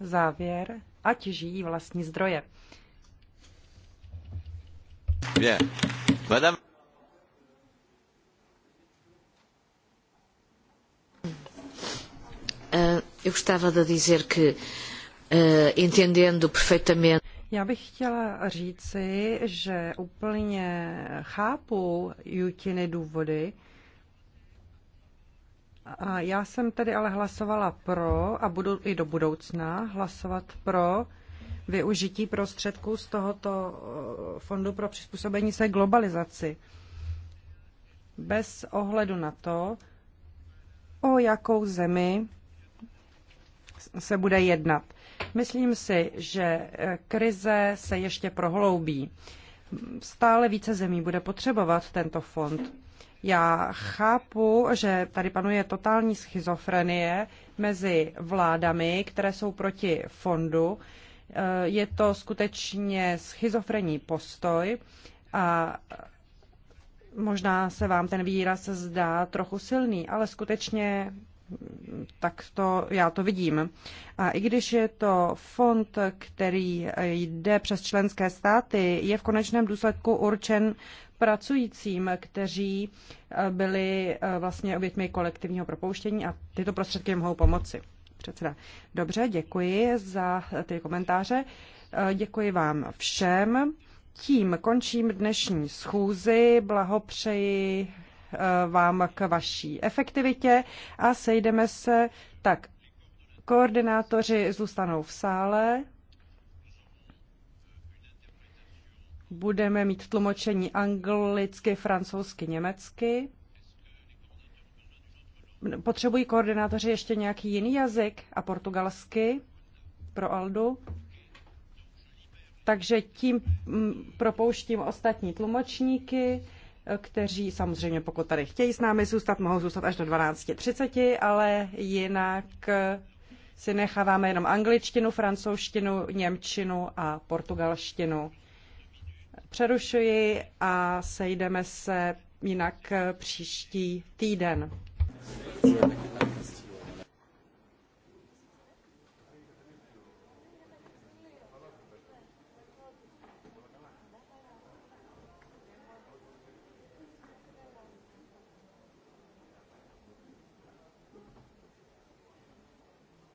závěr. Ať žijí vlastní zdroje. Yeah. Eh, eu gostava de dizer que, eh, entendendo perfeitamente. Já bych chtěla říci, že úplně chápu Jutiny důvody. A já jsem tedy ale hlasovala pro a budu i do budoucna hlasovat pro využití prostředků z tohoto eh, fondu pro přizpůsobení se globalizaci. Bez ohledu na to, o jakou zemi se bude jednat. Myslím si, že eh, krize se ještě prohloubí. Stále více zemí bude potřebovat tento fond. Já chápu, že tady panuje totální schizofrenie mezi vládami, které jsou proti fondu. Eh, je to skutečně schizofrenní postoj a možná se vám ten výraz zdá trochu silný, ale skutečně tak to já to vidím. A i když je to fond, který jde přes členské státy, je v konečném důsledku určen pracujícím, kteří eh, byli eh, vlastně obětmi kolektivního propouštění a tyto prostředky mohou pomoci. Předseda. Dobře, děkuji za ty komentáře. Eh, děkuji vám všem. Tím končím dnešní schůzi. Blahopřeji vám k vaší efektivitě a sejdeme se tak. Koordinátoři zůstanou v sále. Budeme mít tlumočení anglicky, francouzsky, německy. Potřebují koordinátoři ještě nějaký jiný jazyk a portugalsky pro Aldu? takže tím mm, propouštím ostatní tlumočníky kteří samozřejmě, pokud tady chtějí s námi zůstat, mohou zůstat až do 12.30, ale jinak eh, si necháváme jenom angličtinu, francouzštinu, němčinu a portugalštinu. Přerušuji a sejdeme se jinak eh, příští týden.